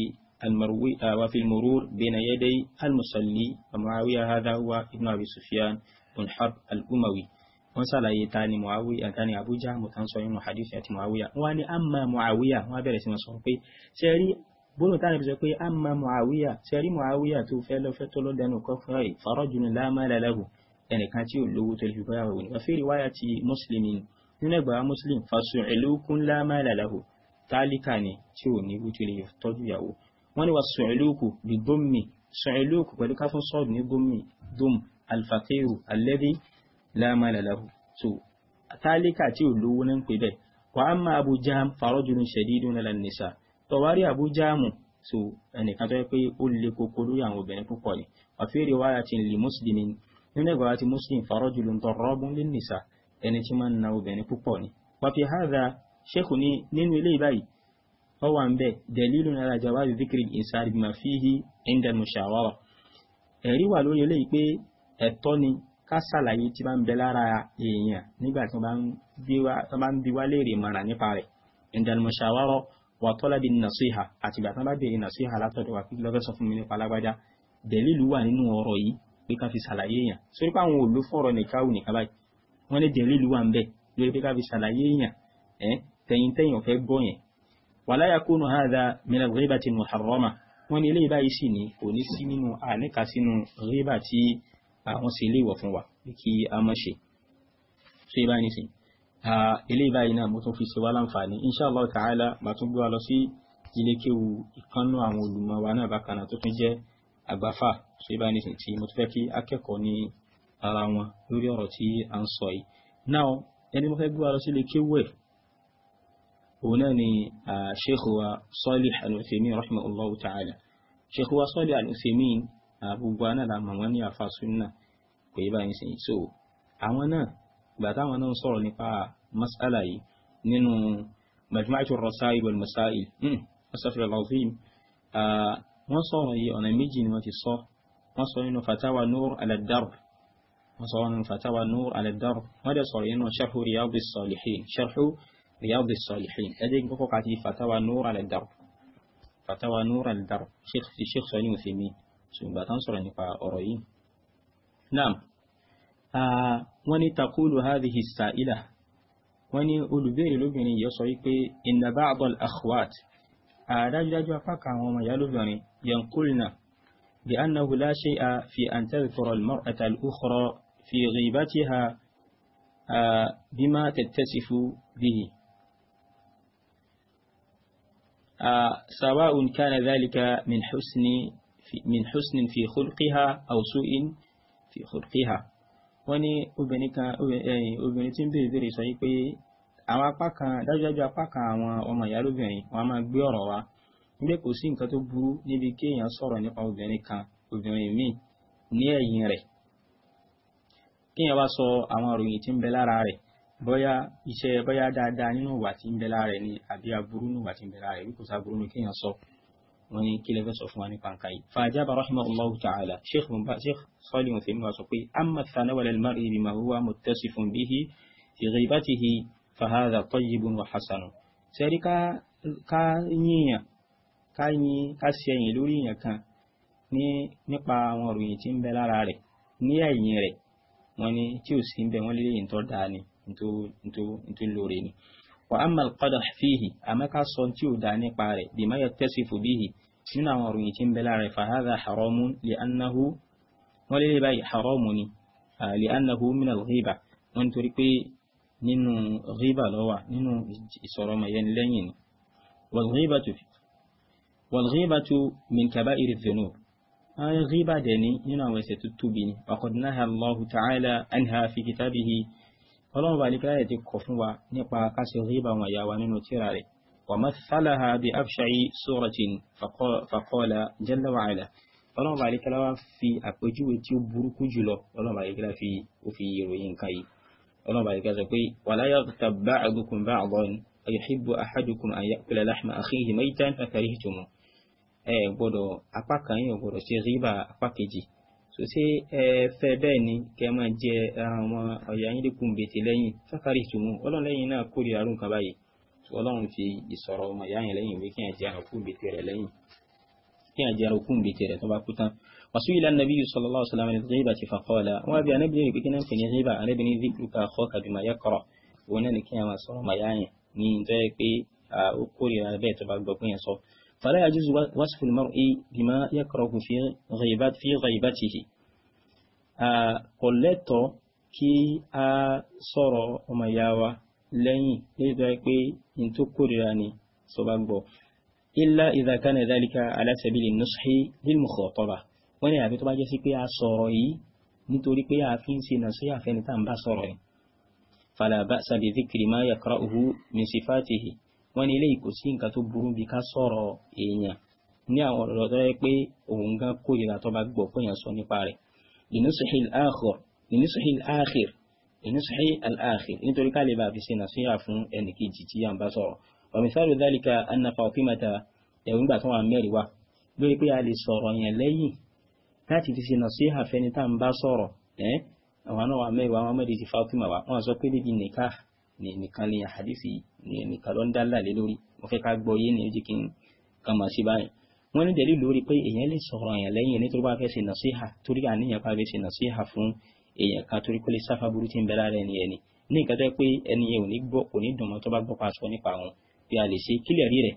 A: المروي وفي المرور بين يدي المصلي ومعاوية هذا هو ابن أبي سفيان بن حرب الأموي وصلى يتاني معاوية يتاني أبو جهم وتنصر حديث يأتي معاوية وأني أما معاوية ما بيرسم صنفي سيري bólú táwọn ìbísọ pé a máa muawiya sẹ́rí muawiya tó fẹ́ lọ́fẹ́ tó lọ́dẹnu kọ́fẹ́ rẹ̀ farajulun la mala lahu ẹnìkan tí ò lówó tó lè fi bá wà wọ̀nyí wàfẹ́ riwaya ti mùsùlùmí nínú ẹgbàá mùsùlùm fasu'ulukun la mala tálíkà ni tí ò ní wútu lè tọ́jú ìyàwó wọ́n ní wa su'uluku bí gómìnì su'uluku pẹ̀lú káfún sọ́ọ̀bù ní gómìnì dom alfaqiru tọwárí àbújáàmù so ẹnìkan tó yẹ pé ó le koko lórí àwọn obìnrin púpọ̀ ni àfẹ́rẹ́ wáyà ti lè mùsùlùmí nínú ẹgbàá ti mùsùlùmí farajulu darabun lin nisa ẹni tí máa ń na obìnrin púpọ̀ ni wàfi hadha sheikh ni nínú ilé báyìí ó wà ń bẹ dẹ̀lílù ala jawazi zikri insari bima fihi inda mushawara ẹ̀rí wà lórí eléyìí pé ẹ̀tọ́ ni ká ṣàlàyé tí bá ń bẹ lára èèyàn nígbà tí wọ́n bá ń bi wá léèrè mọ̀ràn nípa rẹ̀ inda mushawara wà tọ́lá di nàṣíhà àti ìgbà tán bá bèèrè nàṣíhà látọ̀dọ̀ wà pín lọ́fẹ́ sọ fún mi nípa alágbádá dẹ̀lílù wà nínú ọ̀rọ̀ yìí pé ká fi ṣàlàyé èèyàn sórí pé àwọn òlú fọ̀rọ̀ nìkáwù nìkan báyìí wọ́n ní dẹ̀lílù wà ń bẹ̀ lórí pé ká fi ṣàlàyé èèyàn ẹ̀ tẹ̀yìn tẹ̀yìn ọ̀fẹ́ gbọ́ yẹn wala yakunu hadha min al-ghibati al-muharrama wọ́n ní eléyìí báyìí sì ní kò ní sí nínú àníkà sínú ríbà tí àwọn sì léèwọ̀ fún wa kí a mọ̀ ṣe ṣe báyìí nìsín eléyìí báyìí náà mo tún fi ṣe wá láǹfààní inshallah ta'ala màá tún gbé wa lọ sí ilé kéwu ìkánú àwọn olùmọ̀ wa náà bákan náà tó tún jẹ́ àgbáfà tó yẹ báyìí nísìnyí tí mo tún fẹ́ kí akẹ́kọ̀ọ́ ní ara wọn lórí ọ̀rọ̀ tí à ń sọ yìí náà ẹni mo fẹ́ gbé lọ sí ilé ẹ̀ òun náà ni sheikh wa Salih Al-Uthaymin ta'ala sheikh wa Salih gbogbo àwọn náà gbàtà àwọn náà ń sọ̀rọ̀ nípa mas'ala yìí nínú majmu'atu ar-rasail wal masail hmm, astaghfirullah al-azim ah, wọ́n sọ̀rọ̀ yìí ọ̀nà méjì ni wọ́n ti sọ wọ́n sọ nínú fatawa nur ala darb wọ́n sọ nínú fatawa nur ala darb wọ́n dẹ̀ sọ̀rọ̀ nínú sharhu riyadu salihin sharhu riyadu salihin ẹ̀dẹ́ kọ́kọ́ kàti fatawa nur ala darb fatawa nur ala darb sheikh sọ ní òfìmí ṣùgbọ́n tán sọ̀rọ̀ nípa ọ̀rọ̀ yìí. naam ah, wọ́n takulu hadhihi sa'ila wọ́n ní olùbéèrè lóbìnrin yìí sọ wípé inna ba'dal akhwat àdájúdájú apá kan àwọn ọmọ ìyá lóbìnrin yanqulna bi annahu la shay'a fi an tadhkura al-mar'ata al-ukhra fi ghibatiha bima tattasifu bihi سواء كان ذلك من حسن من حسن في خلقها أو سوء في خلقها wọ́n ní obìnrin kan eh, obìnrin tí ń béèrè béèrè sọ yìí pé àwọn apá kan dájúdájú apá kan àwọn ọmọ ìyá lóbìnrin wọn máa gbé ọ̀rọ̀ wa nígbà kò sí nǹkan tó burú níbi kéèyàn sọ̀rọ̀ nípa obìnrin kan obìnrin míì ní ẹ̀yìn rẹ̀ kéèyàn wá sọ àwọn ìròyìn tí ń bẹ lára rẹ̀ bóyá iṣẹ́ bóyá dáadáa nínú ìwà tí ń bẹ lára rẹ̀ ni àbí aburú nínú ìwà tí ń bẹ lára rẹ̀ bí kò sá burú ni kéèyàn sọ. So wọ́n ní kí lẹ́fẹ́ sọ fún wa nípa nǹkan yìí. fàjábà rahimahullahu ta'ala sheikh mumba sheikh sọ́ọ̀lì mùsùlùmí wa sọ pé amma thanawala al-mar'i bima huwa muttasifun bihi fi ghibatihi fahadha tayyibun wa hasanun. sẹ́rí ká yíyàn ká yín ká ṣe ẹ̀yìn lórí yàn kan nípa àwọn òròyìn tí ń bẹ lára rẹ̀ ní ẹ̀yìn rẹ̀ wọ́n ní tí ò sí ń bẹ wọ́n lé lẹ́yìn tó dáa ni nítorí lóore ni. wa amma al-qadah fihi àmọ́ ká sọ tí ò dáa nípa rẹ̀ bima yattasifu bihi nínú àwọn òròyìn tí ń bẹ lára fàhádà haramun lè annahu wọ́n lè báyìí haramu ni lè annahu min al-ghiba wọ́n torí pé nínú ghiba lọ́wà nínú ìsọ̀rọ̀ mayẹn lẹ́yìn ni wal-ghibatu min kaba'ir adh-dhunub ghiba dẹ̀ ni nínú àwọn ẹ̀ṣẹ̀ tó tóbi ni wa Allahu ta'ala anha fi kitabihi ọlọ́run bá ní kíláyà ti kọ̀ fún wa nípa káṣe ghiba wọn yà nínú tíra rẹ̀ ومثلها بأبشع سورة فقال جل وعلا ọlọ́run bá àríkẹ́lá wá fi àpèjúwe tí ó burúkú jùlọ ọlọ́run bá àríkẹ́lá fi ó fi ìròyìn nǹkan yìí ọlọ́run bá àríkẹ́lá sọ pé ولا يغتب بعضكم بعضا أيحب أحدكم أن يأكل لحم أخيه ميتا فكرهتموه ẹ gbọ́dọ̀ apá kan yìí ò ṣe ríbà apá kejì so ṣé ẹ fẹ́ bẹ́ẹ̀ ni kẹ́ máa jẹ àwọn ọ̀yà yín lẹ́kùn bètè lẹ́yìn fákàrí ìtumọ̀ ọlọ́run lẹ́yìn náà kórìíra rún kan báyìí ọlọ́run fi ìsọ̀rọ̀ ọmọ ìyá yẹn lẹ́yìn ìwé kí yẹn jẹ́ ẹran kún bètè rẹ̀ lẹ́yìn kí yẹn jẹ́ ẹran kún bètè rẹ̀ tó bá kú tán wasu ila nabi sallallahu alaihi wasallam ta jiba ti faqala wa bi anabi ne bikin kan ya jiba anabi ne zikruka khoka bima yakra wannan ne kiyan wasu ma yayin ni to ya pe o kori na be to ba gbo kun so fala yajuzu wasfu almar'i bima yakrahu fi ghaibat fi ghaibatihi a kolleto kí a sọ̀rọ̀ ọmọ yá wa lẹ́yìn léyìí tó yẹ pé ní tó kórìíra ni tó bá gbọ́ illa idha kana dhalika ala sabili nushi lil mukhataba wọ́n ní àbí tó bá jẹ́ sí pé a sọ̀rọ̀ yìí nítorí pé a fi ń ṣe nà sí àfẹ́ni tá à ń bá sọ̀rọ̀ yìí fala ba'sa bi ma yakra'uhu min sifatihi wọ́n ní eléyìí kò sí nǹkan tó burú bí ká sọ̀rọ̀ èèyàn ní àwọn ọ̀rọ̀ tó yẹ pé òun gan kórìíra tó bá gbọ́ pé èèyàn sọ nípa rẹ̀ linushil akhir ìníṣẹ́ al-akhir nítorí ká lè bá fi ṣe nàṣíyà fún ẹnì kejì tí à ń bá sọ̀rọ̀ wa mithalu dhalika anna Fatimata ẹ̀rù nígbà tó wà mẹ́rin wá lórí pé a lè sọ̀rọ̀ yẹn lẹ́yìn láti fi ṣe nàṣíyà fẹ́ni tá à ń bá sọ̀rọ̀ ẹ́ àwọn náà wà mẹ́rin wá wọn mẹ́rin ti Fatima wá wọn sọ pé níbi nìka nìkan lè hadisi nìkan ló ń dá lálẹ́ lórí mo fẹ́ ká gbọ́ yé ni ó jẹ́ kí n sí báyìí wọ́n ní dẹ̀lí lórí pé èèyàn lè sọ̀rọ̀ yẹn lẹ́yìn nítorí wọ́n fẹ́ ṣe nàṣíhà torí àníyàn pa fẹ́ ṣe nàṣíhà fún èèyàn kan torí kó lè sáfà burú tí ń bẹ lára ẹni ẹni ní nǹkan tó yẹ pé ẹni yẹn ò ní gbọ́ kò ní dùn mọ́ tó bá gbọ́ pa aṣọ nípa àwọn bí a lè ṣe kílẹ̀ rí rẹ̀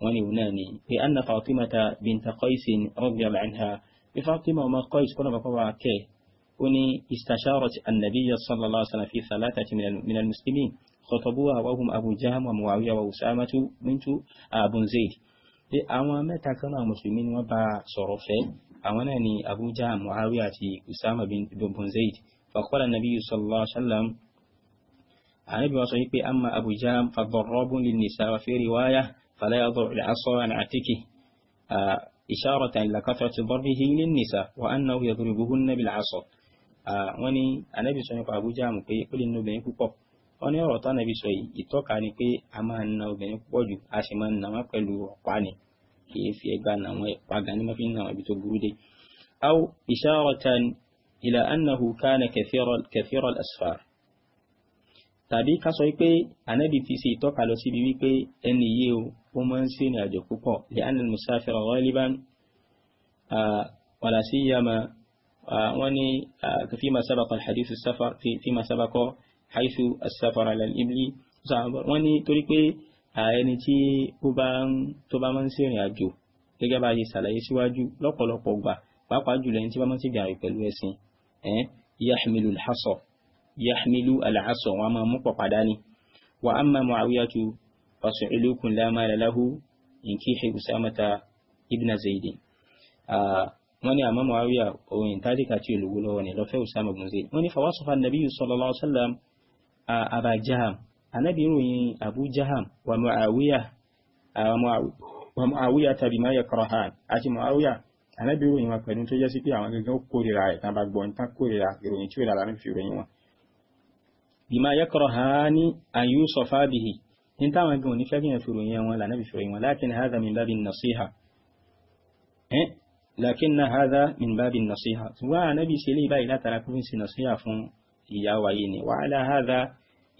A: wọ́n ní òun náà ni pé anna fatimata binta qaisin radiyallahu anha pé fatima ọmọ qais kọ́nà bàbá wa kẹ́ ó ní istasharat annabiyya sallallahu alaihi wasallam fi thalathati min al-muslimin khatabuha wa hum abu jahm wa muawiya wa usamatu bintu abun zayd pé àwọn mẹ́ta kan náà mùsùlùmí ni wọ́n bá sọ̀rọ̀ fẹ́ àwọn náà ni abuja muawiya àti usama bin zaid faqala nabiyyu sallallahu alaihi wasallam ànábì wa sọ wípé amma abuja fadarrabun lin nisa wa fi riwaya fala yadru al-asa an atiki إشارة إلى كثرة ضربه للنساء وأنه يضربهن بالعصا wọ́n ní anábì sọ nípa àbújá mú pé ó lè na obìnrin púpọ̀ wọ́n ní ọ̀rọ̀ tánàbì sọ yìí ìtọ́ka ni pé a máa na obìnrin púpọ̀ jù a sì máa na wọ́n pẹ̀lú ọ̀pá kìí ṣe ẹgbà náà wọn pàgà ní mafi náà ibi tó burú dé aw isharatan ila annahu kana kathira al-asfar tàbí ká sọ wípé anabi ti ṣe ìtọ́ka lọ síbi wípé ẹni yìí o ó máa ń ṣèrìn àjò púpọ̀ li anna al-musafira ghaliban wala siyama wọ́n ní fíma sábàkọ alhadithu sáfà fíma sábàkọ haifu asáfàrà lẹ́nu ibili wọ́n ní torí pé ẹni tí ó bá ń tó bá máa ń ṣèrìn àjò gẹ́gẹ́ bá a ṣe ṣàlàyé síwájú lọ́pọ̀lọpọ̀ gbà pàápàá jùlọ ẹni tí bá máa ń ṣèrìn àjò pẹ̀lú ẹṣin ẹn yahmilu alhasa yahmilu alhasa wọn a máa mú pọ̀pá dání wa amma muawiyatu fasu'ilukun la mala lahu inkihi usamata ibn zaidin wọ́n ní àmọ́ muawiya òyìn tálíkà tí olùwúlọ́wọ́ ni lọ́fẹ́ usama ibn wọ́n ní fawasafa nabiyyu sallallahu alaihi wasallam anábì ròyìn Abu Jaham wa Muawiya wa Muawiya tàbí máa yẹ kọ́rọ̀ ha àti Muawiya anábì ròyìn wọn pẹ̀lú tó jẹ́ sí pé àwọn gẹ́gẹ́ ó kórìíra ẹ̀ tán bá gbọ́ ní tán kórìíra ìròyìn tí ó dára fi ròyìn wọn. bima yakrahani an yusafa bihi ní táwọn ẹgbẹ́ òní fẹ́ gbìyànjú ròyìn wọn lànà fi ròyìn wọn lakin hadha min babi nasiha lakin na haza min babin nasiha wa nabi sai lai bai latara kufin si nasiha fún ìyáwáyé ni wa ala haza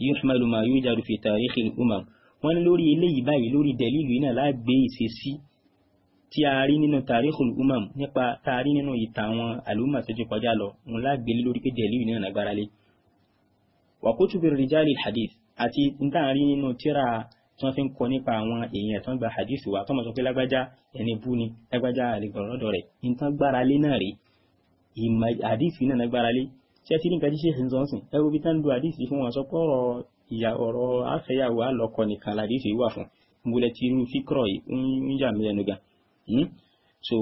A: يحمل ما يوجد في تاريخ الأمم wọ́n lórí eléyìí báyìí lórí dẹ̀lílù iná lágbé ìṣesí tí a rí nínú tàríkùl umam nípa tàrí nínú ìta àwọn àlùmà tó ti kọjá lọ òun lágbé lórí pé dẹ̀lílù iná lágbára lé. wa kutubi rijali hadith àti níta rí nínú tíra tí wọ́n fi ń kọ nípa àwọn èèyàn tó ń gba hadith wa tó mọ̀ sọ pé lágbájá ẹni bú ni lágbájá àlègbọ̀n lọ́dọ̀ rẹ̀ níta gbára lé náà rí ìmọ̀ hadith iná lágbára lé ṣé ẹ ti ní nǹkan tí ṣe ń sọ sìn ẹ wo bí tán lu àdìsí fún wọn sọ pé ọ̀rọ̀ ìyá ọ̀rọ̀ àfẹ́yàwó àlọ́kọ nìkan làdìsí wà fún mo lẹ ti fíkọrọ yìí ń yà mí lẹ́nu gan hmm? so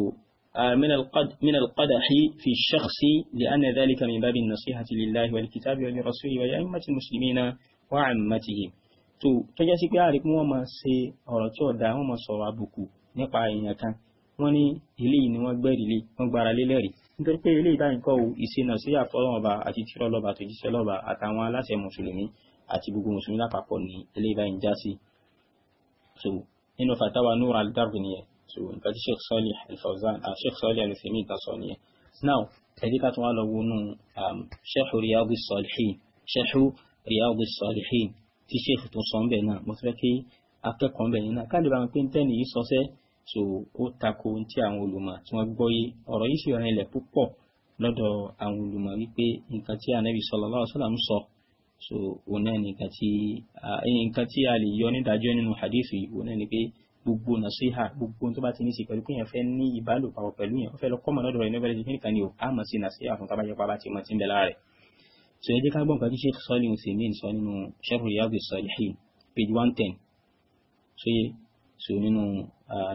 A: من القدح في الشخص لأن ذلك من باب النصيحة لله والكتاب ولرسوله ولأئمة المسلمين وعامتهم tó tó jẹ́ sí pé àríkú wọ́n máa ṣe ọ̀rọ̀ tí ọ̀dà wọ́n máa sọ̀rọ̀ àbùkù nípa èèyàn kan wọ́n ní eléyìí ni wọ́n gbẹ́rìí lé gbára lé lẹ́rìí nítorí pé eléyìí báyìí kọ́ ò ìṣìnà sí àfọlọ́ọ̀ba àti tìrọ̀ lọ́ba tó jíṣẹ́ lọ́ba àtàwọn aláṣẹ mùsùlùmí àti gbogbo mùsùlùmí lápapọ̀ ní eléyìí báyìí já sí. nínú fatawa Nur al-Darb so nǹkan Sheikh Salih al-Fawzan àti ah, Salih al-Uthaymeen ta sọ nìyẹn. now ẹ̀dí ká tún wá lọ wọnú um, Sheikh Riyadus Salihin Sheikh Riyadus Salihin tí Sheikh tó sọ ń bẹ̀ náà mo fẹ́ kí akẹ́kọ̀ọ́ ń bẹ̀ so ó tako ohun tí àwọn olùmọ̀ tí wọ́n gbọ́yé ọ̀rọ̀ yìí sì rinlẹ̀ púpọ̀ lọ́dọ̀ àwọn olùmọ̀ wípé nǹkan tí anabi sallallahu alaihi wasallam sọ so òun náà nìkan tí nǹkan tí a lè yọ nídàájọ́ nínú hadithi òun náà ni pé gbogbo nasiha gbogbo tó bá ti ní ṣe pẹ̀lú kéèyàn fẹ́ ní ìbálòpọ̀ pẹ̀lú yẹn ó fẹ́ lọ kọ́mọ lọ́dọ̀ rẹ̀ níbẹ̀rẹ̀ jẹ́ nìkan ni ò á mọ̀ sí nasiha fún tábàjẹ́ pa bá ti mọ̀ tí ń rẹ̀ so ẹ jẹ́ ká gbọ́n kàdí Sheikh Salih Uthaymin sọ nínú Sharh Riyadh as-Salihin page one ten so so nínú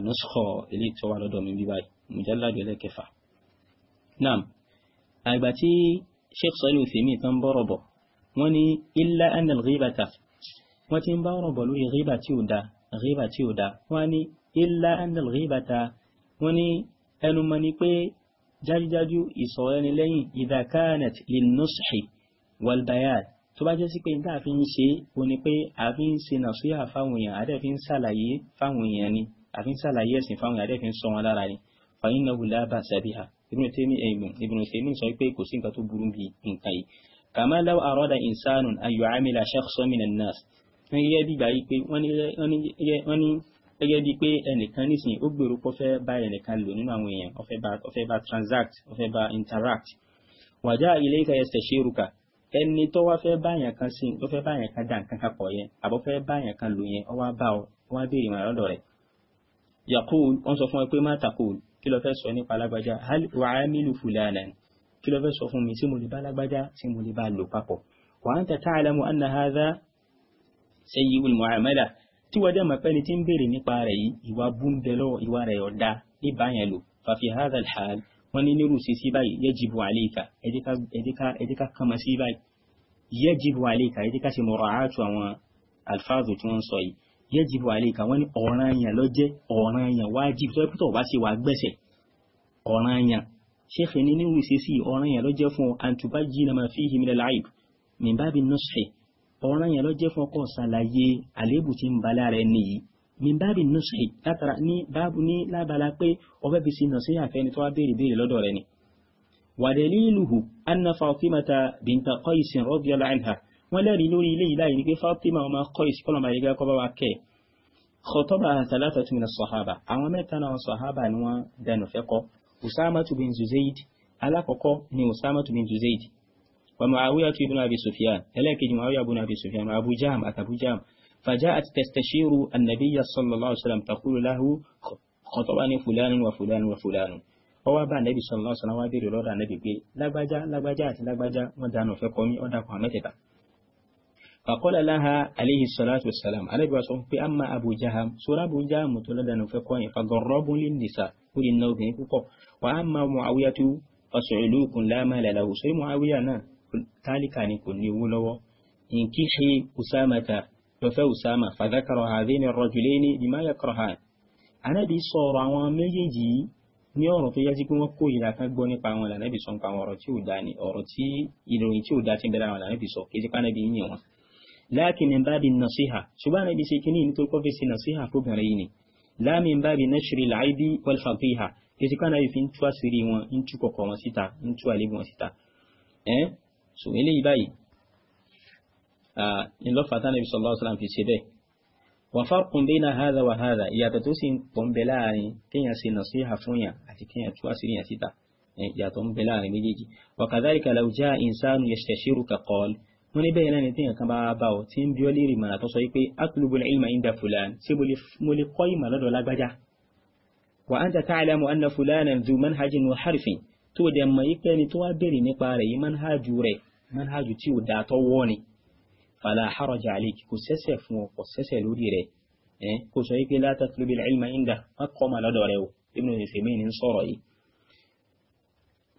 A: nọ́sùkọ̀ ilé tó wà lọ́dọ̀ mi bíbáyì mujalladu ẹlẹ́kẹfà naam àgbà tí sheikh sọ́lù fèmí tán bọ́rọ̀ bọ̀ wọ́n ní illa anna al-ghibata wọ́n ti ń bá ọ̀rọ̀ lórí ghiba tí ò da ghiba tí ò da wọ́n ní illa anna al-ghibata wọ́n ẹnu mọ́ ni pé jájújájú ìsọ̀rọ̀ ẹni lẹ́yìn idha kanat lin-nushi tó bá jẹ́ sí pé níta fi ń ṣe o ni pé a fi ń ṣe nàṣúyà fáwọn èèyàn adẹ́ fi ń ṣàlàyé fáwọn èèyàn ni a fi ń ṣàlàyé ẹ̀sìn fáwọn èèyàn adẹ́ fi ń sọ wọn lára ni fàyín náà wùlá bá sàbíhà Ibn Taymiyyah eh, ẹ̀gbọ̀n Ibn Taymiyyah sọ pé kò sí nǹkan tó burú bí nǹkan yìí kàmá law arada insanun an yu'amila shakhsan minan nas wọ́n gẹ́gẹ́ bí gbàyí pé wọ́n ní ẹni tó wá fẹ́ báyàn kan sí tó fẹ́ báyàn kan dà nǹkan kan pọ̀ yẹn àbọ̀ fẹ́ báyàn kan lò yẹn ọwọ́ bá ọ wọ́n á béèrè ìmọ̀ lọ́dọ̀ rẹ̀ yakul wọ́n sọ fún ẹ pé má takul kí ló fẹ́ sọ nípa alágbájá hal wàhámìlú fulana kí ló fẹ́ sọ fún mi tí mo lè bá alágbájá tí mo lè bá lò papọ̀ wa anta ta'lamu anna hadha sayyi'ul mu'amala tí wọ́n dẹ́mọ̀ pẹ́ni tí ń béèrè nípa rẹ̀ yìí ìwà bú wọ́n ní nírú sí sí báyìí yajibu alayka ẹ̀díká kama sí báyìí yajibu alayka ẹ̀díká sí mura'atu àwọn alfáàzù tí wọ́n sọ yìí yajibu alayka wọ́n ní ọ̀ranyàn ló jẹ́ ọ̀ranyàn wájib tó pítọ̀ bá sì wà gbẹ̀sẹ̀ ọ̀ranyàn ṣéfè ní nírú sí sí ọ̀ranyàn ló jẹ́ fún an tubayyina ma fihi min min báàbí nùsùlì látara ní báàbù ní lábala pé ọfẹ́ fi sí nasiha fẹ́ni tó wá béèrè béèrè lọ́dọ̀ rẹ̀ ni. ودليله أن فاطمة بنت قيس رضي الله عنها ولا لنوري لي لا يعني فاطمة وما قيس كل ما يجا كبا وكي خطبها ثلاثة من الصحابة أما تنا الصحابة نوا دانو فقه أسامة بن زيد على فقه ني أسامة بن زيد ومعاوية بن أبي سفيان إليك معاوية بن أبي سفيان أبو جام أبو جام فجاءت تستشير النبي صلى الله عليه وسلم تقول له خطبني فلان وفلان وفلان هو با النبي صلى الله عليه وسلم وادي رولا النبي بي لا باجا لا باجا لا باجا ودانو في قومي ودا قامتك فقال لها عليه الصلاة والسلام على بعضهم في أما أبو جهم سورة أبو جهم متولدان في قومي فضرب للنساء كل النوبة وأما معاوية فسعلوك لا مال له سي معاوية نا ذلك أن يكون يولو إن كيحي أسامة lọ́fẹ́ Usama fàdákàrọ̀ hadhaini ar-rajulaini bima yakrahan anábì sọ̀rọ̀ àwọn méjèèjì yìí ní ọ̀rọ̀ tó yẹ sí pé wọ́n kó ìlà kan gbọ́ nípa àwọn lànàbì sọ nípa àwọn ọ̀rọ̀ tí ò dá ní ọ̀rọ̀ tí ìròyìn tí ò dá ti bẹ̀rẹ̀ àwọn lànàbì sọ kí ti pánàbì yìnyín wọn. láàkì min babi nasiha ṣùgbọ́n ànábì ṣe kíní nítorí kó fi ṣe nasiha fóbìnrin yìí ni la min babi nashri al-aibi kí ti pánàbì fi ń tú àṣírí wọn ń tú kọ̀kọ̀ wọn síta ń tú àlébù wọn síta. ẹ́ sọ آه، إن لفت النبي صلى الله عليه وسلم في سيده وفرق بين هذا وهذا يا تتوسين بومبلاني كي يصير نصيحة فنيا أتي كي يتواصل يسيطة يا إيه، تومبلاني ميجي وكذلك لو جاء إنسان يستشيرك قال من بين أن تين كم أباو تين بيولي ما نتوصي أطلب العلم عند فلان سيبولي مولي قوي ما ندولا بجا وأنت تعلم أن فلانا ذو منهج وحرف تودي أما يكني توابيري نقاري منهج ري منهج تيو داتو واني فلا حرج عليك كسسف وقسس لوديري إيه؟ كسيك لا تطلب العلم عنده أقوم لدوريو ابن ثمين صوري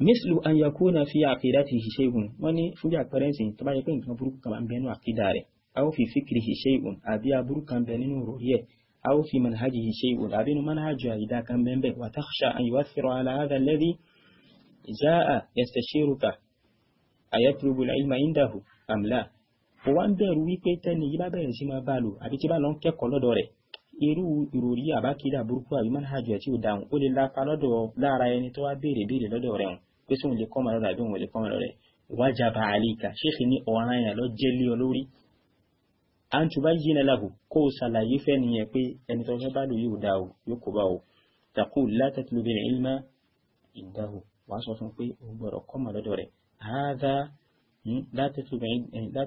A: مثل أن يكون في عقيدته شيء واني فجع فرنسي طبعا يكون كما بروك كما أنبينو عقيداري أو في فكره شيء أبيا بروك كما أنبينو رؤية أو في منهجه شيء أبين منهج إذا كان بنبه وتخشى أن يؤثر على هذا الذي جاء يستشيرك أيطلب العلم عنده أم لا ó wá ń bẹ̀rù wípé tẹ́ni yìí bá bẹ̀rẹ̀ sí máa bá lò àbí tí bá lọ ń kẹ́kọ̀ọ́ lọ́dọ̀ rẹ̀ irú ìròrí àbákídà burúkú àbí manhaj ẹ̀ tí ò dáhùn ó lè lápa lọ́dọ̀ lára ẹni tó wá béèrè béèrè lọ́dọ̀ rẹ̀ hùn pé sóun lè kọ́mọ lọ́dọ̀ àbí òun lè kọ́mọ lọ́dọ̀ rẹ̀ wájàbá àlíkà ṣéèkì ní ọ̀ràn yẹn lọ jẹ́ lé ọ lórí à ń tuba yí ni lahu kó o ṣàlàyé fẹ́ nìyẹn pé ẹni tó fẹ́ bá lò yóò dá yóò kó bá o taqul la tatlubil ilma indahu wàá sọ fún pé o gbọ́dọ̀ kọ́mọ lọ́dọ̀ rẹ̀ لا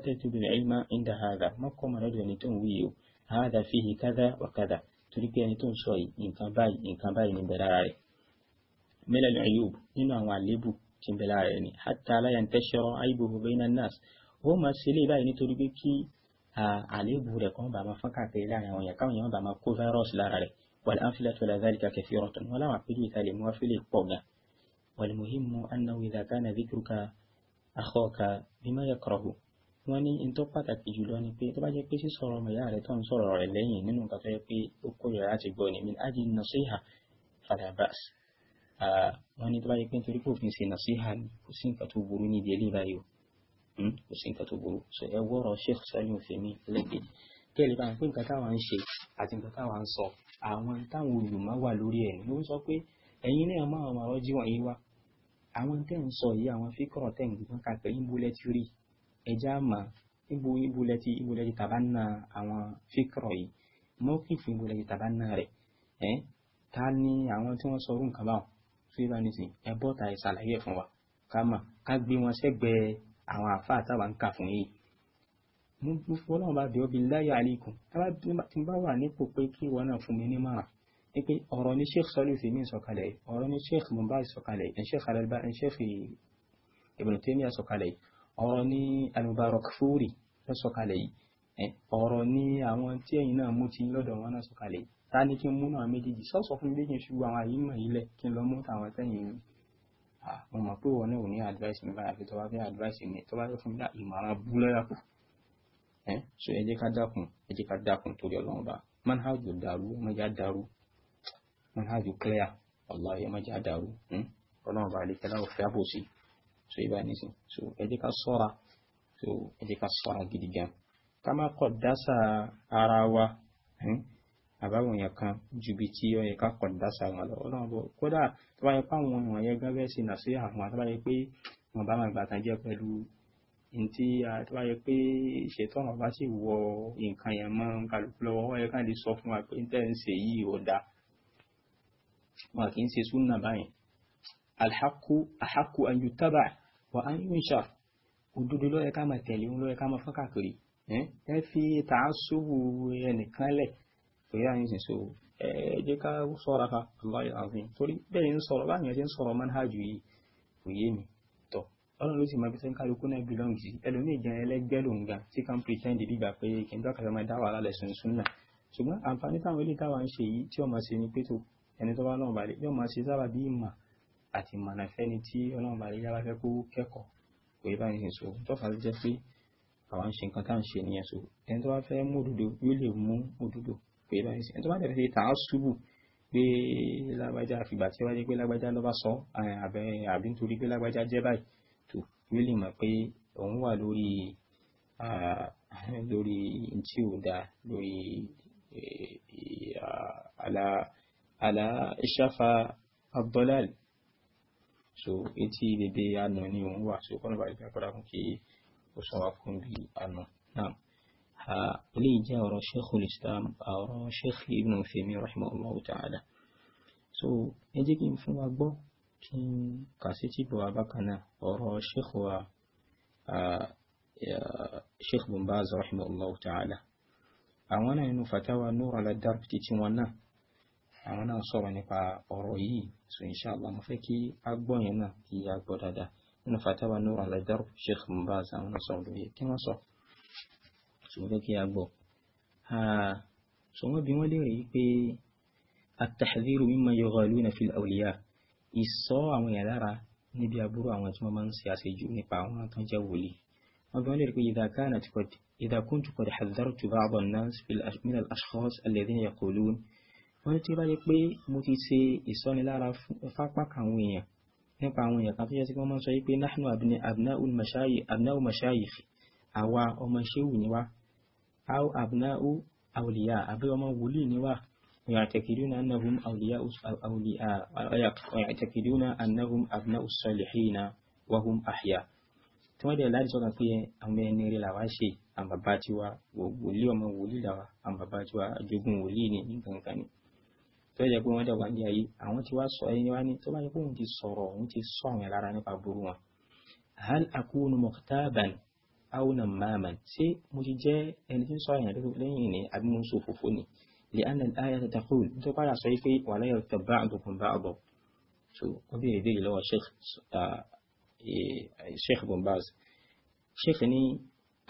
A: تتب العلم عند هذا ما كما رجل نتنويه هذا فيه كذا وكذا تريد أن تنشوي إن كان باي إن كان باي من بلاري من العيوب إنه علبو تن بلاري حتى لا ينتشر عيبه بين الناس هما سيلي باي نتريد كي àléébù rẹ̀ kan bá máa fọ́n káàkiri láàrin àwọn èèyàn káwọn èèyàn bá máa kó virus lára rẹ̀ wal amthilatu ala dhalika kathiratun wọn láwọn àpéjú ìtàlẹ̀ mú wáfílẹ̀ pọ̀ gan wal muhimmu annahu idha kana dhikruka àkọ́ọ̀ka bímọ yẹkọ̀rọ̀hù wọ́n ní in tó pàtàkì jùlọ ni pé tó bá jẹ́ pé sísọ̀rọ̀ ọmọ ìyá rẹ̀ tó ń sọ̀rọ̀ rẹ̀ lẹ́yìn nínú nǹkan tó yẹ pé ó kórìíra láti gbọ́ ni min ajin nasiha falabas wọ́n ní tó bá jẹ́ pé nítorí pé òfin ṣe nasiha ni kò sí nǹkan tó burú níbi eléyìí báyìí hmm? kò sí nǹkan tó burú so ẹ wọ́rọ̀ Sheikh Salim Femi lẹ́gbẹ̀ẹ́ kẹ́lẹ́ bá ń pín nǹkan táwa ń ṣe àti nǹkan táwa ń sọ àwọn táwọn olùmọ̀ wà lórí ẹ̀ ni wọ́n sọ pé ẹ̀yin náà máa máa rọ́jú wọ̀nyí wá àwọn tẹ́ ń sọ yìí àwọn fíkọ̀rọ̀ tẹ́ ń gbọ́n ká pé ti rí ẹja mà ibo ibo ti ibo ti tàbá na àwọn fíkọ̀rọ̀ yìí mọ́kìfì ibo lẹ ti tàbá na rẹ̀ ẹ́ ta ni àwọn tí wọ́n sọ orú nǹkan báwọn tó yẹ bá ní sìn ẹ bọ́ ta ìsàlàyé fún wa ká mà ká wọn sẹ́gbẹ̀ẹ́ àwọn ń kà fún yìí mo bá ọ́ bí láyà tí bá wà fún mi ní pé ọ̀rọ̀ ni sheikh sọ́lù fi mí sọ̀kalẹ̀ ọ̀rọ̀ ni sheikh mumbai sọ̀kalẹ̀ ẹ̀ sheikh alalba ẹ̀ sheikh ibn taymiya sọ̀kalẹ̀ ọ̀rọ̀ ni al-Mubarakfuri ló sọ̀kalẹ̀ yìí ọ̀rọ̀ ni àwọn tí ẹ̀yin náà mú ti lọ́dọ̀ wọn náà sọ̀kalẹ̀ yìí ta ni kí n mú náà méjèèjì sọ́sọ́ fún mi bí kí n ṣubú àwọn àyè mọ̀ ilẹ̀ kí n lọ mú tàwọn sẹ́yìn mi mo mọ̀ pé wọn náà ò ní advice mi báyà fi tó bá advice mi tó bá fún mi dá ìmọ̀ràn bú lọ́yà kù ẹ so ẹ ká dákun ẹ ká dákun torí ọlọ́run bá manhaj dàrú ọmọ ìyá dàrú manhaju clear allah yẹ mọ́jà dàrú hmm? ọlọ́run bá lè kẹ́lá òfin àbòsí so ibà nísìn so ẹ jẹ́ ká sọ́ra so ẹ jẹ́ ká sọ́ra gidi gan ká má kọ̀ dásà ara wa hmm? àbáwọn èèyàn kan ju bí tí ó yẹ ká kọ̀ dásà wọn lọ ọlọ́run bọ̀ kódà tó bá yẹ pé àwọn èèyàn yẹn gẹ́gẹ́ sí nà sí àwọn tó bá yẹ pé wọn bá máa gbà tán jẹ́ pẹ̀lú ntí tó bá yẹ pé ìṣètò ọ̀nà bá sì wọ nǹkan yẹn mọ́ kálukú lọ́wọ́ yẹ ká lè sọ fún wa pé ń ń ṣe yìí ò dáa wọn kì í ṣe súnà báyìí alhaku ahaku an yutaba wa an yunshar òdodo ló yẹ ká máa tẹ̀lé òun ló yẹ ká máa fọ́n káàkiri ẹ fi tààsùwù ẹnìkan lẹ̀ pẹ̀lú àwọn ìsìn so ẹ jẹ́ ká sọ̀rọ̀ fa aláì àfihàn torí bẹ́ẹ̀ ń sọ̀rọ̀ báyìí ẹ ṣe ń sọ̀rọ̀ manhajù yìí kò yé mi tọ̀ ọlọ́run ló sì máa fi sẹ́ńkà lóko náà bílọ́ǹgì sí ẹlòmíì jẹ́ ẹlẹ́gbẹ́ lòun gan tí kan pretend bíbà pé kì í dọ́kàtà máa dá wàhálà lẹ̀sùn sún náà ṣùgbọ́n àǹfààní táwọn ilé táwa ń ṣe yìí tí ọmọ ṣe ni pé tó ẹni tó bá lọ́wọ́ balẹ̀ yóò máa ṣe sábà bí ìmọ̀ àti ìmọ̀nà fẹ́ni tí ọlọ́run balẹ̀ yára fẹ́ kó kẹ́kọ̀ọ́ kò yẹ báyìí nìṣó tó fà á jẹ́ pé àwọn ṣe nǹkan tá à ń ṣe nìyẹn so ẹni tó bá fẹ́ mú òdodo yóò lè mú òdodo kò yẹ báyìí ẹni tó bá dẹ̀ fẹ́ tàá ṣubú pé lágbájá àfìgbà tí wọ́n jẹ́ pé lágbájá ló bá sọ àbí nítorí pé lágbájá jẹ́ báyìí tó yóò lè àlà ìṣàfà abdulal so etí dédé àná ni òun wà so kọ́nà bàbá ìgbà padà kún kí ó sọ wá fún bí àná náà ilé ìjẹ́ ọ̀rọ̀ sheikhul islam ọ̀rọ̀ sheikh ibn fèmí rahimahullahu ta'ala so ẹ jẹ́ kí n fún wa gbọ́ kí n kà sí tí bọ̀ abákan náà ọ̀rọ̀ sheikh wa sheikh bin baz rahimahullahu ta'ala àwọn náà nínú fatawa nura ala titi wọn náà àwọn náà sọ̀rọ̀ nípa ọ̀rọ̀ yìí so inshallah mo fẹ́ kí a gbọ́ yẹn náà kí a gbọ́ dáadáa nínú fatawa nur aladar sheikh mubaz àwọn náà sọ̀rọ̀ lóye kí wọ́n sọ so mo fẹ́ kí a gbọ́ so wọ́n bí wọ́n léèrè yìí pé at-tahdhiru mimma yughaluna fil awliya ìsọ àwọn èèyàn lára níbi aburú àwọn tí wọ́n máa ń ṣe àṣejù nípa àwọn tó ń jẹ́ wòlíì wọ́n bí wọ́n léèrè pé idha kanat qad idha kuntu qad haddhartu ba'd an-nas min al-ashkhas alladhina yaqulun wọ́n ní tí ó bá yẹ pé mo ti ṣe ìsọnilára fápá kàwọn èèyàn nípa àwọn èèyàn kan tó yẹ sí wọ́n máa ń sọ pé nahnu abna'u mashayi abna'u mashayikh àwa ọmọ ṣéwù ni wá aw abna'u awliya àbí ọmọ wòlíì ni wá ويعتقدون أنهم أولياء أولياء ويعتقدون أنهم أبناء الصالحين وهم أحياء tuma da ladi sọkan pe àwọn ẹni rẹ làwa ṣe àwọn bàbá tiwa wòlíì ọmọ wòlíì làwa àwọn bàbá tiwa ajogun wòlíì ni nǹkan kan ni tó yẹ pé wọ́n dẹ̀ wà ní ayé àwọn tí wàá sọ ẹyin wá ní tó bá yẹ pé òun ti sọ̀rọ̀ òun ti sọ àwọn lára nípa burú wọn. hal akunu mukhtaban aw namaman ṣé mo ti jẹ́ ẹni tí ń sọ àyàn lẹ́yìn ní àbí mo ń sọ òfófó ni lè ànà ayé tata kúrò nítorí padà sọ pé wà láyọ̀ tó bá àbùkùn bá àbọ̀ so ó béèrè béèrè lọ́wọ́ sheikh bombaz sheikh ní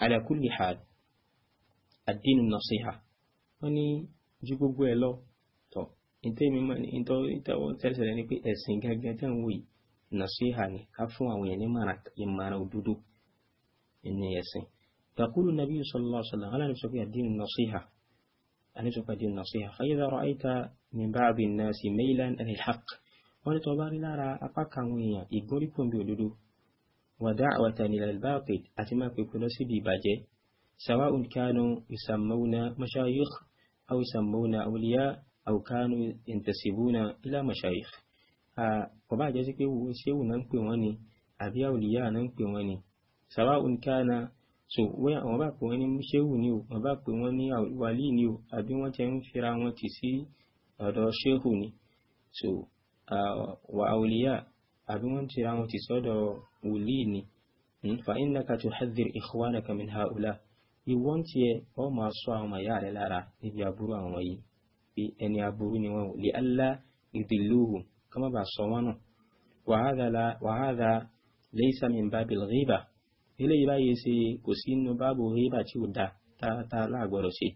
A: ala kulli hal ad-din an-nasiha ju gbogbo ẹ̀ lọ ìtẹ́ mi máa ń tọ́ ìtọ́wọ́ tẹ́sẹ̀rẹ́ ni pé ẹ̀sìn gẹ́gẹ́ tẹ́ ń wò yìí nàṣíhà ni ká fún àwọn yẹn ní mara ìmara òdodo ní ẹ̀sìn. يقول النبي صلى الله عليه وسلم أنا نفسك الدين النصيحة أنا نفسك الدين النصيحة فإذا رأيت من بعض الناس ميلا عن الحق wọ́n tó bá rí lára apá kan àwọn èèyàn ìgbóríkùn bí òdodo wà da'watan ila al-batil àti máa pèpè lọ síbi ìbàjẹ́ sawa'un kanu yusammawna mashayikh aw yusammawna aw kanu yantasibuna ila mashayikh kò bá jẹ́ sí pé ṣéwù náà ń pè wọ́n ni àbí àwòlíyá náà ń pè wọ́n ni sawa'un kana so wọ́n àwọn bá pè wọ́n ní ṣéwù ni o wọ́n bá pè wọ́n ní wàlí ni o àbí wọ́n ti ń fira wọn ti sí ọ̀dọ̀ ṣéhù ni so wà àwòlíyá àbí wọ́n ti ra wọn ti sọ́dọ̀ wòlí ni hmm, fa innaka tuhadhdhir ikhwanaka min haula ìwọ́n tiẹ̀ wọ́n máa sọ àwọn ọmọ ìyá rẹ̀ lára níbi àbúrò àwọn yìí pé ẹni aburú ni wọn lè alá ìdìlúhù kọ́ má bàa sọ wọn nù wàhádà laysa min bábìl ríbà eléyìí báyìí ṣe kò sí inú báàbò ríbà tí ò da tààtà láàgbọ̀rọ̀ ṣe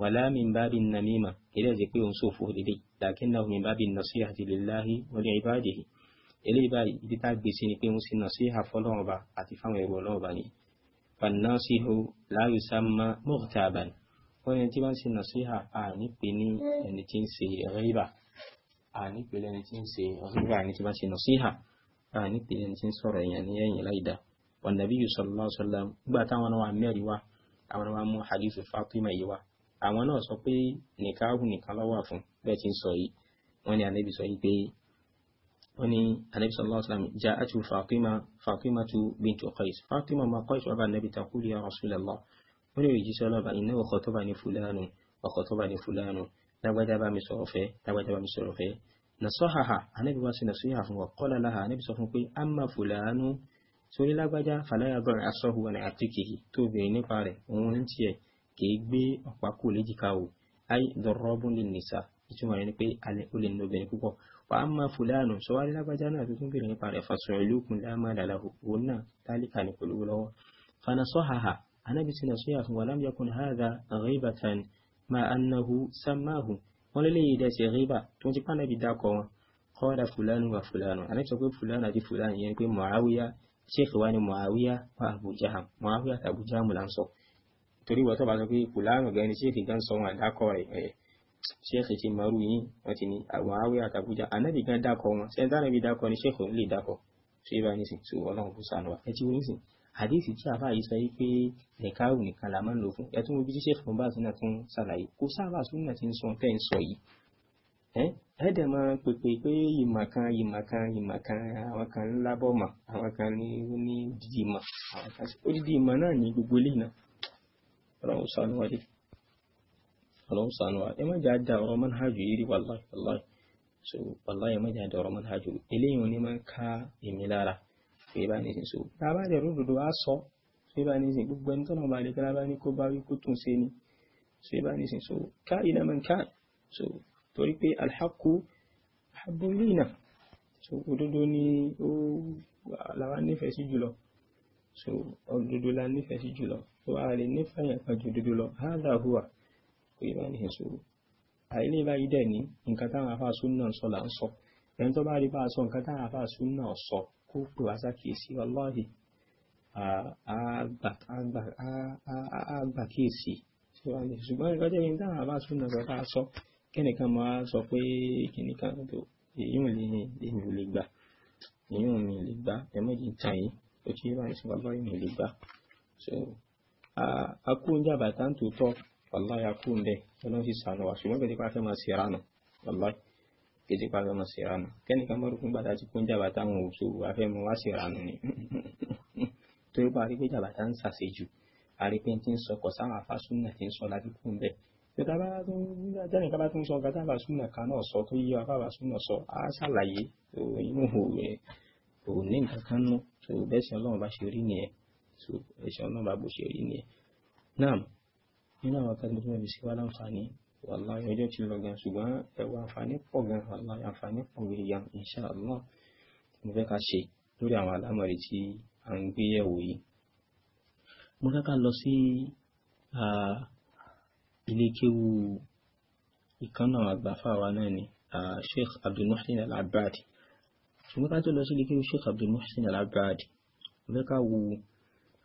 A: wàlá min bábì nàmímà ilé ẹ̀jẹ̀ pé òun ṣòfò òdìdí lakinnahu min bábì nasihati lillahi wa li ibadihi eléyìí báyìí ibi tá a gbé ni pé òun ṣe nasiha fọlọ́ọ̀ba àti fáwọn ẹ̀rọ ọlọ́ọ̀ba ni fannasihu la yusamma mughtaban wọ́n ní tí wọ́n ń ṣe nàṣíhà ànípe ní ẹni tí ń ṣe rírà ànípe lẹni tí ń ṣe rírà ní tí wọ́n ṣe nàṣíhà ànípe lẹni tí ń sọ̀rọ̀ èèyàn ní ẹ̀yìn láìda wọn nàbí sallallahu alaihi wasallam gbà táwọn náà wà mẹ́rin wá àwọn náà wà mú hadithu Fatima yìí wá àwọn náà sọ pé nìkáhù nìkan ló wà fún bẹ́ẹ̀ tí ń sọ yìí wọ́n ní ànábì sọ yìí pé wọ́n ní ànábì sallallahu alaihi wasallam ja'atu Fatima Fatimatu bintu Qais Fatima ma Qais wà bá ànábì taqulu ya Rasulullah wọ́n lè rí jíṣẹ́ ọlọ́ba iná ọkọ̀ tó bá ní fúlàánù ọkọ̀ tó bá ní fúlàánù lágbájá bá mi sọ̀rọ̀ fẹ́ lágbájá bá mi sọ̀rọ̀ fẹ́ nasahaha anabi wa sina suya fún wa qala laha anabi sọ fún pé amma fulanu sórí lágbájá falaya bọ̀rẹ̀ asọ́hu wa ní àtìkèyí tó bèèrè nípa rẹ̀ òun ní tiẹ̀ kìí gbé ọ̀pá kò léjìká o ay dọ̀rọ̀bùn lè nìsa ìtumọ̀ rẹ̀ ni pé alẹ́ ó anábì sí nàṣíyà fún wàlám yakun hadha ghibatan ma annahu sammahu wọ́n lélẹ̀ yìí dẹ̀ sí ríbà tó ń ti pa anábì dákọ̀ wọn qala fulanu wa fulanu anábì sọ pé fulanu àti fulanu yẹn pé muawiya sheikh wa ni muawiya wa abu jaham muawiya àti abu jaham là ń sọ torí wọ́n tó bá sọ pé fulanu gẹ́ni sheikh gan sọ wọn àdákọ̀ rẹ̀ sheikh ti maru yín wọ́n ti ní muawiya àti abu jaham anábì dákọ̀ wọn sẹ́ńtà àdéhìsì tí àfáà yìí sọ yìí pé nìkáwù nìkan la máa ń lò fún ẹ tún wo bí tí sèfù bá tún náà tún ṣàlàyé kò sábà súnà tí ń sọ tẹ́ ń sọ yìí ẹ dẹ̀ máa pèpè pé ìmọ̀ kan ìmọ̀ kan ìmọ̀ kan àwọn kan ń lábọ̀ mọ̀ àwọn kan ní ní dídì mọ̀ àwọn kan odidi ìmọ̀ náà ní gbogbo eléyìí náà ọlọ́run sànú wa dé ọlọ́run sànú wa ẹ má jà da ọ̀rọ̀ manhajú yìí rí wàláì wàláì so wàláì ẹ má jà da ọ̀rọ̀ manhajú eléyìí wọn ni máa ká èmi lára ṣe bá ní ìsìn so tá a bá dẹ̀ ródòdó á sọ ṣe ní ìsìn gbogbo ẹni tọ́nà bá lè kára ní kó bá wí kó tún ṣe ni ṣe bá ní ìsìn so ká iná mọ̀ ká so torí pé alhaku abúlíìnà so òdodo ni ó làwọn nífẹ̀ẹ́ sí jùlọ so òdodo la nífẹ̀ẹ́ sí jùlọ so a lè nífẹ̀ẹ́ yẹn kan ju òdodo lọ hádà hùwà kò yẹ bá ní ìsìn so àìlè báyìí dẹ̀ ní nǹkan táwọn afáàsùn náà sọ là ń sọ ẹni bá rí bá a sọ nǹkan táwọn afáàsùn náà sọ kó pè wá sákìyèsí ọlọ́ọ̀hì àgbàkìyèsí ṣùgbọ́n ìrọ́jẹ́ yìí dáhà bá súnà bàbá sọ kẹ́nìkan máa sọ pé kìnìkan tó èyí ò lè èmi ò lè gbà èyí ò mi lè gbà ẹ̀mọ́jì ń tàn yìí ó ti bá ìṣúná bá èmi lè gbà so akú ń jàbàtà ń tòótọ́ wàláyà kú ń bẹ ọlọ́run sì sànù wá ṣùgbọ́n kẹ́tẹ́ pàfẹ́ máa ṣe ránà wàláyà kété pàtó ọmọ ṣèrànù kẹ́nìkan mọ́rú fún bàtà tí kún jàbàtà àwọn òṣòwò afẹ́mu wá ṣèrànù ni [laughs] torí pa arígbé jàbàtà ń ṣàṣejù arígbé tí ń sọkọ̀ sáwọn afásúnà tí ń sọ láti kún bẹ́ẹ̀ tẹ́tà bá tó ń jẹ́nìká bá tó ń sọ ọ̀gá tá àbàsúnà kan náà sọ tó yí afábàsúnà sọ á ṣàlàyé inú òwe kò ní nǹkan kan nú tó bẹ́ẹ̀ sí ọlọ́run bá ṣe rí nìyẹn tó ẹ̀ṣẹ̀ ọlọ́run bá bó ṣe rí nìyẹn náà nínú àwọn akẹ́kọ̀ọ́ tó mẹ́bi sí wa láǹfààní wàláhì ọjọ́ ti lọ gan ṣùgbọ́n ẹwà àǹfààní pọ̀ gan wàláhì àǹfààní pọ̀ gidi gan insha Allah mo fẹ́ ká ṣe lórí àwọn àlámọ̀rí tí à ń gbé yẹ̀wò yìí mo fẹ́ ká lọ sí ilé kéwu ìkan àgbàfà wa náà ni Sheikh Abdul Muhsin Al-Abbadi ṣùgbọ́n ká tó lọ sí ilé kéwu Sheikh Abdul Muhsin Al-Abbadi mo fẹ́ ká wo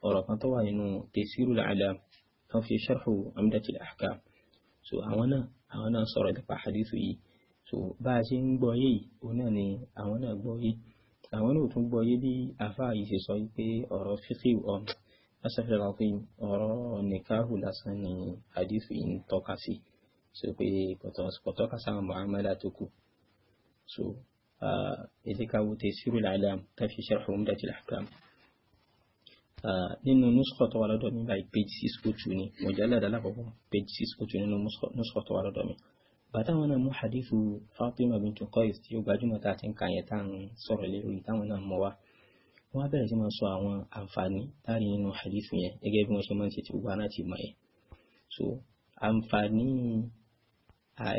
A: ọ̀rọ̀ kan tó wà nínú Tafsirul Alam tó fi Sharhu Umdatil Ahkam so àwọn náà àwọn náà sọ̀rọ̀ nípa hadithu yìí so bá a ṣe ń gbọ́ yé yìí òun náà ni àwọn náà gbọ́ yé àwọn náà tún gbọ́ yé bí àfa yìí ṣe sọ pé ọ̀rọ̀ fífi ọ̀ asafẹ́ra pé ọ̀rọ̀ nìkáhù lásán ni hadithu yìí ń tọ́ka sí so pé pọ̀tọ́ka sáwọn muhammadu tó kù so ẹ̀ẹ́dẹ́ka ah, wo tẹ̀ sírù làlám tàfi sharh umdatil ahkam. Eh, nínú nuskọ tó wà lọ́dọ̀ mi báyìí page six o two ni mujallada alákọ̀ọ́kọ́ page six o two nínú nuskọ tó wà lọ́dọ̀ mi. bàtà wọn náà mú hadithu Fatima bintu Qais tí ó gbajúmọ̀ tá a ti ń kà yẹn tá à ń sọ̀rọ̀ lé lórí táwọn náà mọ̀ wá. wọ́n á bẹ̀rẹ̀ sí máa sọ àwọn àǹfààní táàrí nínú hadithu yẹn gẹ́gẹ́ bí wọ́n ṣe máa ń ṣe ti wà náà ti mọ̀ yẹn. so àǹfààní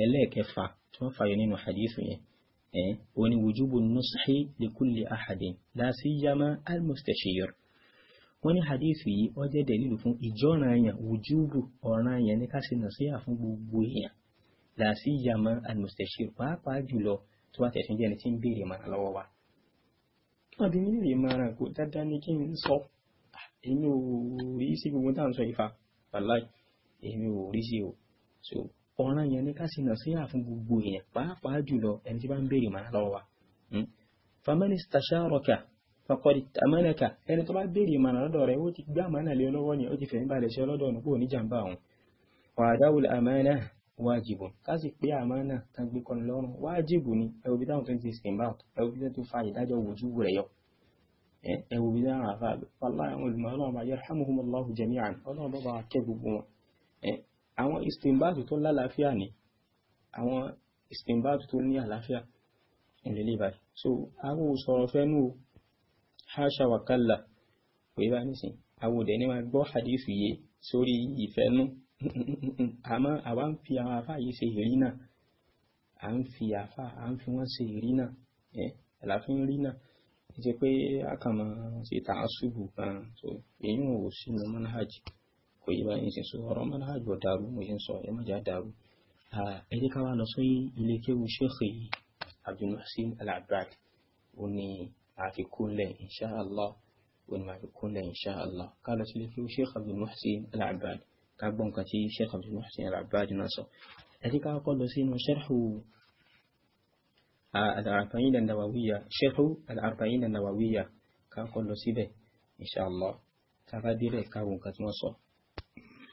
A: ẹlẹ́ẹ̀kẹfà tí wọ́n fàyọ nínú hadithu yẹn òun ni wujubu nusuhi likulli ahadin la siyama almustashir wọ́n ní hadisi yìí wọ́n jẹ́ dẹ̀lílù fún ìjọ́ràn èèyàn wùjúbù ọ̀ràn èèyàn ní ká ṣe nàṣíhà fún gbogbo èèyàn làásì yàmọ́ àlùmọ̀sẹ̀ṣẹ̀ pàápàá jùlọ tó bá tẹ̀sùn jẹ́ ẹni tí ń béèrè màrà lọ́wọ́ wa. àbí mi lè mara kó dáadáa ni kí n sọ èmi ò rí sí gbogbo tá à ń sọ ìfà wàláì èmi ò rí sí o so ọ̀ràn èèyàn ní ká ṣe nàṣíhà fún gbogbo èèyàn pàápàá jùlọ ẹni tí bá ń béèrè màrà lọ́wọ́ wa. Hmm? famani stasharaka fọkọ́dì amánàkà ẹni tó bá béèrè ìmọ̀ràn lọ́dọ̀ rẹ̀ ó ti gbé àmánà lé lọ́wọ́ ni ó ti fẹ̀yìn balẹ̀ sí ọlọ́dọ̀ ọ̀nà kó ní jàǹbá òun wàdáwùl àmánà wájibù ká sì pé àmánà kan gbé kan lọ́rùn wájibù ni ẹwù bí táwọn tó ń ti sìn bá ẹwù bí tó fa ìdájọ́ wojú rẹ̀ yọ ẹwù bí táwọn àfa wàlá àwọn olùmọ̀ ọlọ́run bá yarhamuhumullahu jami'an ọlọ́run bá bá kẹ́ gbogbo wọn àwọn istinbatu tó lálàáfíà ni àwọn istinbatu tó ní àlàáfíà ìrẹ̀lẹ̀ báyìí so àwọn sọ̀rọ̀ fẹ́nu o haṣa wakala kalla kò yẹ bá nísìn àwọn òdẹ ní máa gbọ́ hadith yìí sórí ìfẹ́nu àmọ́ àwa ń fi àwọn afá yìí ṣe ìrí náà à ń fi àfá à ń fi wọ́n ṣe ìrí náà ẹ̀ àlàfin rí náà kì í ṣe pé a kàn máa ṣe tààṣùbù kan so èyí ò sínú manhaj kò yẹ bá nísìn so ọ̀rọ̀ manhaj ò dàrú mo ṣe ń sọ ẹ má jà dàrú ẹ ká wá lọ sí ilé kéwu Sheikh Abdul Muhsin ó ní àfikúnlẹ̀ insha Allah wọn ni àfikúnlẹ̀ insha Allah ká lọ sílé kí Sheikh Abdul Muhsin Al-Abbadi ká gbọ́ nǹkan tí Sheikh Abdul Muhsin Al-Abbadi náà sọ ẹ̀rí ká kọ́ lọ sínú sharhu al-arba'in an-nawawiyya sharhu al-arba'in an-nawawiyya ká kọ́ lọ síbẹ̀ insha Allah ká bá dé bẹ̀ ká wọ nǹkan tí wọ́n sọ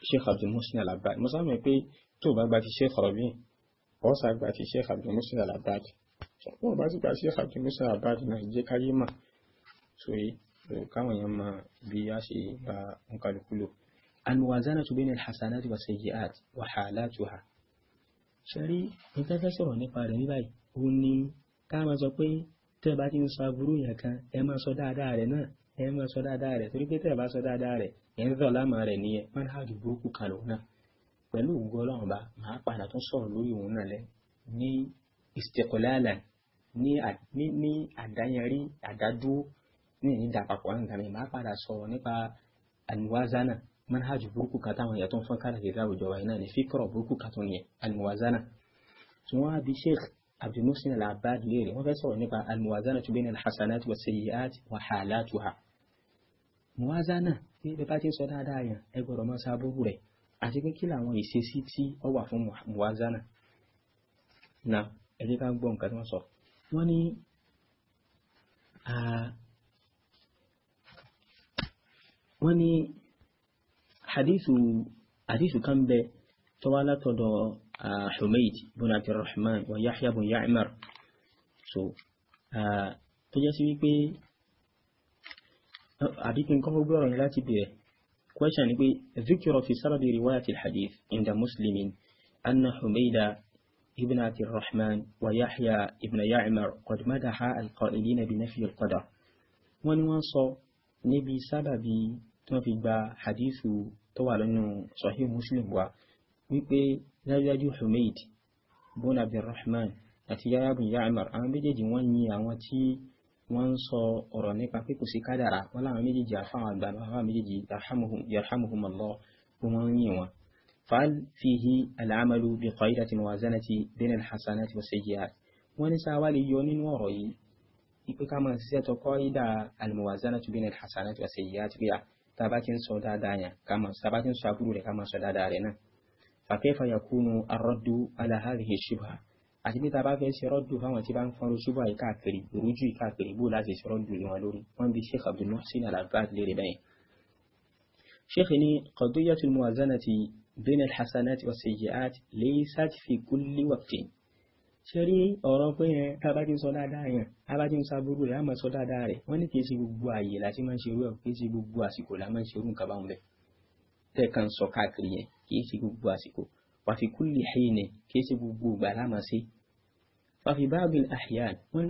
A: Sheikh Abdul Muhsin Al-Abbadi mo sábà mọ̀ pé tó o bá gba ti Sheikh Rabi' ọ̀sà gba ti Sheikh Abdul Muhsin Al-Abbadi wọ́n bá ti gbà sí àbí musa abad náà jẹ́ káyé mà sóyè káwọn èèyàn mọ bí a ṣe bá ń kálukú lò. almuwazanatu bayna alhasanati wa sayyi'at wa ha. ṣẹ́rí ní tẹ́fẹ́ sọ̀rọ̀ nípa rẹ̀ ní báyìí ó ní ká sọ pé tẹ́ bá ti ń sọ aburú yẹn kan ẹ máa sọ dáadáa rẹ̀ náà ẹ máa sọ dáadáa rẹ̀ istiqlalan ní ní àdáyẹrí àdádúró ní ní dàpapọ̀ nǹkan mi máa padà sọ̀rọ̀ nípa almuwazana manhaj burúkú kan táwọn èèyàn tó ń fọ́n káàkiri láwùjọ wa náà ní fíkọ̀rọ̀ burúkú kan tó ń yẹ almuwazana tí wọ́n á bi sheikh abdulmusin al-abbad léèrè wọ́n fẹ́ sọ̀rọ̀ nípa almuwazana tó bẹ́ẹ̀ ní alhassanat wa sayyiat wa halatuha muwazana tí bẹ́ẹ̀ bá ti sọ dáadáa yẹn ẹ gbọ́dọ̀ máa sábúrú rẹ̀ àti pé kí làwọn ìṣesí tí ó wà fún muwazana ẹ jẹ́ ká gbọ́ nǹkan tí wọ́n sọ wọ́n ní wọ́n ní hadithu hadithu kan bẹ tó wá látọ̀dọ̀ Humayd bin Abdurrahman wa Yahya bin Ya'mar so tó jẹ́ sí wípé àbí kọ́kọ́ gbọ́rọ̀ ní láti bẹ̀rẹ̀ question ni pé zikiro fi sábàbí riwayatil hadith inda muslimin anna Humayda ابن عبد الرحمن ويحيى ابن يعمر قد مدح القائلين بنفي القدر ونوان صو نبي سببي تنفي حديث طوال صحيح مسلم و wípé dájúdájú Humayd bon Abdulrahman àti Yahya bin Ya'mar àwọn méjèèjì wọ́n yin àwọn tí wọ́n ń sọ ọ̀rọ̀ nípa pé kò sí kádàrà wọ́n láwọn méjèèjì àfáwọn àgbà àwọn méjèèjì yarhamuhum Allah bí wọ́n ń yin wọn ففيه العمل بقاعدة موازنة بين الحسنات والسيئات wọ́n ní sáwá lè yọ nínú ọ̀rọ̀ yìí ipe ká máa ṣiṣẹ́ tó kọ́ ìdá al-muwazanatu bayna al-hasanati wa sayyi'ati pé tàbá ti ń sọ dáadáa yẹn ká máa tàbá ti ń sọ aburú rẹ̀ ká máa sọ dáadáa rẹ̀ náà fa kayfa yakunu ar-raddu ala hadhihi shubha àti pé tàbá fẹ́ ṣe rọ́dù fáwọn tí bá ń fọ́nrú shubha yìí káàkiri ìrújú yìí káàkiri bó láti ṣe rọ́dù yìí wọn lórí wọ́n bí Sheikh Abdul Muhsin Al-Abbad lérè bẹ́yẹn Sheikh ní qadiyyatul muwazanati بين الحسنات والسيئات ليست في كل kulli waqtin ṣe rí ọ̀rọ̀ pé yẹn tá a bá ti ń sọ dáadáa yẹn a bá ti ń saburú rẹ̀ a máa sọ dáadáa rẹ̀ wọ́n ní kì í ṣe gbogbo ààyè la ti máa ń ṣe irú ẹ̀ kì í ṣe gbogbo àsìkò la máa ń ṣe irú nǹkan báwọn bẹ́ẹ̀ tẹ̀ sọ káàkiri yẹn kì í ṣe gbogbo àsìkò wàfi kulli hin kì í ṣe gbogbo ìgbà la máa wàfi báàbìl àhìyàn wọ́n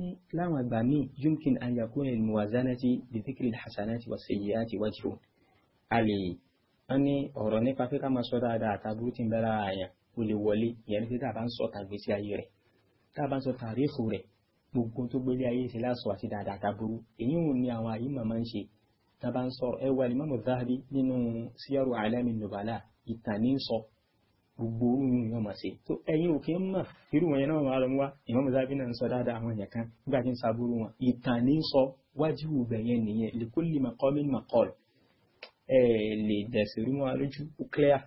A: ní láwọn àgbà míì yumkin an yakuna muwazanati bi dhikri al hasanati wa sayyiati wọ́n ní ọ̀rọ̀ nípa pé ká máa sọ dáadáa àtàbúrú tí ń bẹ lára àyàn ó lè wọlé ìyẹn ní pé tá a bá ń sọ tàgbésí ayé rẹ̀ tá a bá ń sọ tàrífù rẹ̀ gbogbo tó gbélé ayé ṣe láṣọ àti dáadáa àtàbúrú èyí ò ní àwọn àyè màmá ń ṣe tá a bá ń sọ̀rọ̀ ẹwà ní mọ́mọ́ Dhahabi nínú Siyaru A'lami Nubala ìtàn ní sọ gbogbo ohun yóò máa ṣe tó ẹ̀yin lè dẹ̀sẹ̀ rúmọ́ alójú kó clear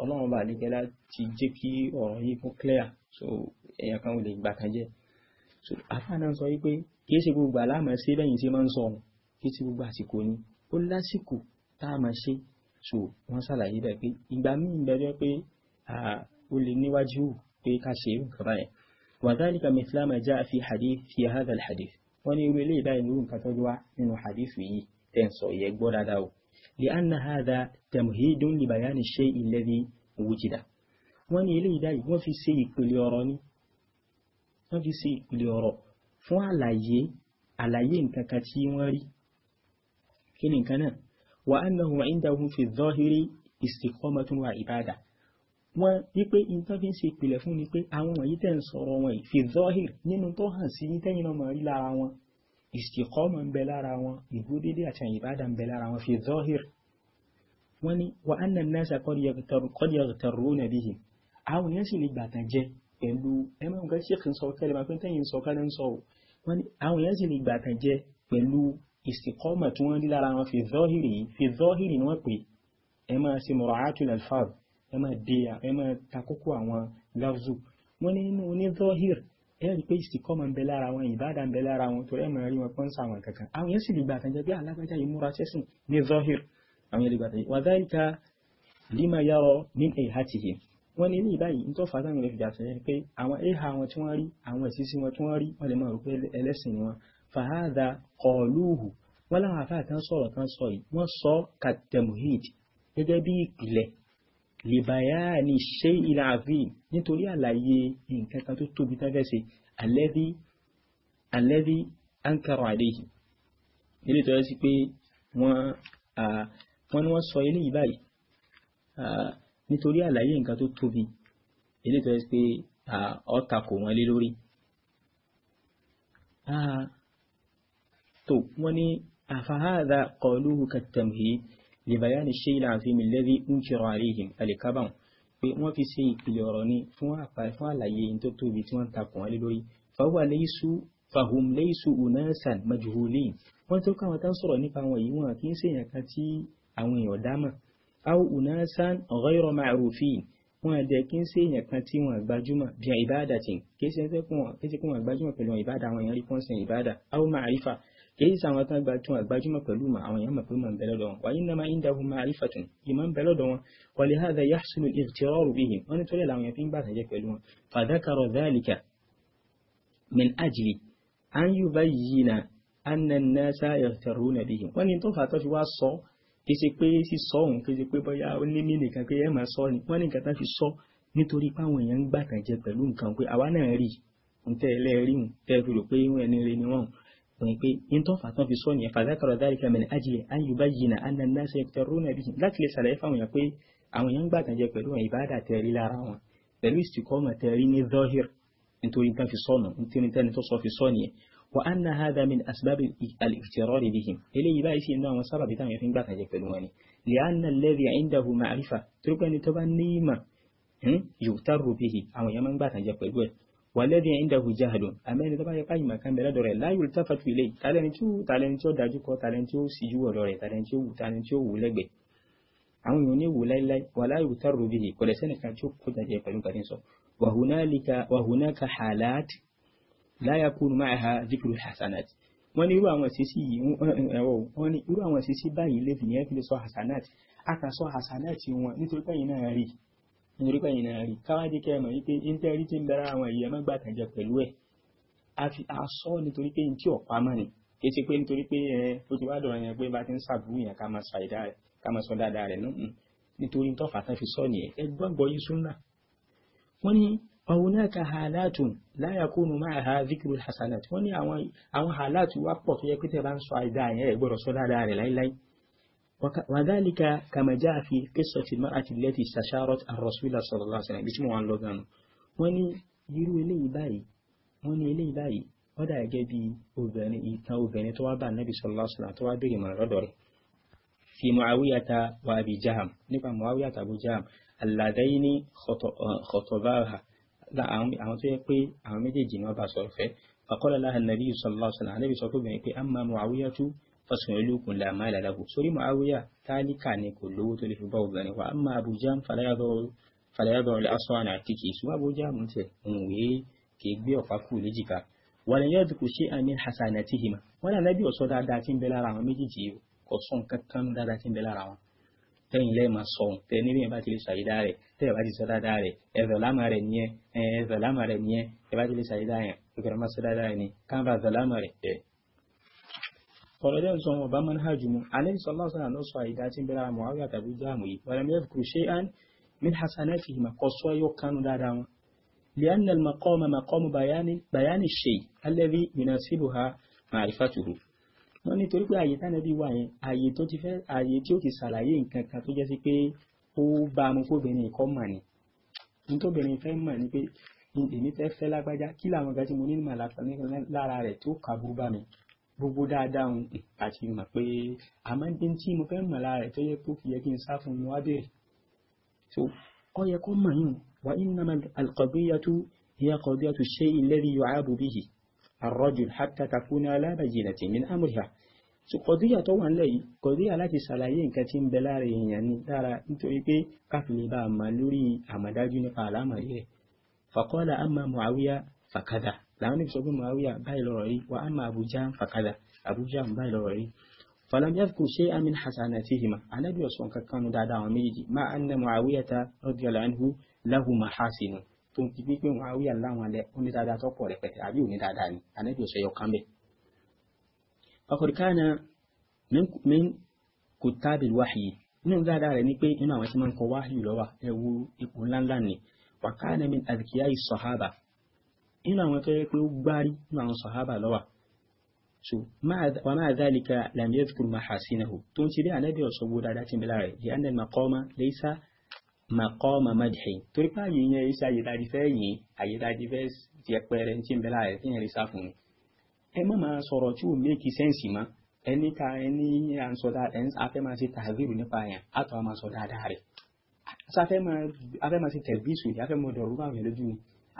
A: ọlọ́run bá nígbẹ́lá ti jẹ́ kí ọ̀rọ̀ yìí kó clear so èèyàn kan ò lè gbà kan jẹ́ so afáàná sọ wípé kìí ṣe gbogbo aláàmọ̀ sí lẹ́yìn tí máa ń sọ ọ̀hún kìí ṣe gbogbo àsìkò ni ó lásìkò tá a máa ṣe so wọ́n ṣàlàyé bẹ́ẹ̀ pé ìgbà míì ń bẹ́ẹ̀ pé ó lè níwájú pé ká ṣe irú nǹkan báyẹn wàdálìkà mìsílámà já fi hadith fi hadha al hadith wọ́n ní irú eléyìí báyìí irú nǹkan tó wá nínú hadith yìí tẹ̀ ń sọ ìyẹn gbọ́ dáadáa o لأن هذا تمهيد لبيان الشيء الذي وجد wọ́n ní eléyìí dáyìí wọ́n fi ṣe ìpele ọ̀rọ̀ ni wọ́n fi ṣe ìpele ọ̀rọ̀ fún àlàyé àlàyé nǹkan kan tí wọ́n rí kí ni nǹkan náà wa annahu indahum fi dhahiri istiqamatun wa ibada wọ́n wípé nǹkan fi ń ṣe ìpìlẹ̀ fún ni pé àwọn wọ̀nyí tẹ̀ ń sọ̀rọ̀ wọn yìí fi dhahir nínú tó hàn sí yín tẹ́yìn náà mọ̀ rí lára wọn istiqama ń bẹ lára wọn ìgbódédé àti àyíbádà ń bẹ lára wọn fi zọ́hìr wọ́n ní wa anna an-nasa qad yaghtarruna bihi àwọn yẹn sì ní gbàtàn jẹ pẹ̀lú ẹmọ́ nǹkan ṣe kì ń sọ kẹ́lẹ̀ máa pé tẹ́yìn sọ kẹ́lẹ̀ ń sọ wọ́n ní àwọn yẹn sì ní gbàtàn jẹ pẹ̀lú istiqama tí wọ́n rí lára wọn fi zọ́hìrì fi zọ́hìrì ni wọ́n pè ẹ máa ṣe mura'atul alfaz ẹ máa de ẹ máa takókò àwọn lafzu wọ́n ní inú oní zọ́hìrì ẹ̀rí pé isi máa ń bẹ lára wọn ìbáàdà ń bẹ lára wọn torí ẹ̀ máa rí wọn pọ́n sáwọn kankan àwọn yẹn sì lè gbà kan jẹ́ bí alágbájá yìí múra sẹ́sìn ní zahir àwọn yẹn lè gbà kan jẹ́ wàdáìka lima yàrá ní èhà tìhì wọn ní ilé ìbáyìí ń tó fà sáwọn ilé sẹ́yìn pé àwọn libayani shay'il azim nítorí àlàyé nǹkan kan tó tóbi tán fẹ́ ṣe alladhi alladhi ankaru alayhi ilé tó yẹ sí pé wọ́n ni wọ́n sọ ilé yìí báyìí nítorí àlàyé nǹkan tó tóbi ilé tó yẹ sí pé ọ̀tà kò lé lórí. tó wọ́n ní afahadha qaluhu katamhid لبيان الشيء العظيم الذي أنكر عليهم الكبر pé wọ́n fi ṣe ìpìlẹ̀ ọ̀rọ̀ ni fún àlàyé tó tóbi tí wọ́n takùn wálé lórí fáwọn aléṣu fahum laysu unasan majhulin wọ́n tó káwọn tán sọ̀rọ̀ nípa àwọn yìí wọn kì í ṣèyàn kan tí àwọn èèyàn dámà aw unasan ghayra ma'rufin wọn àdẹ kì í ṣèyàn kan tí wọn gbajúmọ̀ bí ibadatin kì í ṣe pé wọn gbajúmọ̀ pẹ̀lú ìbádà àwọn èèyàn rí pọ́ńsẹ̀ ìbádà aw ma'rifa kìí sọ àwọn tán gbajúmọ̀ gbajúmọ̀ pẹ̀lú mà àwọn èèyàn mọ̀ pé mà ń bẹ lọ́dọ̀ wọn wàyí nàmá indahum ma'rifatun ìmọ̀ ń bẹ lọ́dọ̀ wọn wàlẹ̀ hadha yahsulu al-ightiraru bihim wọn ni tó lè làwọn èèyàn fi ń gbà tẹ̀jẹ̀ pẹ̀lú wọn fadhakara dhalika min ajli an yubayyina anna an-nasa yaghtaruna bihim wọn ni tó fà tó fi wá sọ kì í ṣe pé òun kì pé bóyá ó ní mí nìkan pé ẹ máa sọ ni wọn ní nǹkan tá fi sọ nítorí páwọn èèyàn ń gbà tẹ̀jẹ̀ pẹ̀lú nǹkan pé àwa náà rí nǹtẹ́ ẹlẹ́rìí nǹtẹ́ fi rò pé ẹni rẹ ni wọ́n pé in tó fà tán fi sọ nìyẹn fàdákàrọ̀ dhalika min ajli an yubayyina anna an-nasa yaktaruna bihi láti lè ṣàlàyé fáwọn yẹn pé àwọn yẹn ń gbà tàjẹ pẹ̀lú àwọn ìbáàdà tẹ̀rí lára wọn pẹ̀lú ìsìkọ́mọ̀ tẹ̀rí ní zọ́hìr nítorí tán fi sọnù nítorí tẹ́ni tó sọ fi sọ nìyẹn wa anna hadha min asbab al-ightirar bihim eléyìí báyìí sì náà wọn sábàbí táwọn yẹn fi ń gbà tàjẹ pẹ̀lú wọn ni li anna alladhi indahu ma'rifa torí pé ẹni tó bá ní ìmọ̀ yóò tàrú bihi àwọn yẹn máa ń gbà tàjẹ pẹ̀lú ẹ̀ wàlẹ́dìn ìndàhù jahadun àmẹ́ni tó bá yẹ káyìmọ̀ kan bẹ̀rẹ̀ dọ̀rẹ̀ láyò tafatu ilé tàlẹ́ni tí ó tàlẹ́ni tí ó dájú kọ tàlẹ́ni tí ó sì ju ọ̀rọ̀ rẹ̀ tàlẹ́ni tí ó wù tàlẹ́ni tí ó wù lẹ́gbẹ̀ẹ́ àwọn èèyàn ní wù láíláí wà láyò tàrò bí i kọ̀lẹ̀ sẹ́nìkan tí ó kó jàjẹ́ pẹ̀lú kàdín sọ wàhùnáka halat láyàkùn máa zikru hasanat wọ́n ní irú àwọn sísí báyìí lè fi yẹn fi lè sọ hasanat a kà sọ hasanat wọn nítorí pẹ́yìn náà rí nítorí pé ìyìnà rí káwájí kẹmọ̀ wípé íńtẹ́rí tí ń bẹ̀rẹ̀ àwọn èèyàn mọ́gbà tàjẹ pẹ̀lú ẹ̀ a sọ nítorí pé tí ọ̀pá mọ̀ ni kì í ṣe pé nítorí pé ẹ ó ti wá dọ̀rọ̀ yẹn pé bá ti ń ṣàbúrú yẹn ká máa sọ àìdá rẹ̀ ká máa sọ dáadáa rẹ̀ nù mm. nítorí tọ́fà tán fi sọ nìyẹn ẹ gbọ́ngbọ́ yìí súnà wọ́n ní ọ̀húnáka hàlátù láyàkúnù máa ha zikiru hasanat wọ́n ní àwọn hàlátù wá pọ̀ tó yẹ pé tẹ́ bá ń sọ àìdá yẹn ẹ gbọ́dọ̀ sọ dáadáa rẹ̀ láíláí وذلك كما جاء في قصة المرأة التي استشارت الرسول صلى الله عليه وسلم باسمه عن لغانو وني يرو إليه باي وني إليه باي ودا جبي أبني إتنا أبني توابع النبي صلى الله عليه وسلم توابع من غدر في معاوية وأبي جهم نبقى معاوية أبو جهم اللذين خطباها لا أهم تقول أهم تجي ما بصرفه فقال لها النبي صلى الله عليه وسلم النبي صلى الله عليه وسلم أما معاوية fasun ilukun la ma lalaku sori muawiya talika ni kò lówó tó lè fi bá obìnrin wa amma abuja falayadọ ilẹ aṣọ àná àti kì í sún abuja mú tẹ òun wèé kì í gbé ọ̀pá kù léjìká wàlẹ yóò dùkú ṣé àmì hasana ti hìmà wọn náà lẹbi ọsọ dáadáa tí ń bẹ lára àwọn méjèèjì yìí kò sọ nǹkan kan dáadáa tí ń bẹ lára wọn tẹyin lẹ́yìn máa sọ òun tẹyin níbi yẹn bá ti lè ṣàyídá rẹ tẹyin bá ti sọ dáadáa rẹ ẹfẹ lámà rẹ nìyẹn ẹfẹ lámà rẹ nìyẹn ẹ bá ti lè ṣàyídá yẹn ìgbàlá máa sọ dáadáa yẹn ni káńfà ẹfẹ lámà rẹ ẹ ọ̀rọ̀ dẹ́rù sọ wọn bá máa ń hajù mu alẹ́bí sọ lọ́sàn án lọ́sọ àìdá tí ń bẹ̀rẹ̀ àwọn àwọn àtàbí jáàmù yìí wàlẹ̀ mi yẹ́fù ṣé án min hasanati ma kọ́ sọ yóò kánú dáadáa wọn. lian al maqama maqamu bayani shay alladhi yunasibuha ma'rifatuhu. wọ́n ní torí pé àyè tánàbí wà yẹn àyè tó ti fẹ́ àyè tí ó ti ṣàlàyé nǹkan kan tó jẹ́ sí pé ó bá a mú kóbìnrin kọ́ mà ní gbogbo dáadáa ń àti mọ̀ pé àmọ́ ní tí mo fẹ́ mọ̀ lára rẹ̀ tó yẹ kó fi yẹ kí n sá fún un wá bẹ̀rẹ̀ so ọ yẹ kó mọ̀ yín wà innama al-qadiyatu hiya qadiyatu ash-shay'i alladhi yu'abu bihi ar-rajul hatta takuna ala bayyinatin min amriha so kọ̀díyà tó wà nílẹ̀ yìí kọ̀díyà láti ṣàlàyé nǹkan tí ń bẹ lára èèyàn ní dára nítorí pé káfílẹ̀ bá a mọ̀ lórí àmọ̀dájú nípa àlámọ̀ rẹ̀ faqala amma Mu'awiya fakadha làwọn níbi sọ pé muawiya báyìí lọ́rọ̀ rí wa ama abuja fakada abuja báyìí lọ́rọ̀ rí falam yadhkur shay'an min hasanatihima anabi ọsọ nǹkan kan nu dáadáa àwọn méjèèjì ma anna muawiyata radiyallahu anhu lahu mahasinu tó ń ti bí pé muawiya láwọn alẹ ó ní dáadáa tó pọ̀ rẹpẹtẹ àbí òní dáadáa ni anabi ọsọ yọ kan bẹ. faqad kana min kutabil wahyi nínú dáadáa rẹ̀ ni pé inú àwọn tí máa ń kọ wáhìí lọ́wọ́ ẹ wo ipò ńláńlá ni wa nínú àwọn tó yẹ pé ó gbárí nínú àwọn sàhábà lọ́wà so wa ma'a dhalika lam yadhkur mahasinahu tó ń ti rí ànábì ọ̀sọ́ gbó dáadáa ti ń bẹ̀rẹ̀ rẹ̀ yìí anna maqama laysa maqama madhi torí pé àyè yẹn iṣẹ́ àyèdájú fẹ́ yìn àyèdájú fẹ́ yẹpẹrẹ ti ń bẹ̀rẹ̀ rẹ̀ tí yẹn rí sá fún mi ẹ má máa sọ̀rọ̀ tí ò méèkì sẹ́ǹsì mọ́ ẹni ká ẹni yẹn àtọ̀ máa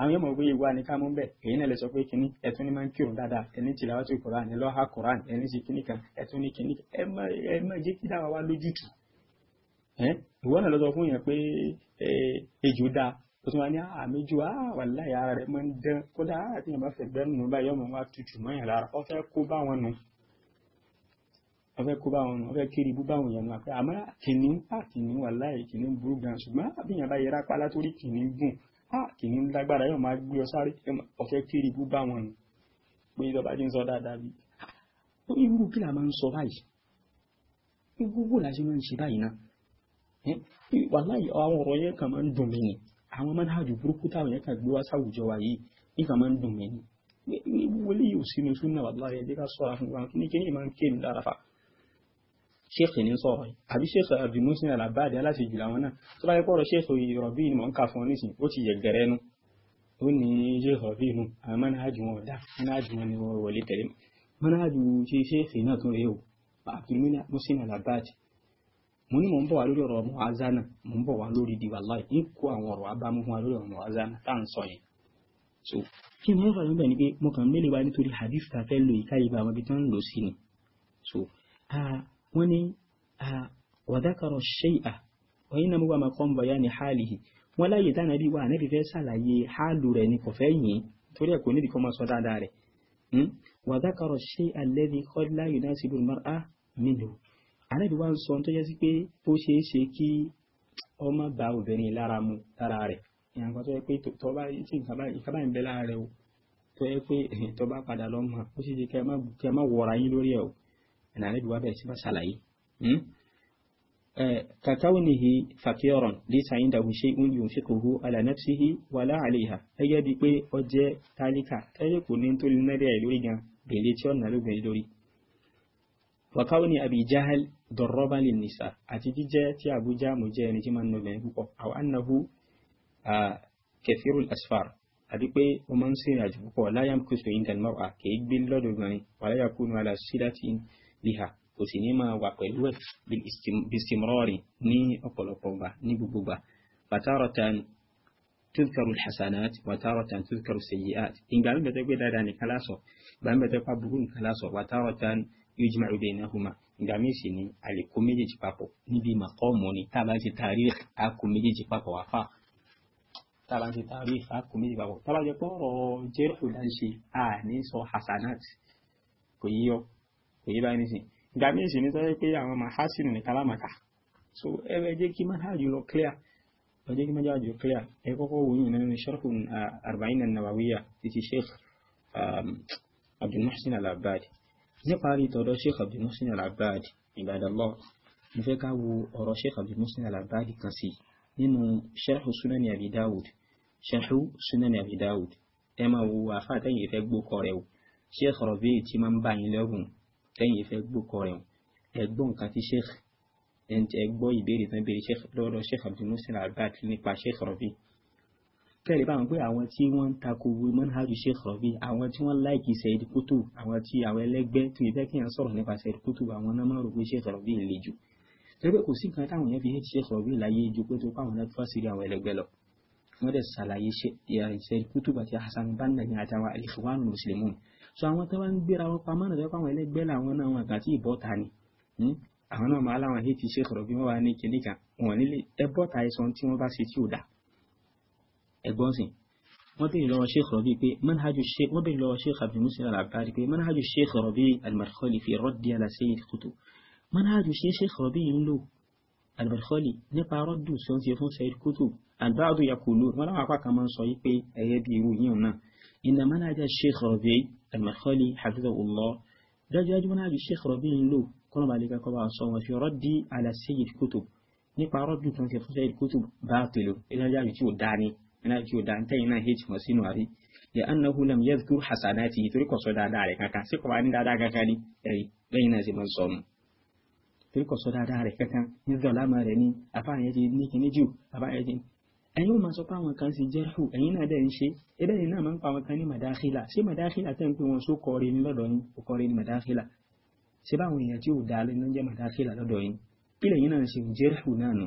A: àwọn yóò mọ̀ pé ìwà ni ká mú bẹ́ẹ̀ èyí náà lè sọ pé kínní ẹ̀tún ní máa ń kírun dáadáa ẹni tìlà wá tó koran ẹni lọ́ha koran ẹni ti kínní kan ẹ̀tún ní kínní ẹ má jẹ́ kí dáwà wá lójútù ìwọ náà lọ sọ fún yẹn pé ejò da o tún wá ní àmìjù wàláhì ara rẹ̀ máa ń dán kódà àti yàrá fẹ̀ gbẹ́nu nù báyọ̀ mọ̀ wá tutù mọ́yàn lára ọ fẹ́ kó bá wọn nù ọ kó bá wọn nù ọ kiri ibú bá wọn yẹn nù àpẹ àmọ́ kìnnìún pa kìnnìún wàláhì kìnnìún burú gan ṣùgbọ́n àbíyàn bá yẹra pa látòrí kìnnìún gùn Ah, kìíní lágbára yóò máa gbé ọ sáré ọ̀fẹ́ kiri ibú bá wọn pé ìjọba ti ń sọ dáadáa bí irú kí la máa ń sọ báyìí gbogbo la ṣe máa ń ṣe báyìí náà wàláyé àwọn ọ̀rọ̀ yẹn kàn máa ń dùn mí ni àwọn máa ń hàjù burúkú táwọn yẹn kàn gbé wá sáwùjọ wa yìí ní kàn máa ń dùn mí ni wọlé yóò sínú súnà wàláyé ẹjẹ ká sọra fún wa kí ni kí ni máa ń ké mi lára fa ṣéèkì ní sọ̀rọ̀ yìí àbí ṣéèkì abdulmusin alabadi aláṣejù làwọn náà tó bá yẹ kọ́rọ̀ ṣéèkì rọ̀bì ni mò ń kà fún ọ nísìnyí ó ti yẹ gẹ̀rẹ́ nu ó ní ṣéèkì rọ̀bì nu àmọ́ náà á ju wọn ọ̀dà náà á ju wọn ni wọ́n wọlé tẹ̀lé mọ́ náà á ju ṣe ṣéèkì náà tún rèé o abdulmusin alabadi mo ní mò ń bọ̀ wá lórí ọ̀rọ̀ muhazana mò ń bọ̀ wá lórí diwalayi ń kó àwọn ọ̀rọ̀ abámu fún wa lórí ọ̀rọ̀ muhazana tá à ń sọ yẹn so kí ni wọ́n fà níbẹ̀ ni pé mo kàn mélòó wa nítorí hadith ta fẹ́ lò yìí káyìí bá àwọn ibi tí ń lò sí ni so wọ́n ní wàdákàrọ̀ ṣẹ́yà ọ̀yìn náà mú wàmà kọ́ ń bọ̀ yá ni hálìhì wọ́n láyè tá nàbí wà nàbí fẹ́ sàlàyé hálù rẹ̀ ni kò fẹ́ yìn torí ẹ̀kọ́ nídìí kọ́ máa sọ dáadáa rẹ̀ wàdákàrọ̀ ṣẹ́yà lẹ́ni kọ́lá yunásíbù mara minhu ànábì wá ń sọ tó yẹ sí pé ó ṣeé ṣe kí ọmọ bá obìnrin lára mu lára rẹ̀ ìyànkan tó yẹ pé tó ànábì wa bẹ̀rẹ̀ sí máa ṣàlàyé hmm? eh, kàkáwùnìhì fàkíọ̀rọ̀ lẹ́sà ìdáhùn ṣe ń yùn fi kòhó alànàfsíhì wà láàlẹ́hà ẹgẹ́ bíi pé ó jẹ́ tálíkà tẹ́lẹ̀ kò ní tó lè nẹ́rẹ́ ẹ̀ lórí gan gbèlè tí ó nà lóbìnrin lórí. wàkáwùnì àbí jahal dọ̀rọ̀bà lè nìsà àti jíjẹ́ tí àbújá mo jẹ́ ẹni tí máa ń nọbìnrin púpọ̀ àwọn anahu kẹfìrù asfar àti pé ó máa ń sìnrìn àjò púpọ̀ láyàm kùsù ìndàlmọ́ bíhà kò sì ní máa wà pẹ̀lú ẹ̀ bistimrari ní ọ̀pọ̀lọpọ̀ gbà ní gbogbo gbà fataratan tudkaru alhasanat wataratan tudkaru sayyi'at ìgbà mi bẹ̀tẹ̀ pé dáadáa nìkan lásọ̀ ìgbà mi bẹ̀tẹ̀ pa burú nìkan lásọ̀ wataratan yujma'u baynahuma ìgbà mi sì ní àlékò méjèèjì papọ̀ níbi maqamu ni tá a bá ti tarikh a méjèèjì papọ̀ wá fà tá ti tarikh a méjèèjì papọ̀ tá a bá jẹ́rù kò yíyọ kò yé báyìí nísìn ìgbà míì sì ní tọ́jú pé àwọn mahasinu ní kálámàkà so ẹ bẹ jẹ́ kí manhaj lọ clear ẹ jẹ́ kí manhaj lọ clear ẹ kọ́kọ́ wò yín nínú sharhun arba'in an-nawawiyya títí sheikh um, abdul muhsin al-abbad nípa rí tọ́dọ̀ sheikh abdul muhsin al-abbad ibadallah mo fẹ́ ká wo ọ̀rọ̀ sheikh abdul muhsin al-abbad kan sí nínú sharhu sunan abi dawud sharhu sunan abi dawud ẹ máa wo àfáà tẹ́yìn ìfẹ́ gbókọ̀ rẹ̀ o sheikh rabi ti máa ń bá yín lẹ́gùn tẹ́yìn fẹ́ gbókọ rẹ̀ ẹ gbọ́ nǹkan tí sheikh ẹ gbọ́ ìbéèrè tán béèrè sheikh lọ́dọ̀ sheikh abdul musin albert nípa sheikh rabi kẹ́rì báwọn pé àwọn tí wọ́n ń tako manhaj sheikh rabi àwọn tí wọ́n láìkì Sayyid Qutb àwọn tí àwọn ẹlẹ́gbẹ́ tó yẹ kí wọ́n sọ̀rọ̀ nípa Sayyid Qutb àwọn náà máa rò pé sheikh rabi ń le jù torí kò sí nǹkan táwọn yẹn fi hate sheikh rabi láyé ju pé tó káwọn náà fásirì àwọn ẹlẹ́gbẹ́ lọ wọ́n dẹ̀ ṣàlàyé Sayyid Qutb àti Hasan Banna ní àtàwọn al-Ikhwan so àwọn tó bá ń gbéra wọn pamọ́ náà lọ́pọ̀ àwọn ẹlẹ́gbẹ́ làwọn náà wọn àti ìbọ́ta ni hmm? àwọn náà máa láwọn hẹ́ẹ̀tì ṣe kọ̀rọ̀ bí wọ́n wà ní kinní kan wọn nílé ẹ bọ́ta ẹ sọ tí wọ́n bá ṣe tí ò dá ẹgbọ́n sìn wọ́n bèèrè lọ́wọ́ Sheikh Rabi pé manhaju Sheikh wọ́n bèèrè lọ́wọ́ Sheikh Abdul Musin al-Abbari pé manhaju Sheikh Rabi al-Madkhali fi raddi ala Sayyid Qutb manhaju Sheikh Rabi ń lò al-Madkhali nípa rọ́dù sọ́n fún Sayyid Qutb al-ba'du wọn láwọn apá kan máa ń sọ yí pé ẹ̀yẹ bí irú yíyan náà إن منهج الشيخ ربيع المخالي حفظه الله dájúdájú منهج الشيخ ربيع lò kọ́nà bá lè kọ́ bá sọ wọn fi rọ́dí على سيد كتب nípa rọ́dù tó ń ṣe fún سيد كتب باطل ìdájọ́ tí ó dá ní ìdájọ́ tí ó dá ní tẹ́yìn náà hate wọn sínú àrí لأنه لم يذكر حسناته torí kò sọ dáadáa rẹ̀ kankan sí kò bá ní dáadáa kankan ní ẹ̀rí lẹ́yìn náà sì máa ń sọ mu torí kò sọ dáadáa rẹ̀ kankan ní zọlámà rẹ̀ ní afáàyẹ ti ní kíní jù afáàyẹ ti ẹ̀yin ò máa sọ pé àwọn kan sì jẹ́ hù ẹ̀yin náà dẹ̀ ń ṣe ẹ̀dá yìí náà máa ń pa àwọn kan ní màdáhìlà ṣé màdáhìlà tẹ́ ń pè wọn só kọrin ní lọ́dọ̀ yín kò kọrin ní màdáhìlà ṣé báwọn èèyàn tí ò dáa lẹ́nu jẹ́ màdáhìlà lọ́dọ̀ yín kí lẹ́yìn náà ṣe jẹ́ hù náà nù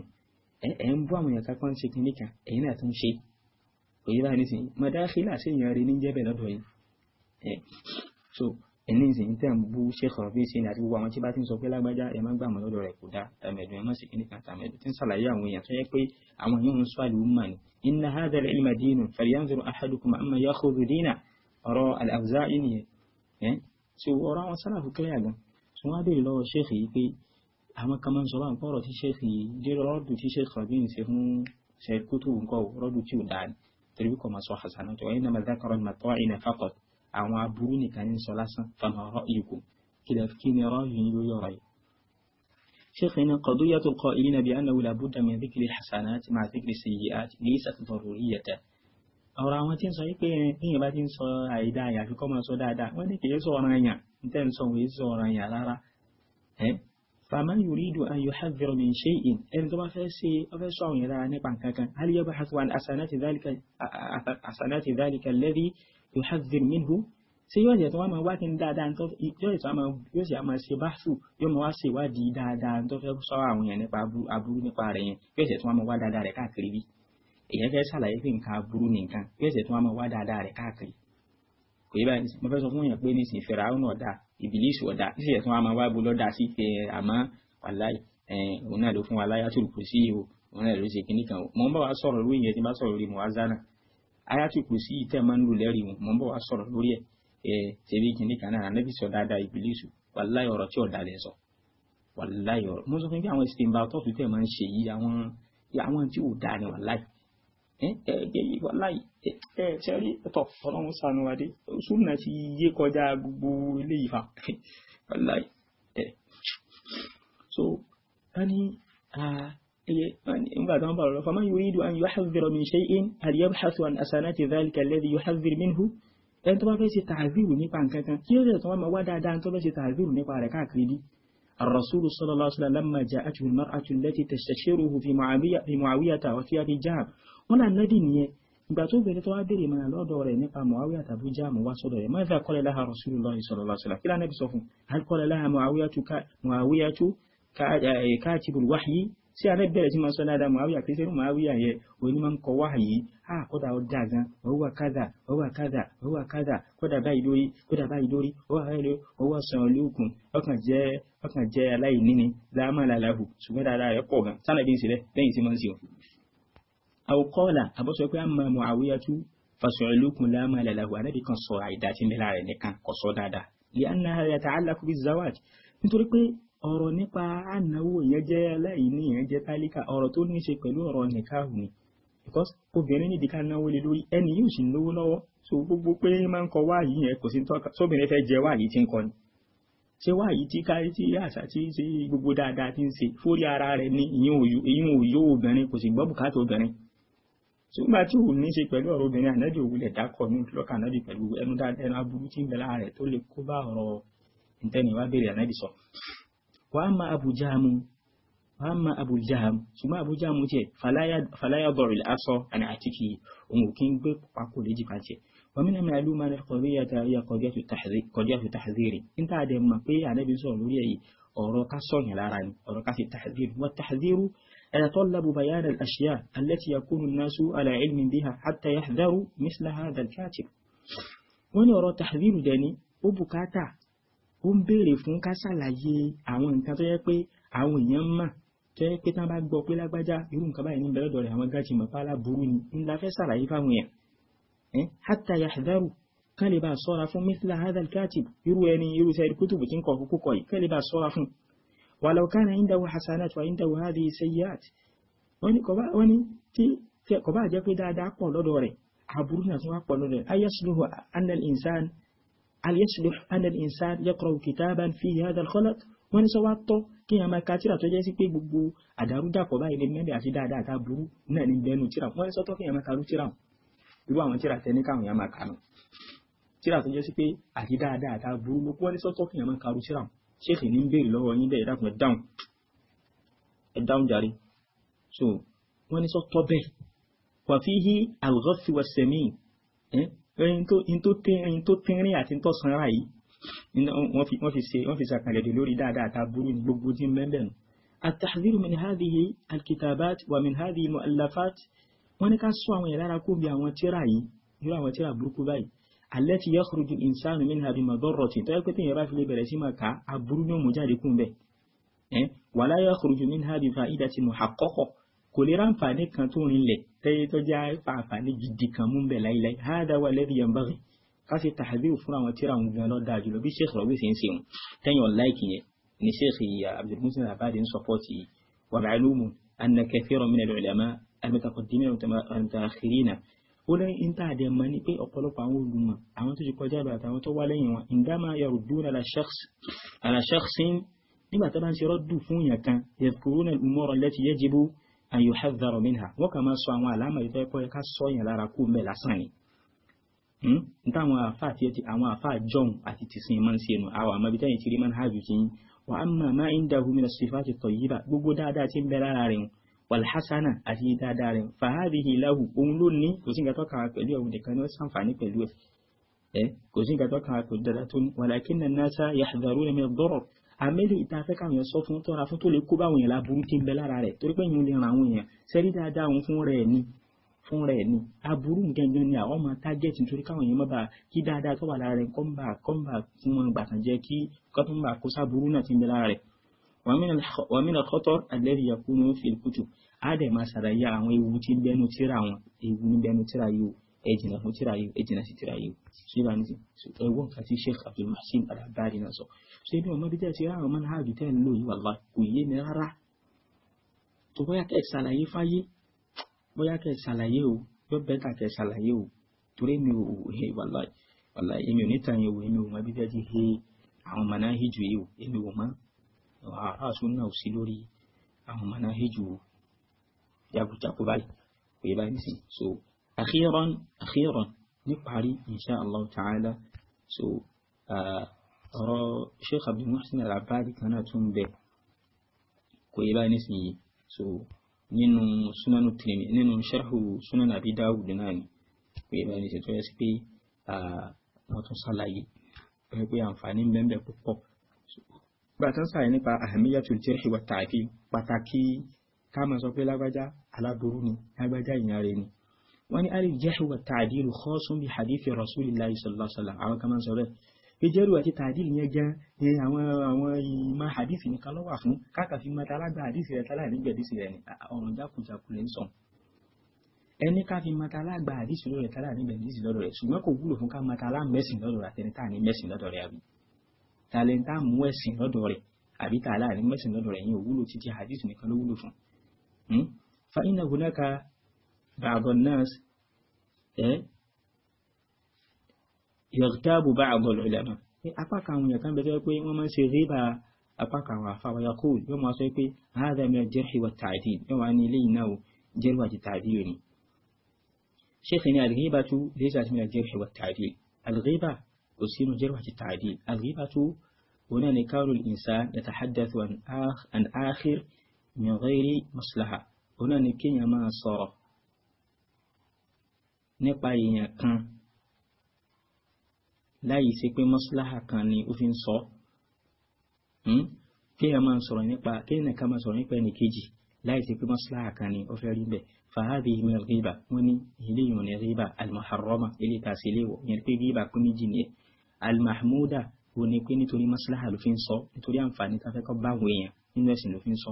A: ẹ̀ ń bọ́ àwọn èèyàn kápá ṣe kínní kan ẹ̀yin náà tún ṣe òye báyìí nísìnyí màdáhìlà ṣèyàn rí ní jẹ́bẹ̀ lọ́dọ̀ yín ẹni ìsìn tẹ̀ ń bú Sheikh Rabi sí ni àti gbogbo àwọn tí bá ti ń sọ pé lágbájá ẹ má gbàmọ́ lọ́dọ̀ rẹ̀ kò dá tàmẹ̀dùn ẹ má sì kíní kan tàmẹ̀dùn tí ń ṣàlàyé àwọn èèyàn tó yẹ pé àwọn yìí ń sọ àlùmọ̀ ni inna hadha al-ilma dinun falyanzuru ahadukum amma yakhudhu dina ọ̀rọ̀ al-Awza'i nìyẹn ẹ́ tí ọ̀rọ̀ àwọn sálàfù kílẹ̀ àwọn aburú nìkan ní sọ lásán fama ra'yukum kílẹ̀ kí ni ra'yu yín lórí ọ̀rọ̀ yìí. شيخنا قضية القائلين بأنه لا بد من ذكر الحسنات مع ذكر السيئات ليست ضرورية ọ̀rọ̀ àwọn tí ń sọ wípé èèyàn bá ti ń sọ àìdá àyà àfikọ́ máa sọ dáadáa wọ́n ní kìí sọ ọ̀ràn àyà níta ń sọ wòye sọ ọ̀ràn àyà rárá. faman yuridu an yuhadhdhira min shay'in ẹni tó bá fẹ́ ṣe ọ fẹ́ sọ àwọn yàrá nípa nǹkan kan hal yabhasu an hasanati dhalika alladhi yuhazir minhu been mean who tó wá máa wá kí n dáadáa tó yóò ṣe tó wá máa yóò ṣe àmọ́ ṣe báṣù yóò máa wá ṣe ìwádìí dáadáa tó fẹ́ sọ àwọn èèyàn nípa aburú nípa rẹ̀ yẹn yóò ṣe tó wá máa wá dáadáa rẹ̀ káàkiri bí èèyàn fẹ́ ṣàlàyé pé nǹkan aburú nìkan yóò ṣe tó wá ayatul kursi yìí tẹ́ máa ń lò lẹ́rìí wọn mọ̀ ń bọ̀ wá sọ̀rọ̀ lórí ẹ̀ ẹ̀ tẹ̀lé kìnìún kan náà ànábì sọ dáadáa ìbílísù wàláyé ọ̀rọ̀ tí ọ̀dà lẹ̀ sọ wàláyé ọ̀rọ̀ mo sọ fún yín pé àwọn ìsìnkú àtọ́tù tẹ́ máa ń ṣe yìí àwọn àwọn tí ò dáa ni wàláyé ẹ ẹ yìí tọ̀ ọlọ́run sànù wa súnà ti yé kọjá gbogbo ilé ìfà wàláyé ẹ so ká فمن يريد أن يحذر من شيء هل يبحث عن أسانات ذلك الذي يحذر منه ẹni tó bá fẹ́ ṣe tààzírù nípa nǹkan kan kí ó sì tún wá wá dáadáa tó fẹ́ ṣe tààzírù nípa rẹ̀ káàkiri bí. الرسول صلى الله عليه وسلم لما جاءته المرأة التي تستشيره في معاوية في معاوية وفي أبي جهل ولا النبي نية باتو بنت وابري من الله دور نبا معاوية أبو جهل وصدر ماذا قال لها رسول الله صلى الله عليه وسلم كلا نبي صفو هل قال لها معاوية كا معاوية كاتب الوحي tí alẹ́ bẹ̀rẹ̀ sí máa sọ dáadáa màáwíyà kì í ṣe irú màáwíyà yẹn òní máa ń kọ wá yìí á kódà ó dáa gan ọwọ́ kádà ọwọ́ kádà ọwọ́ kádà kódà báyìí lórí kódà báyìí lórí ọwọ́ báyìí lórí ọwọ́ sàn lóògùn ọkàn jẹ́ ọkàn jẹ́ aláìní ni láàmà làlàhù ṣùgbọ́n dáadáa rẹ̀ pọ̀ gan sánà bí ń ṣẹlẹ̀ lẹ́yìn tí máa ń ṣe o. pé ọ̀rọ̀ nípa ànáwó yẹn jẹ́ aláìní yẹn jẹ́ tálíkà ọ̀rọ̀ tó ní í ṣe pẹ̀lú ọ̀rọ̀ nìkáhù ni because obìnrin nídìí ká náwó lé lórí ẹni yóò sì lówó lọ́wọ́ so gbogbo pé máa ń kọ wáyé yẹn kò sí tọ́ka sóbìnrin fẹ́ jẹ wáyé tí ń kọ ni ṣé wáyé tí kárí tí àṣà tí ṣe gbogbo dáadáa ti ń ṣe fórí ara rẹ̀ ni ìyún òyò obìnrin kò sì gbọ́ bùkátà obìnrin òun ní ṣe pẹ̀lú ọ̀rọ̀ obìnrin ànájì òwúlẹ̀ dákọ̀ ní lọ́kà ànájì pẹ̀lú ẹnu dáadáa ẹnu aburú tí ń bẹ wàá ma abujahamu wàá ma abujahamu ṣùgbọ́n abujahamu tiẹ̀ falaya bọ̀rẹ̀ aṣọ àná àti kì í òun ò kí ń gbé pákó lójú kan tiẹ̀ wọ́n mi náà mi àlùmọ́ rẹ̀ kọ̀rí yàtọ̀ àríyá kọjá fi tàhírì níta ni يتطلب بيان الأشياء التي يكون الناس على علم بها حتى يحذروا مثل هذا الكاتب wọ́n ní ọ̀rọ̀ tàhírù dẹni ó bùkátà ó ń béèrè fún ká ṣàlàyé àwọn nǹkan tó yẹ pé àwọn èèyàn mọ̀ tó yẹ pé tán bá gbọ́ pé lágbájá irú nǹkan báyìí ní bẹ̀rẹ̀ ọ̀dọ̀ rẹ̀ àwọn gáàtì mọ̀ pálá burú ni ńlá fẹ́ ṣàlàyé fáwọn èèyàn ẹ́ hatta yahdaru kán lè bá sọ́ra fún mithla hadal katib irú ẹni irú sẹ́ẹ̀dì kútùbù tí ń kọ̀ kúkú kọ̀ yìí kán lè bá sọ́ra fún walau kana indahu hasanat wa indahu hadhihi sayyi'at wọ́n ní tí kò bá pé dáadáa pọ̀ lọ́dọ̀ rẹ̀ aburú náà tún wá pọ̀ lọ́dọ̀ rẹ̀ ayasluhu anna al-insan هل يصلح أن الإنسان يقرأ كتابا في هذا الخلق wọ́n ní sọ wá tọ́ kí èèyàn máa ka tíra tó jẹ́ sí pé gbogbo àdàrúdàpọ̀ báyìí lè mẹ́rin àti dáadáa àti aburú náà ní bẹ́nu tíra wọ́n ní sọ tọ́ kí èèyàn máa karú tíra irú àwọn tíra tẹ́ní káwọn èèyàn máa kanu tíra tó jẹ́ sí pé àti dáadáa àti aburú ló wọ́n ní sọ kí èèyàn máa karú tíra ṣéèkì ní ń béèrè lọ́wọ́ yín bẹ́ẹ̀ dákun ẹ̀ dáhùn ẹ̀ dáhùn jàre so wọ́n ní sọ bẹ́ẹ̀ in tó tínrín àti tó sanra yìí wọ́n fi ṣe wọ́n fi ṣàkàlẹ̀dẹ̀ lórí dáadáa ta burú ní gbogbo tí ń bẹ́ẹ̀ nù. التحذير من هذه الكتابات ومن هذه المؤلفات wọ́n ní ká sọ àwọn ìlara kó bí àwọn tíra yìí irú àwọn tíra burúkú báyìí التي يخرج الإنسان منها بمضرة tó yẹ pé téèyàn bá fi lè bẹ̀rẹ̀ sí máa ka aburú ní òmùjáde kún bẹ́ẹ̀ ولا يخرج منها بفائدة محققة kò lè ráǹfààní kan tó rinlẹ̀ tẹ́yẹ tó já fàǹfààní gidi kan mú bẹ̀ láíláí hádà wà lẹ́bi yambari ká sì tàhàbíù fún àwọn tíra òun gan lọ́dà jùlọ bí sheikh rọ̀bì sì ń ṣe wọn tẹ́yìn ọ̀láìkì yẹn ni sheikh abdulmusin abadi ń sọpọ́tì wà màálùmù anna kathiran min al-ulama al-mutaqaddimin al-muta'akhirin ó lẹ́yìn níta àdé ma ní And you an yuhadhdharu minha wọ́n kàn máa sọ àwọn àlámà yìí fẹ́ kọ́ ẹ ká sọ yẹn lára kú mẹ́ lásán ni ntáwọn afa àti ẹtì àwọn afa jọ̀hún àti tìsín máa ń ṣe nù àwọn àmọ́ bíi tẹ́yìn tí rí máa ń hájú ti yín wa amma ma indahu min as-sifati at-tayyiba gbogbo dáadáa ti ń bẹ lára rẹ̀ wàlhásánà àti dáadáa rẹ̀ fàhádìhì láhù òun ló ní kò sí nǹkan tó kàwá pẹ̀lú ẹ̀wọ̀n nìkan ní ó sàǹfààní pẹ̀lú ẹ̀ kò sí nǹkan tó kàwá pẹ̀lú dáadáa tó ní walakinna an-nasa yahdharuna min ad-darar àmẹ́lẹ̀ ìtafẹ́ káwọn èèyàn sọ fún tọ́ra fún tó lè kó báwọn èèyàn láburú tí ń bẹ lára rẹ̀ torí pé èèyàn lè ran àwọn èèyàn sẹ́rí dáadáa òun fún rẹ̀ ni fún rẹ̀ ni aburú gangan ni àwọn máa target nítorí káwọn èèyàn má bàa kí dáadáa tó wà lára rẹ̀ kọ́ ń bà kọ́ ń bà fún wọn gbàtàn jẹ́ kí kọ́ tó ń bà kó sáburú náà ti ń bẹ lára rẹ̀ wa min al-khatar alladhi yakunu fil kutub á dẹ̀ máa ṣàlàyé àwọn ewu tí bẹnu tíra wọn Sheikh Abdul Muhsin Al-Abbari náà ṣé ní ọmọ bí tẹ́ ti ráhùn máa ń háàbì tẹ́ ń lò yìí wàlá kò yé mi rárá tó bóyá kẹ́ ẹ̀ ṣàlàyé fáyé bóyá kẹ́ ẹ̀ ṣàlàyé o yọ bẹ́tà kẹ́ ẹ̀ ṣàlàyé o torí mi ò he wàlá wàlá èmi ò ní tàn yẹn o èmi ò mọ bí tẹ́ ti he àwọn mọ̀nà híjù yìí o èmi ò mọ àrà súnà ò sí lórí àwọn mọ̀nà híjù jagunjagun báyìí kò yẹ báyìí nísìnyí so àkíyàn ọ̀rọ̀ Sheikh Abdul Muhsin Al-Abadi kan náà tún bẹ̀ kò yẹ báyìí nísìnyí so nínú sunanu tìrìmì nínú sharhu sunan Abi Dawud náà ni kò yẹ báyìí nísìnyí tó yẹ sí pé wọ́n tún ṣàlàyé pé pé àǹfààní bẹ́ẹ̀ púpọ̀ gbàtán sàyẹ nípa ahamiyatul jarhi wa ta'dil pàtàkì ká máa sọ pé lágbájá aláburú ni lágbájá ìyàrá ni wọ́n ní al-jarhu wa ta'dil khasun bi hadithi rasulillahi sallallahu alaihi wasallam àwọn kan máa ń sọ bẹ́ẹ̀ pé jẹ́rù àti tàdí yẹn gan àwọn àwọn ìmọ̀ hadith nìkan ló wà fún káàkà fi mọ talágbà hadith rẹ̀ tálà nígbẹ̀dísì rẹ̀ ọ̀rọ̀ jákujàku lè ń sọ ẹni ká fi mọ talágbà hadith lọ́dọ̀ rẹ̀ tálà nígbẹ̀dísì lọ́dọ̀ rẹ̀ ṣùgbọ́n kò wúlò fún ká mọ talá mẹ́sìn lọ́dọ̀ rẹ̀ àtẹnitá ní mẹ́sìn lọ́dọ̀ rẹ̀ àbí tàlẹ́ntà mú ẹ̀sìn lọ́dọ̀ rẹ̀ àbí tààlà ní mẹ́sìn lọ́dọ̀ rẹ̀ yín òwúlò títí hadith nìkan ló wúlò fún hmm? fa ina hunaka ba'dun nas يغتاب بعض العلماء apá kan àwọn èèyàn kan bẹ tó yẹ pé wọ́n máa ń هذا من الجرح والتعديل يوم أني لي نو náà جرح والتعديل شيخ إن الغيبة ليست من الجرح والتعديل الغيبة أسين جرح والتعديل الغيبة هنا نكار الإنسان يتحدث عن آخ عن آخر من غير مصلحة هنا نكين ما صار nípa كان láì ṣe pé mọ́ṣúláhà kan ni ó fi ń sọ hmm? kéèyàn máa sọ̀rọ̀ nípa kéèyàn nìkan máa sọ̀rọ̀ nípa ẹnì kejì láì ṣe pé mọ́ṣúláhà kan ni ó fẹ́ rí bẹ́ẹ̀ fàábì mi rìbà wọ́n ní ilé ìwọ̀n ní rìbà alimaharoma ilé ìtàsí ilé ìwọ̀ yẹn pé rìbà pé méjì nìyẹn alimahmuda wọ́n ní pé nítorí mọ́ṣúláhà ló fi ń sọ nítorí àǹfààní tá fẹ́ kọ́ bá àwọn èèyàn nínú ẹ̀sìn ló fi ń sọ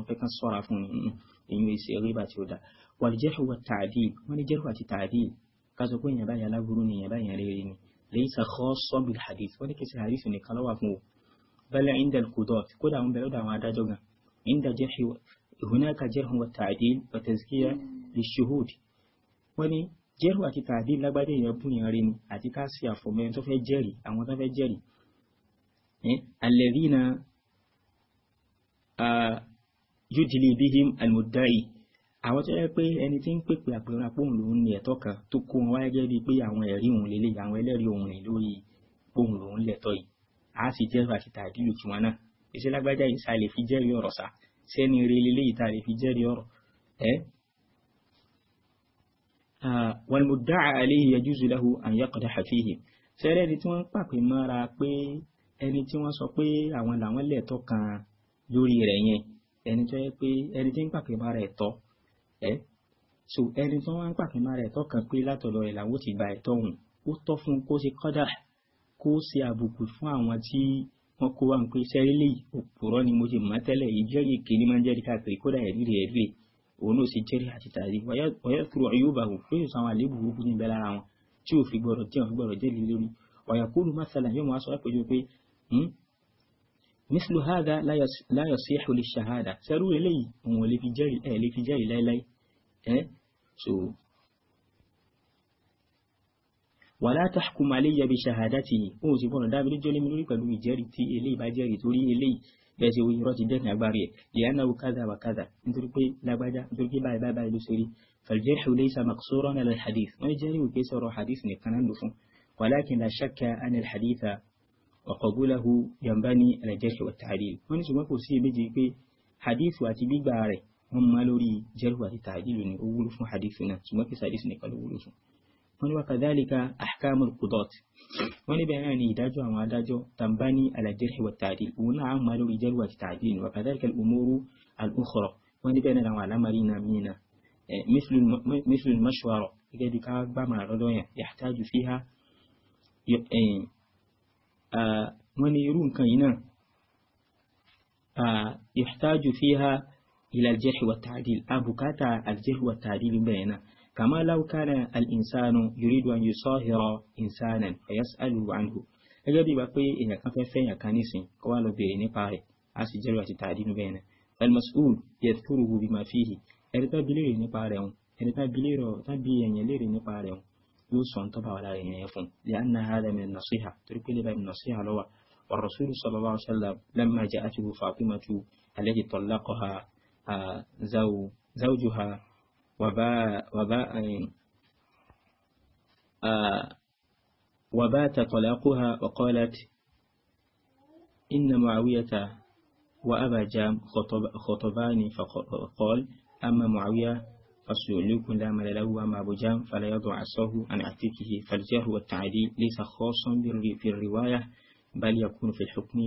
A: fẹ́ ليس خاصا بالحديث wọ́n ní kìí ṣe hadith nìkan ló wà fún o bẹ́lẹ̀ عند القضاة kódà àwọn bẹ̀rẹ̀ àwọn adájọ́ gan عند جرح هناك جرح والتعديل وتزكية للشهود wọ́n ní jẹ́rù àti tàdíl lágbádé èèyàn bú yẹn rí ni àti ká sí àfòmẹ́rin tó fẹ́ jẹ́rìí àwọn tó fẹ́ jẹ́rìí alladhina ah, yudli bihim almudda'i àwọn tó yẹ pé ẹni tí ń pèpè àpèrún apóhùn lòún ní ẹ̀tọ́ kan tó kó wọn wáyé gẹ́gẹ́ bíi pé àwọn ẹ̀rí òun lélẹ̀ àwọn ẹlẹ́rìí òun rìn lórí ohun lòún lẹ̀tọ́ yìí a sì jẹ́rìí àti tàdílù tiwọn náà iṣẹ́ lágbájá yìí sa lè fi jẹ́rìí ọ̀rọ̀ sa sẹ́ni rí lélẹ́yìí tá a lè fi jẹ́rìí ọ̀rọ̀ ẹ́ والمدعى عليه يجوز له أن يقدح فيه sẹ́rẹ́ ẹni tí wọ́n ń pàpè mọ́ra pé ẹni tí wọ́n sọ pé àwọn làwọn lẹ̀tọ́ kan lórí rẹ̀ yẹn ẹni tó yẹ pé ẹni tí ń pàpè mọ́ra ẹ̀tọ́ ẹ́ so ẹni tó wá ń pàkín máa rẹ̀ tọ́kàn pé látọ̀dọ̀ ẹ̀ làwọn ti gba ẹ̀tọ́ òun ó tọ́ fún kó ṣe kọ́dà kó ṣe àbùkù fún àwọn tí wọ́n kó wa ń pè sẹ́rí lè òpùrọ́ ni mo ṣe mọ̀ tẹ́lẹ̀ yìí jẹ́rìí kìíní máa ń jẹ́rìí káàkiri kódà ẹ̀rí rẹ̀ rí òun náà ṣe jẹ́rìí àti tàbí ọ̀yẹ́ kúrò yóò bá wọn fún àwọn àlébù burúkú níbẹ̀ lára wọn tí ò fi gbọ́dọ̀ tí àwọn gbọ́dọ̀ jẹ́rìí lórí ọ̀yà kúrò yóò máa sọ àpèjọ pé hmm? mislu hada la yasihu li shahada sẹ́rú eléyìí òun ò lè fi jẹ́rìí láéláé إيه؟ so wàlá tahkum alayya bi shahadati ó sì gbọ́nà dábìlì jọ́lé mi lórí pẹ̀lú ìjẹ́rìí tí eléyìí bá jẹ́rìí torí eléyìí bẹ́ẹ̀ ṣe irọ́ ti dẹ́kun agbárí ẹ̀ ìyáná wo kaza wa kaza nítorí pé lágbájá nítorí pé báyìí báyìí ló ṣe rí faljarhu laysa maqsuran ala alhadith wọ́n jẹ́rìí òkè sọ̀rọ̀ hadith nìkan náà lò fún walakin la shakka an alhadith wa qabulahu yanbani aljarh wa ta'dil wọ́n ní ṣùgbọ́n kò sí iyèméjì pé hadith àti gbígbà rẹ̀ wọ́n má lórí jarhu àti ta'dilu ni ó wúlò fún hadith náà ṣùgbọ́n kí hadithu ni ló wúlò fún wọ́n ní wa kadhalika ahkamul qudat wọ́n ní bẹ́ẹ̀ náà ni ìdájọ́ àwọn adájọ́ tambani ala jarhi wa ta'dil òun náà má lórí jarhu àti ta'dil ni wa kadhalika al umuru al ukhra wọ́n ní bẹ́ẹ̀ náà làwọn alámàrí náà mí náà مثل المشورة إذا دي كان بما ردويا يحتاج فيها من يرون كينا يحتاج فيها إلى الجرح والتعديل أبوكاتا آه، الجرح والتعديل بينه كما لو كان الإنسان يريد أن يصاهر إنسانا فيسأل عنه أجابي بقي إن كان في فين كانيس قوالو بيني باري أسي جلوة التعديل بينه فالمسؤول يذكره بما فيه إرتا بليري نباريو إرتا بليرو تبيا يليري نباريو يوصن طبع ولا ينفن لأن هذا من النصيحة تركي لبا النصيحة لوا والرسول صلى الله عليه وسلم لما جاءته فاطمة التي طلقها زوجها وباء, وباء آه، وبات طلاقها وقالت إن معاوية وأبا جام خطب خطباني فقال أما معاوية فسلوك لا مل له وما أبو جام فلا يضع عصاه عن عتيقه فالجهر والتعدي ليس خاصا في الرواية بل يكون في الحكم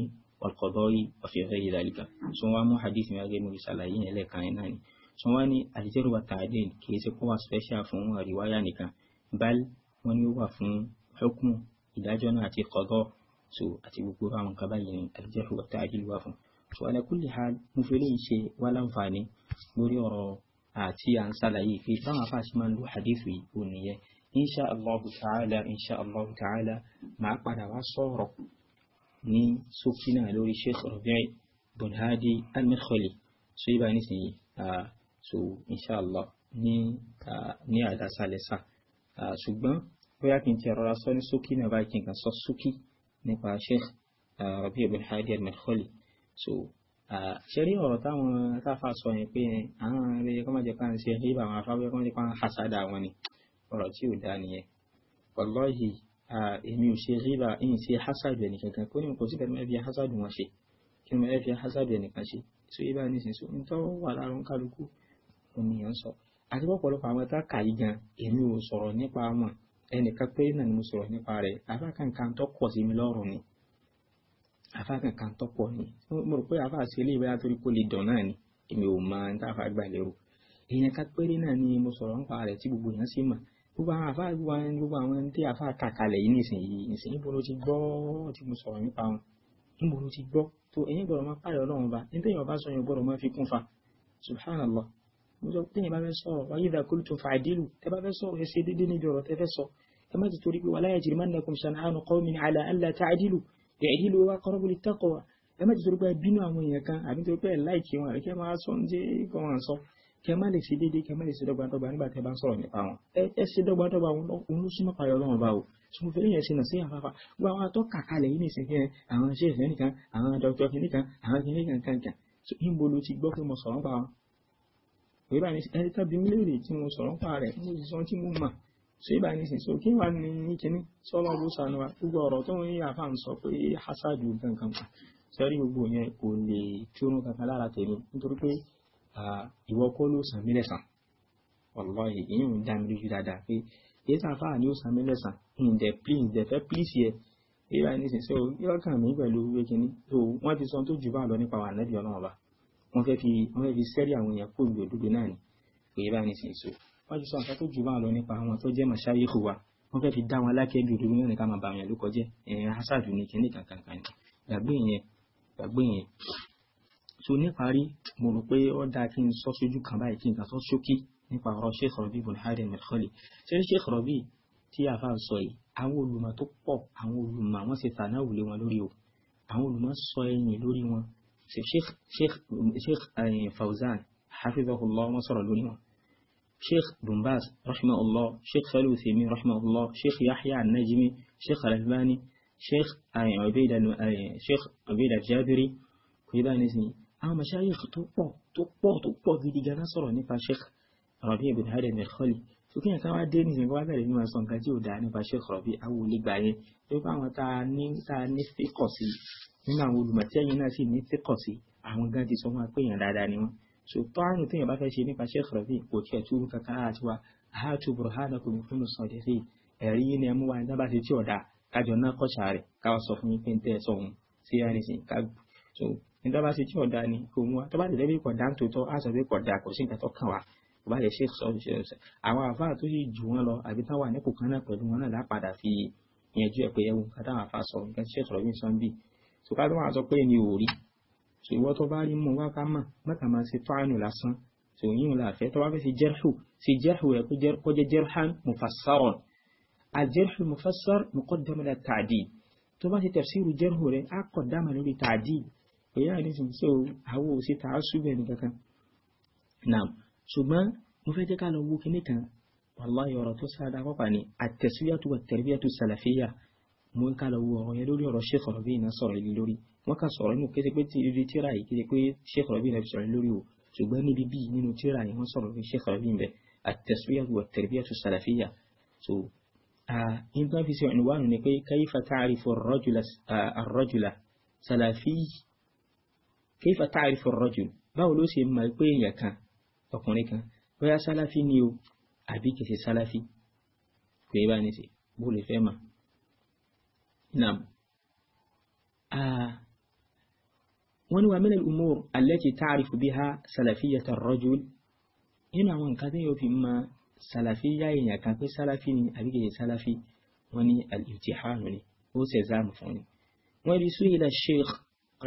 A: والقضاء وفي غير ذلك سواء مو حديث ما غير مرسلين إلى كائنان سواء الجر والتعديل كي سكوا سبيشا فون رواية نكا بل من يوا فون حكم إداجة ناتي قضاء سو أتي بكورا من كباين الجر والتعديل وفون سو على كل حال مفلين شيء ولا فاني lórí ọ̀rọ̀ àti à ń ṣàlàyé pé báwọn afáàṣì máa ń lo hadith yìí ò nìyẹn insha allahu ta'ala insha allahu ta'ala màá padà wá sọ̀rọ̀ ní ṣókí náà lórí Sheikh Rabi' bin Hadi al-Madkhali so yíba nísìnyí so inshallah ní ní àdásálẹ́sà ṣùgbọ́n bóyá kí n ti rọra sọ ní ṣókí náà báyìí kí n kà sọ ṣókí nípa Sheikh Rabi' bin Hadi al-Madkhali so ṣẹ́rí ọ̀rọ̀ táwọn táfà sọ yẹn pé àwọn ẹgbẹ́ kọ́ máa jẹ́ ká ń ṣe ẹgbẹ́ àwọn afáwẹ́ kọ́ máa jẹ́ ká ń hasada wọn ni ọ̀rọ̀ tí ò dá nìyẹn wallahi èmi ò ṣe ríbà èyí ṣe hasad ẹnì kankan kó ní kò sí kẹtùmọ̀ ẹbí hasad wọn ṣe kí wọn ẹbí hasad ẹnìkan ṣe so yìí bá ní sin so nítorí wà lára ń kálukú ònìyàn sọ àti pọ̀pọ̀lọpọ̀ àwọn tá a kà yìí gan èmi ò sọ̀rọ̀ nípa wọn ẹnìkan pé náà ni mo sọ̀rọ̀ nípa rẹ̀ afákànkan tó pọ̀ sí mi lọ́rùn ni afákànkan tó pọ̀ ni mo rò pé gbogbo àwọn àfa gbogbo àwọn gbogbo àwọn ẹni tí àfa kà kalẹ̀ yìí nísìnyí nísìnyí bó ló ti gbọ́ tí mo sọ̀rọ̀ nípa wọn níbo ló ti gbọ́ tó ẹ̀yin gbọ́dọ̀ máa pààyọ̀ ọlọ́run ba ní téèyàn bá sọ gbọ́dọ̀ máa fi kún fa subhanallah mo sọ téèyàn bá fẹ́ sọ̀rọ̀ wáyé ìdá kúlù tó fa àdílù tẹ bá fẹ́ sọ̀rọ̀ ẹ ṣe déédéé níbi ọ̀rọ̀ tẹ fẹ́ sọ ẹ má ti torí pé wàlá yàjìrì má nàkùn ṣàǹhánù qawmin àlà àlà tá àdílù àdílù wa qarrabu lit taqwa ẹ má ti torí pé bínú àwọn èèyàn kan àbí torí pé ẹ láìkí wọn àbí kẹ máa sọ ní kọ́ wọn sọ kẹ má lè ṣe déédéé kẹ má lè ṣe dọ́gbadọ́gba nígbà tẹ bá ń sọ̀rọ̀ nípa wọn ẹ ṣe dọ́gbadọ́gba òun ló súnmọ́ payọ Ọlọ́run bá o sọ fẹ yẹn ṣe nà sí àfàfà gba àwọn atọ kàkalẹ yìí nìsín kẹ àwọn ṣe ìfẹ́ nìkan àwọn dọkítọ kìnìkan àwọn kìnìkan kankan so ìbò ló ti gbọ́ pé mo sọ̀rọ̀ pa wọn. ìbá ní ẹni tábí mílíọ̀nù tí mo sọ̀rọ̀ pa rẹ̀ mo sì sọ tí mo mà so ìbá ní sìn so kí wàá ní ní kíní sọlọ bó sànù wa gbogbo ọ̀rọ̀ tó ń yà fà sọ pé hasadu kankan sẹ́rí gbogbo yẹn kò lè túrún kankan lára tèmi nítorí pé ìwọ kọ́ ló sàn mí lẹ́sàn wallahi èyí ń dá mi lójú dáadáa pé èyí sàfà ni ó sàn mí lẹ́sàn ǹdẹ̀ please ǹdẹ̀ fẹ́ please yẹ èyí báyìí nísìnyí so ìlọ́kàn mi pẹ̀lú wíwé kínní so wọ́n ti sọ tó jù bá lọ nípa wà nẹ́bí ọlọ́run ọba wọ́n fẹ́ fi wọ́n fẹ́ fi sẹ́rí àwọn èèyàn kó ìlú òdodo náà ni èyí nísìnyí so wọ́n ti sọ àká tó jù bá lọ nípa àwọn tó jẹ́ màṣáyéhù wa wọ́n fẹ́ fi dá wọn lákẹ́ bí òdodo náà ní ká máa bàmìyàn ló kọjẹ́
B: ẹ̀yìn hasadu ní kíní
A: kankan kan ni gbàgbé yẹn gbàgbé yẹn so níparí mo rò pé ó dáa kí n sọ sójú kan báyìí kí n kà sọ ṣókí nípa ọ̀rọ̀ Sheikh Rabi ibn Hadi al-Madkhali ṣé Sheikh Rabi tí àfa sọ yìí àwọn olùmọ̀ tó pọ̀ àwọn olùmọ̀ àwọn sì tà náà wùlé wọn lórí o àwọn olùmọ̀ sọ ẹ̀yìn lórí wọn Sheikh Sheikh Sheikh eh, Fawzan hafizahullah wọn sọ̀rọ̀ lórí wọn Sheikh Bumbaz rahimahullah Sheikh Salih Uthaymin rahimahullah Sheikh Yahya an Sheikh al eh, eh, Sheikh Ubaida Jabiri kò yí báyìí nísìnyí àwọn mashayikh tó pọ̀ tó pọ̀ tó pọ̀ gidi gan sọ̀rọ̀ nípa sheikh rabi ibn hadi mirkhali sókè yẹn káwá dé nìyẹn kó wá bẹ̀rẹ̀ ní ma sọ nǹkan tí ò dáa nípa sheikh rabi awolé gbà yẹn tó bá àwọn tá a ní tá a ní fíkọ̀ sí nínú àwọn olùmọ̀tẹ́yìn náà sì ní fíkọ̀ sí àwọn gan ti sọ wọn pé yẹn dáadáa ni wọn ṣùgbọ́n àrùn téèyàn bá fẹ́ ṣe nípa sheikh rabi kò tiẹ̀ túrú kankan àti wa àhàtú burhanakum fún sọ̀dẹ̀fì fún nígbà bá ṣe tí ọ̀dà ni kò mú wa tó bá tẹ̀lé bí kọ̀dà ń tòótọ́ á sọ pé kọ̀dà kò sí nǹkan tó kàn wá kò bá lè ṣe sọ ṣe àwọn àfáà tó yìí jù wọn lọ àbí táwọn àníkù kan náà pẹ̀lú wọn náà lápadà fi yanjú ẹ̀ pé ẹ̀wù kátà àfa sọ nǹkan tí ṣètò ọ̀gbìn sọ́ńbì tó ká ló wà sọ pé mi ò rí tó ìwọ tó bá rí mú wá ká mọ̀ mọ́tà máa ṣe fáànù lásán tó yíyún láàfẹ́ tó bá tó kò yára nísìnyí so àwọ̀ òsì tá a súbẹ̀ nìkan kan naam ṣùgbọ́n mo fẹ́ jẹ́ ká lọ wo kinní kan wàláyé ọ̀rọ̀ tó sáadà kọ́kà ni àtẹ̀síyàtú wà tẹ̀rẹ̀bíyàtú sàlàfíyà mo ń ká lọ wo ọ̀rọ̀ yẹn lórí ọ̀rọ̀ Sheikh Rabi náà sọ̀rọ̀ yìí lórí wọ́n kà sọ̀rọ̀ nínú kété pé ibi tíra yìí kété pé Sheikh Rabi náà sọ̀rọ̀ lórí o ṣùgbọ́n níbi bíi nínú tíra yìí wọ́n sọ̀rọ̀ lórí Sheikh Rabi bẹ́ẹ̀ àtẹ̀síyàtú wà so in tó fi ṣe ìwánu ni pé kayfa ta'rifu ar-rajula as-salafiyya kayfa ta'rifu ar-rajul báwo ló ṣe mọ̀ pé èèyàn kan ọkùnrin kan bóyá sálàfí ni o àbí kìsì sálàfí kò yẹ bá ní sí bó lè fẹ́ mà. nam wọ́n ní wa min al-umur allati ta'rifu biha salafiyyata ar-rajul nínú àwọn nǹkan tí yóò fi mọ̀ sálàfí yá èèyàn kan pé sálàfí ni àbí kìsì sálàfí wọ́n ní al-imtihanu ni ó ṣe záàmù fún ni. wọ́n rí su'ila ash-shaykh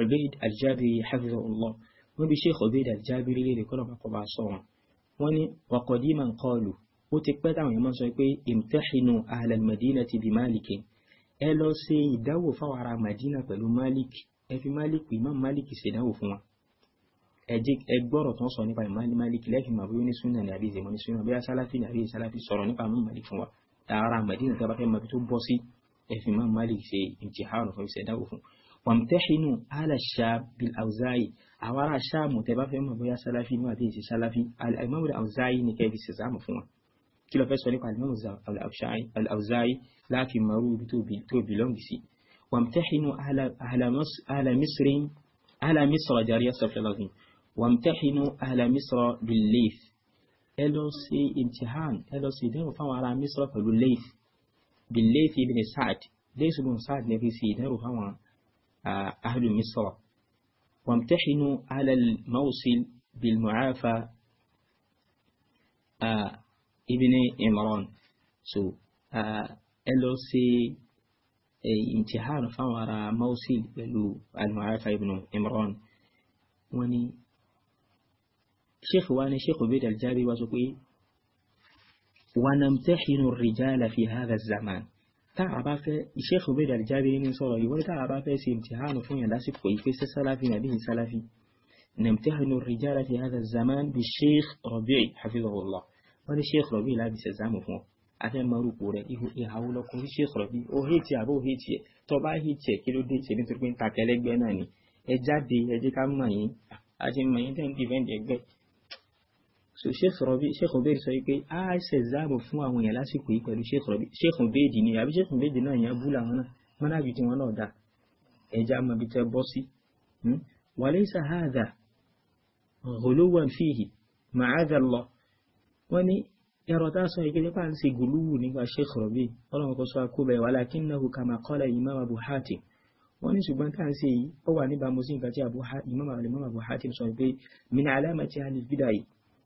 A: Ubayd al-Jabiri hafizahullah wọ́n bí Sheikh Ubayd al-Jabiri lè kọ́lọ̀ pàpọ̀ bá sọ wọn wọ́n ní wa qadiman qalu ó ti pẹ́ táwọn èèyàn sọ pé imtahinu ahlal madinati bi Maliki ẹ lọ ṣe ìdánwò fáwọn ará Madina pẹ̀lú Malik ẹ fi Malik Imam Malik ṣèdánwò fún wa ẹ gbọ́rọ̀ tó ń sọ nípa ìmáàlì máàlìkì lẹ́yìn màbí ní súnà ní àbí ìzèmọ́ súnà bí asálàfì àbí ìsálàfì sọ̀rọ̀ nípa àwọn màlìkì fún wa tààrà màdínà tó bá fẹ́ màbí tó bọ́ sí ẹ̀fìn máa máàlìkì ṣe ìjìhárùn fún ìṣẹ̀dáwò fún وامتحنوا على الشام بالأوزاي أورا الشام متبافع ما أمم بيا سلفي ما دي سلفي الإمام الأوزاي نكيف سزام فما كلا بس فني قال الإمام الأوزاي الأوزاي لكن ما هو بتو بتو بلونجسي وامتحنوا على على مصر على مصر على مصر جارية سفر لغين وامتحنوا على مصر بالليث إلوسي امتحان إلوسي دين وفاو على مصر فالليث بالليث ابن سعد ليس بن سعد نبي سيدنا رفاوان آه، أهل مصر وامتحنوا على الموصل بالمعافى آه، ابن عمران so آه، LOC امتحان فورا موصل بلو المعافى ابن عمران وني شيخ وانا شيخ بيت الجابي وزكوي ونمتحن الرجال في هذا الزمان táà bá fẹ́ iṣẹ́ ìfòbédè àlìjábìrì ní sọ̀rọ̀ ìwọ́n táà bá fẹ́ ṣe ìmtìhánu fún yàn lásìkò yìí pé ṣe sálàfì àbí ìsálàfì nàìmtíhánu rìjára fi hàdà zaman bí sheikh rabi hafizahullah wọ́n ní sheikh rabi láti ṣe zámù fún ọ afẹ́ marúkú rẹ̀ ìhàwó lọ́kùn sí sheikh rabi ó hìtì àbó hìtì ẹ̀ tó bá hìtì ẹ̀ kí ló dé ṣe nítorí pé ń ta kẹlẹ́gbẹ́ náà ni ẹ jáde ẹ jẹ́ ká mọ̀ yín àti mọ̀ yín tẹ́ so sheikh rabi sheikh obeid sọ pé a ṣe záàmù fún àwọn èèyàn lásìkò yìí pẹ̀lú sheikh rabi sheikh obeid ni àbí sheikh obeid náà yẹn bú làwọn náà mọ́nájú tí wọ́n náà dá ẹja mọ̀ bí tẹ bọ́ sí hmm? walaysa hadha ghuluwan fihi ma'adha Allah wọ́n ní ẹ̀rọ tá a sọ ìgbélé pa ń ṣe gùlúwù nípa sheikh rabi ọlọ́run kò sọ àkóbẹ̀ walakinahu kama qala imam abu hatim wọ́n ní ṣùgbọ́n tá à ń ṣe yìí ó wà níbàámu sí nǹkan tí imam abu hatim sọ pé min alamati ahli bid'ah yìí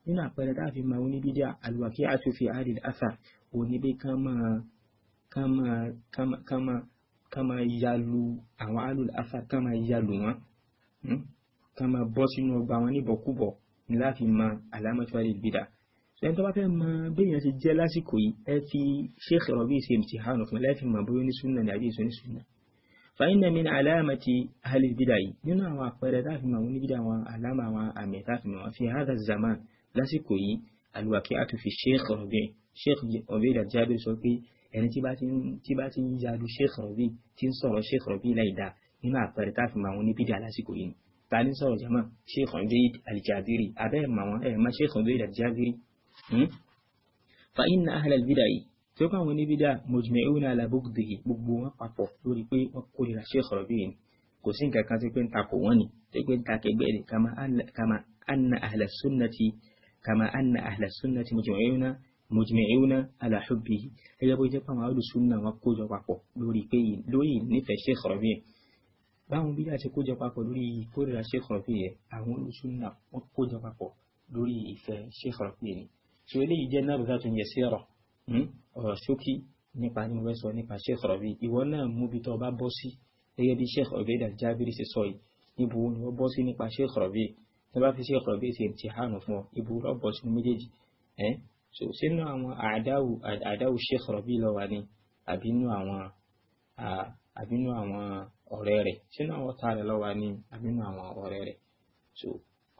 A: nínú àpẹẹrẹ tá a fi máa oníbídíà àlùwàkí àtúfi àrí àṣà òní bí kán máa kán máa kán máa kán máa yalu àwọn àlùl àṣà kán máa yalu wọn hmm? kán máa bọ́ sínú ọgbà wọn níbọ̀kúbọ̀ ní láti mọ àlámọ́tò àrí bídà ẹni tó bá fẹ́ mọ béèyàn ti jẹ́ lásìkò yìí ẹ fi Sheikh Rabi ṣe imtihanu fún láti mọ bóyá ní sunna ní àbí èso ní sunna fàyínà mi ní àlàyé ti ahli bídà yìí nínú àwọn àpẹẹrẹ tá àwọn oníbídà àwọn àlámà àwọn àmì tá a fi mọ wọn lásìkò yìí alùwàkí àtúnfi sheikh rọ̀bì sheikh rọ̀bì ìdàjáde sọ pé ẹni tí bá ti ń jáde sheikh rọ̀bì tí ń sọ̀rọ̀ sheikh rọ̀bì láìda nínú àpẹẹrẹ tá a fi mọ àwọn oníbìdí alásìkò yìí ta ni sọ̀rọ̀ jama sheikh rọ̀bì àlìjábírì abẹ́ mọ̀ wọn ẹ̀ má sheikh rọ̀bì àlìjábírì hmm? fa inna ahla al-bid'ah tí ó bá wọn níbi dá mujmi'una ala bughdihi gbogbo wọn papọ̀ lórí pé wọ́n kórìíra sheikh rọ̀bì kò sí nǹkan kan tí pé ń takò wọ́n ni tí pé ń takẹgbẹ́ rẹ̀ kama anna ahla sunnati kama anna ahla sunnati mujmi'una mujmi'una ala hubbihi ẹgbẹ́ bó jẹ́ pàmò àlù sunna wọn kójọ papọ̀ lórí pé lórí nífẹ̀ẹ́ Sheikh Rabi báwọn bí láti kójọ papọ̀ lórí ìkórìíra Sheikh Rabi yẹn àwọn àlù sunna wọn kójọ papọ̀ lórí ìfẹ́ Sheikh Rabi ni tí ó léyìí jẹ́ náà tó ń yẹ sí ọ̀rọ̀ ọ̀rọ̀ ṣókí nípa ní wẹ́sọ nípa Sheikh Rabi ìwọ náà mú bí tó bá bọ́ sí gẹ́gẹ́ bí Sheikh Rabi dàjábìrì ṣe sọ yìí níbo ni wọ́n bọ́ sí nípa Sheikh Rabi tí wọ́n bá fi ṣe ọ̀rọ̀ bí ṣe ti hànú fún ọ ibu rọ́bọ̀ sínú méjèèjì ẹ́ so sínú àwọn àdáwù àdáwù ṣe ọ̀rọ̀ bí lọ́wọ́ ni àbínú àwọn àbínú àwọn ọ̀rẹ́ rẹ̀ sínú àwọn ọ̀tá rẹ̀ lọ́wọ́ ni àbínú àwọn ọ̀rẹ́ rẹ̀ so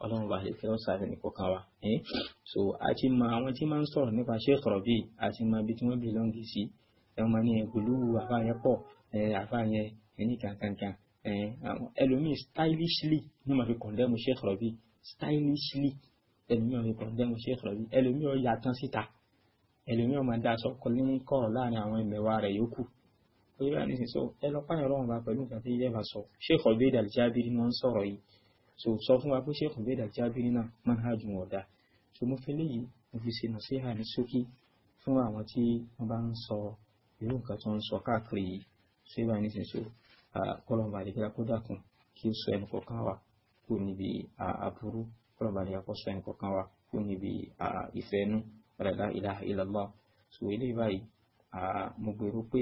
A: ọlọ́run bá ṣe fẹ́ràn sáré nìkan kan wa ẹ́ so a ti mọ àwọn tí máa ń sọ̀rọ̀ nípa ṣe ọ̀rọ̀ bí a ti mọ ibi tí wọ́n bí lọ́ngì sí ẹ̀ wọ́n máa ní ẹgbẹ̀lú àfáàyẹ pọ̀ ẹ̀ àfáàyẹ ẹ̀ní kankankan Eh, ẹlòmíì stylishly ní ma fi condemn Sheikh Rabi stylishly ẹlòmíì ma fi condemn Sheikh Rabi ẹlòmíì ó yàtọ̀ síta ẹlòmíì ó máa dá aṣọ kọlí ń kọ̀ láàrin àwọn ẹ̀mẹ̀wá rẹ̀ yòókù orí wa nísìnyí so ẹ lọ pààyàn ọlọ́run bá pẹ̀lú nǹkan tí yẹ́fà sọ Sheikh Obeid al-Jabiri wọ́n ń sọ̀rọ̀ yìí so sọ fún wa pé Sheikh Obeid al-Jabiri náà manhaj wọn ọ̀dà so mo fi léyìí mo fi ṣe nàṣíhà so kọ́lọ́mù àdìgbà kó dàkún kí ó sọ ẹnì kọ̀ọ̀kan wa kó níbi aburú kọ́lọ́mù àdìgbà kó sọ ẹnì kọ̀ọ̀kan wa kó níbi ìfẹ́ inú la ilaha illallah so eléyìí báyìí mo gbèrò pé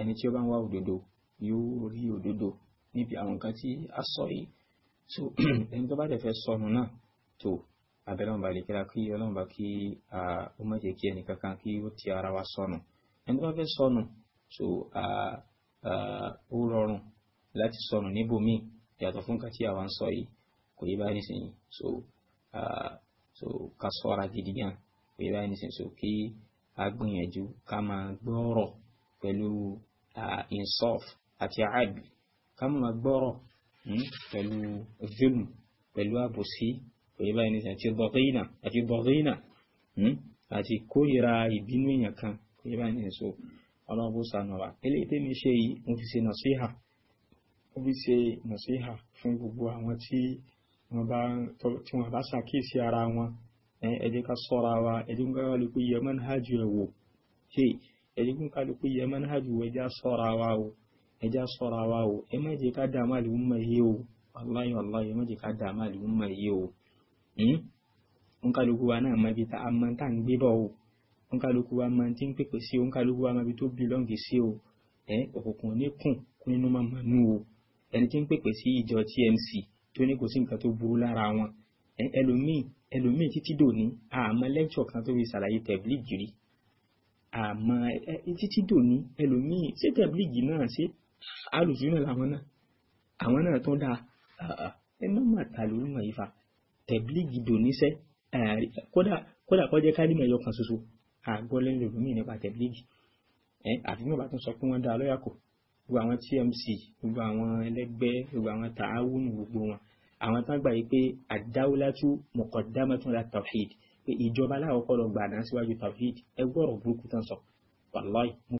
A: ẹni tí ó bá ń wá òdodo yóò rí òdodo níbi àwọn nǹkan tí a sọ yìí so [clears throat] ẹni tó bá dẹ̀ fẹ́ sọnù náà tó abẹ́lẹ́wọ̀n bá lè kíra kí ọlọ́run bá kí ó má jẹ́ kí ẹnì kankan kí ó ti ara wa sọnù ẹni tó bá fẹ́ sọnù so ó rọrùn láti sọnù níbòmíì yàtọ̀ fún nǹkan tí àwa ń sọ yìí kò yé báyìí nísìnyí so so ká ṣọ́ra gidi gan kò yé báyìí nísìnyí so kí a gbìyànjú ká máa gbọ́rọ̀ pẹ̀lú insof àti àdì ká máa gbọ́rọ̀ hm, pẹ̀lú zulm pẹ̀lú àbòsí kò yé báyìí nísìnyí àti bọ̀gínà àti bọ̀gínà hm, àti kórìíra ìbínú èèyàn kan kò yé báyìí nísìnyí so ọlọ́run bó sànù wa eléyìí tèmi ṣe yìí mo fi ṣe nàṣíhà mo fi ṣe nàṣíhà fún gbogbo àwọn tí wọ́n bá tí wọ́n bá ṣàkíyèsí ara wọn ẹ jẹ́ ká sọ́ra wa ẹ jẹ́ ká kálukú yẹ manhaj ẹ̀ wò ẹ jẹ́ ká kálukú yẹ manhaj wò ẹ jẹ́ á sọ́ra wa o ẹ sọ́ra wa o ẹ má jẹ́ ká dààmú àlùmọ̀ yìí o wàláyé wàláyé má jẹ́ ká dààmú àlùmọ̀ yìí o hm? nǹkan lóko wa náà mọ ibi tá a tá à ń gbé bọ̀ o òǹkàlùkù wa máa ti ń pèpè sí òǹkàlùkù wa máa bi tó bìlọ́ǹgì sí o ẹ òkùnkùn ní kùn kún nínú máa máa nú o ẹni tí ń pèpè sí ìjọ TMC tó ní kò sí nǹkan tó burú lára wọn ẹ ẹlòmíì ẹlòmíì títí dòní àmọ́ lẹ́kṣọ̀ kan tó fi ṣàlàyé tẹ̀blíìgì rí àmọ́ títí dòní ẹlòmíì ṣé tẹ̀blíìgì náà ṣe alùsùn náà làwọn náà àwọn náà tó dáa ẹ má má ta lórí wọn yìí fa tẹ̀blíìgì dòní sẹ́ kódà kódà kọjá kálímà ẹyọ kan ṣoṣo àgbọ́lé lòlùmí nípa tẹ̀blígì àti nígbà tó sọ pé wọ́n dá lọ́yà kò gbogbo àwọn TMC gbogbo àwọn ẹlẹ́gbẹ́ gbogbo àwọn tààwùnù gbogbo wọn àwọn tán gbà yí pé àdáwọ́látú mọ̀kọ̀dámọ́tún la tawhid pé ìjọba láwọ́kọ́ lọ gbàdán síwájú tawhid ẹgbọ́rọ̀ burúkú tán sọ wàláì